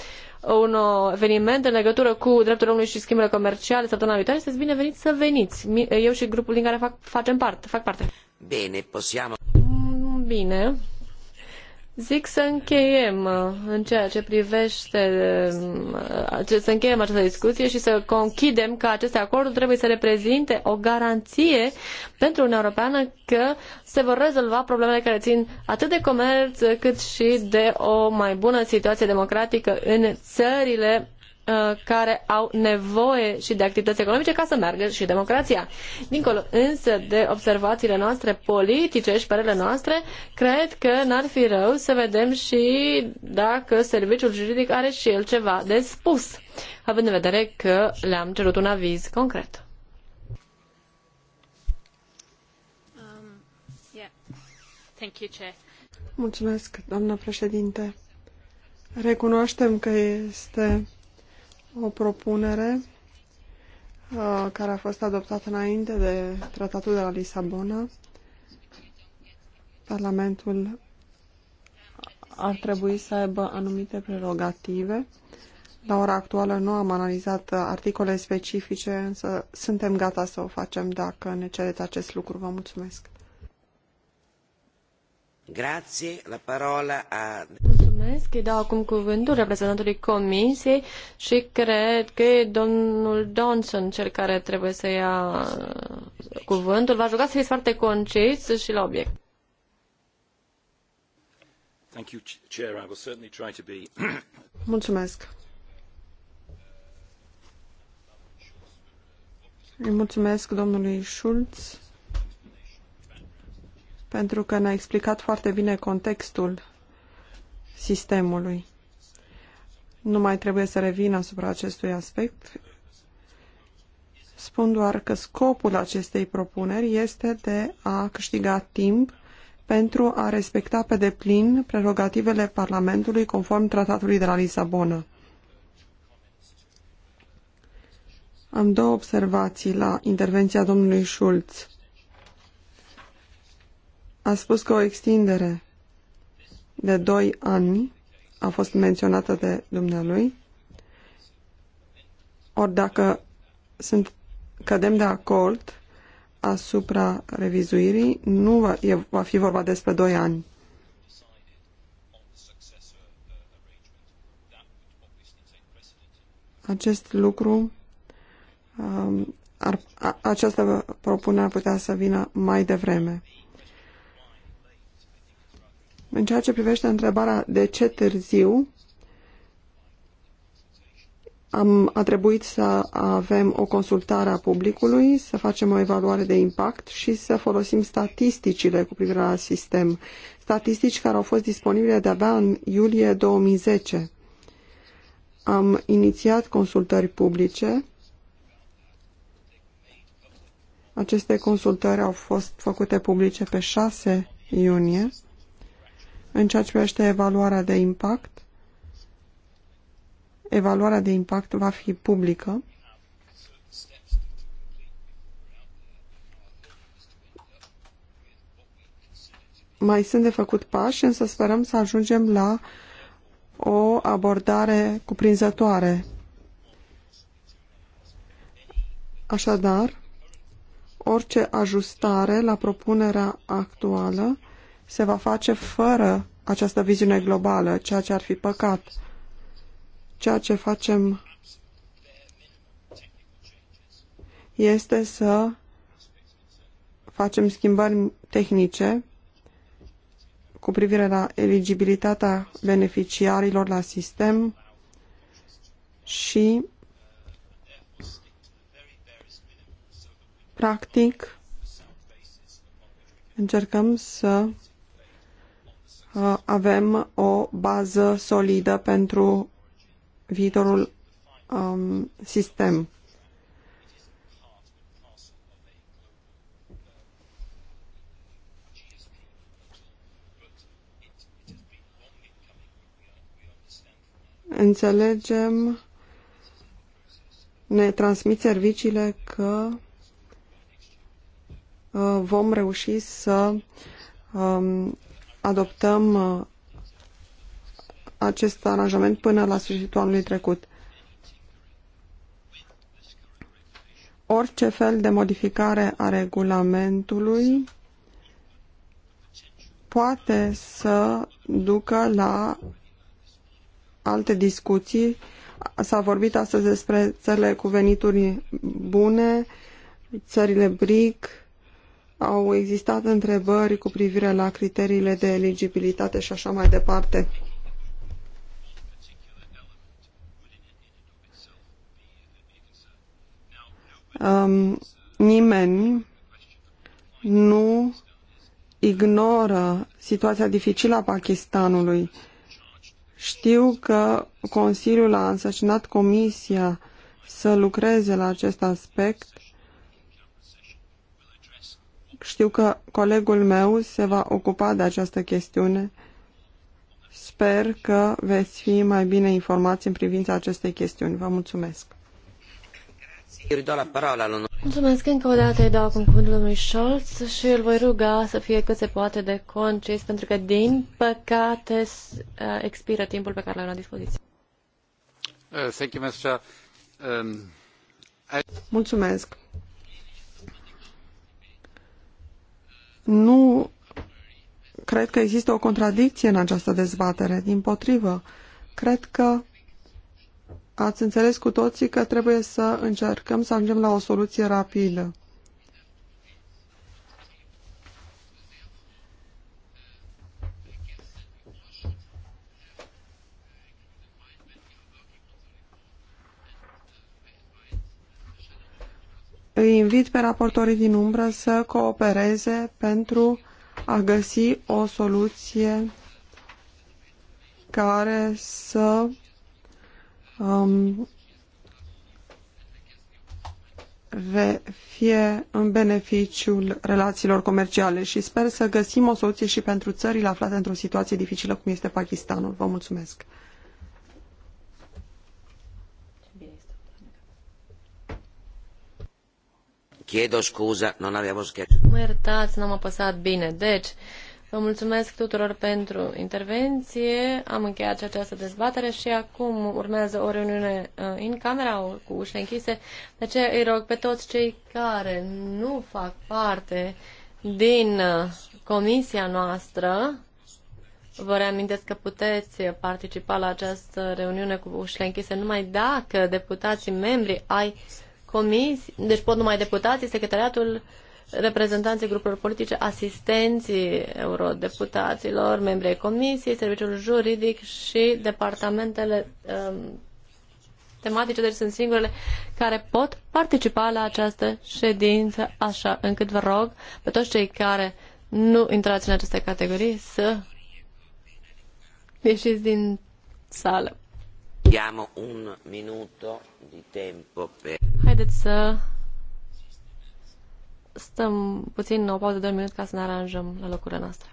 un uh, eveniment în legătură cu drepturile omului și schimbele comerciale săptămâna viitoare, bine veniți să veniți. Eu și grupul din care fac, facem parte, fac parte. Bine, possiamo... Bine. Zic să încheiem uh, în ceea ce privește uh, să încheiem această discuție și să conchidem că aceste acorduri trebuie să reprezinte o garanție pentru Uniunea Europeană că se vor rezolva problemele care țin atât de comerț cât și de o mai bună situație democratică în țările Uh, care au nevoie și de activități economice ca să meargă și democrația. Dincolo însă de observațiile noastre politice și părerile noastre, cred că n-ar fi rău să vedem și dacă serviciul juridic are și el ceva de spus, având în vedere că le-am cerut un aviz concret. Um, yeah. Thank you, Chair. Mulțumesc, doamnă președinte. Recunoaștem că este o propunere uh, care a fost adoptată înainte de tratatul de la Lisabona. Parlamentul ar trebui să aibă anumite prerogative. La ora actuală nu am analizat articole specifice, însă suntem gata să o facem dacă ne cereți acest lucru. Vă mulțumesc. Grazie, la parola a... Mulțumesc. Îi dau acum cuvântul reprezentantului Comisiei și cred că e domnul Johnson cel care trebuie să ia cuvântul. V-aș ruga să fiți foarte concis și la obiect. Mulțumesc. Îi mulțumesc domnului Schulz pentru că ne-a explicat foarte bine contextul sistemului. Nu mai trebuie să revin asupra acestui aspect. Spun doar că scopul acestei propuneri este de a câștiga timp pentru a respecta pe deplin prerogativele Parlamentului conform Tratatului de la Lisabona. Am două observații la intervenția domnului Schulz. A spus că o extindere de doi ani a fost menționată de dumnealui. Ori dacă sunt, cădem de acord asupra revizuirii, nu va, e, va fi vorba despre doi ani. Acest lucru, um, ar, a, această propunere ar putea să vină mai devreme. În ceea ce privește întrebarea de ce târziu, am, a trebuit să avem o consultare a publicului, să facem o evaluare de impact și să folosim statisticile cu privire la sistem. Statistici care au fost disponibile de-abia în iulie 2010. Am inițiat consultări publice. Aceste consultări au fost făcute publice pe 6 iunie. În ceea ce privește evaluarea de impact, evaluarea de impact va fi publică. Mai sunt de făcut pași, însă sperăm să ajungem la o abordare cuprinzătoare. Așadar, orice ajustare la propunerea actuală se va face fără această viziune globală, ceea ce ar fi păcat. Ceea ce facem este să facem schimbări tehnice cu privire la eligibilitatea beneficiarilor la sistem și practic încercăm să Uh, avem o bază solidă pentru viitorul um, sistem. Înțelegem, ne transmit serviciile că uh, vom reuși să um, adoptăm uh, acest aranjament până la sfârșitul anului trecut. Orice fel de modificare a regulamentului poate să ducă la alte discuții. S-a vorbit astăzi despre țările cu venituri bune, țările BRIC, au existat întrebări cu privire la criteriile de eligibilitate și așa mai departe. Um, nimeni nu ignoră situația dificilă a Pakistanului. Știu că Consiliul a însăcinat Comisia să lucreze la acest aspect știu că colegul meu se va ocupa de această chestiune. Sper că veți fi mai bine informați în privința acestei chestiuni. Vă mulțumesc. Mulțumesc încă o dată, îi dau acum cuvântul domnului Scholz și îl voi ruga să fie cât se poate de concis, pentru că, din păcate, uh, expiră timpul pe care l-am la dispoziție. Uh, um, mulțumesc. Nu cred că există o contradicție în această dezbatere. Din potrivă, cred că ați înțeles cu toții că trebuie să încercăm să ajungem la o soluție rapidă. Îi invit pe raportorii din umbră să coopereze pentru a găsi o soluție care să um, fie în beneficiul relațiilor comerciale și sper să găsim o soluție și pentru țările aflate într-o situație dificilă cum este Pakistanul. Vă mulțumesc! Chiedo scuza, non avevo schiacciato. Mă iertați, n-am apăsat bine. Deci, vă mulțumesc tuturor pentru intervenție. Am încheiat această dezbatere și acum urmează o reuniune uh, în camera cu ușile închise. De aceea îi rog pe toți cei care nu fac parte din uh, comisia noastră, Vă reamintesc că puteți participa la această reuniune cu ușile închise numai dacă deputații membri ai comisii, deci pot numai deputații, secretariatul, reprezentanții grupurilor politice, asistenții eurodeputaților, membrii comisiei, serviciul juridic și departamentele um, tematice, deci sunt singurele care pot participa la această ședință, așa încât vă rog pe toți cei care nu intrați în aceste categorii să ieșiți din sală. Abbiamo un minuto di tempo per... Haideți să stăm puțin o pauză de 2 minute ca să ne aranjăm la locurile noastre.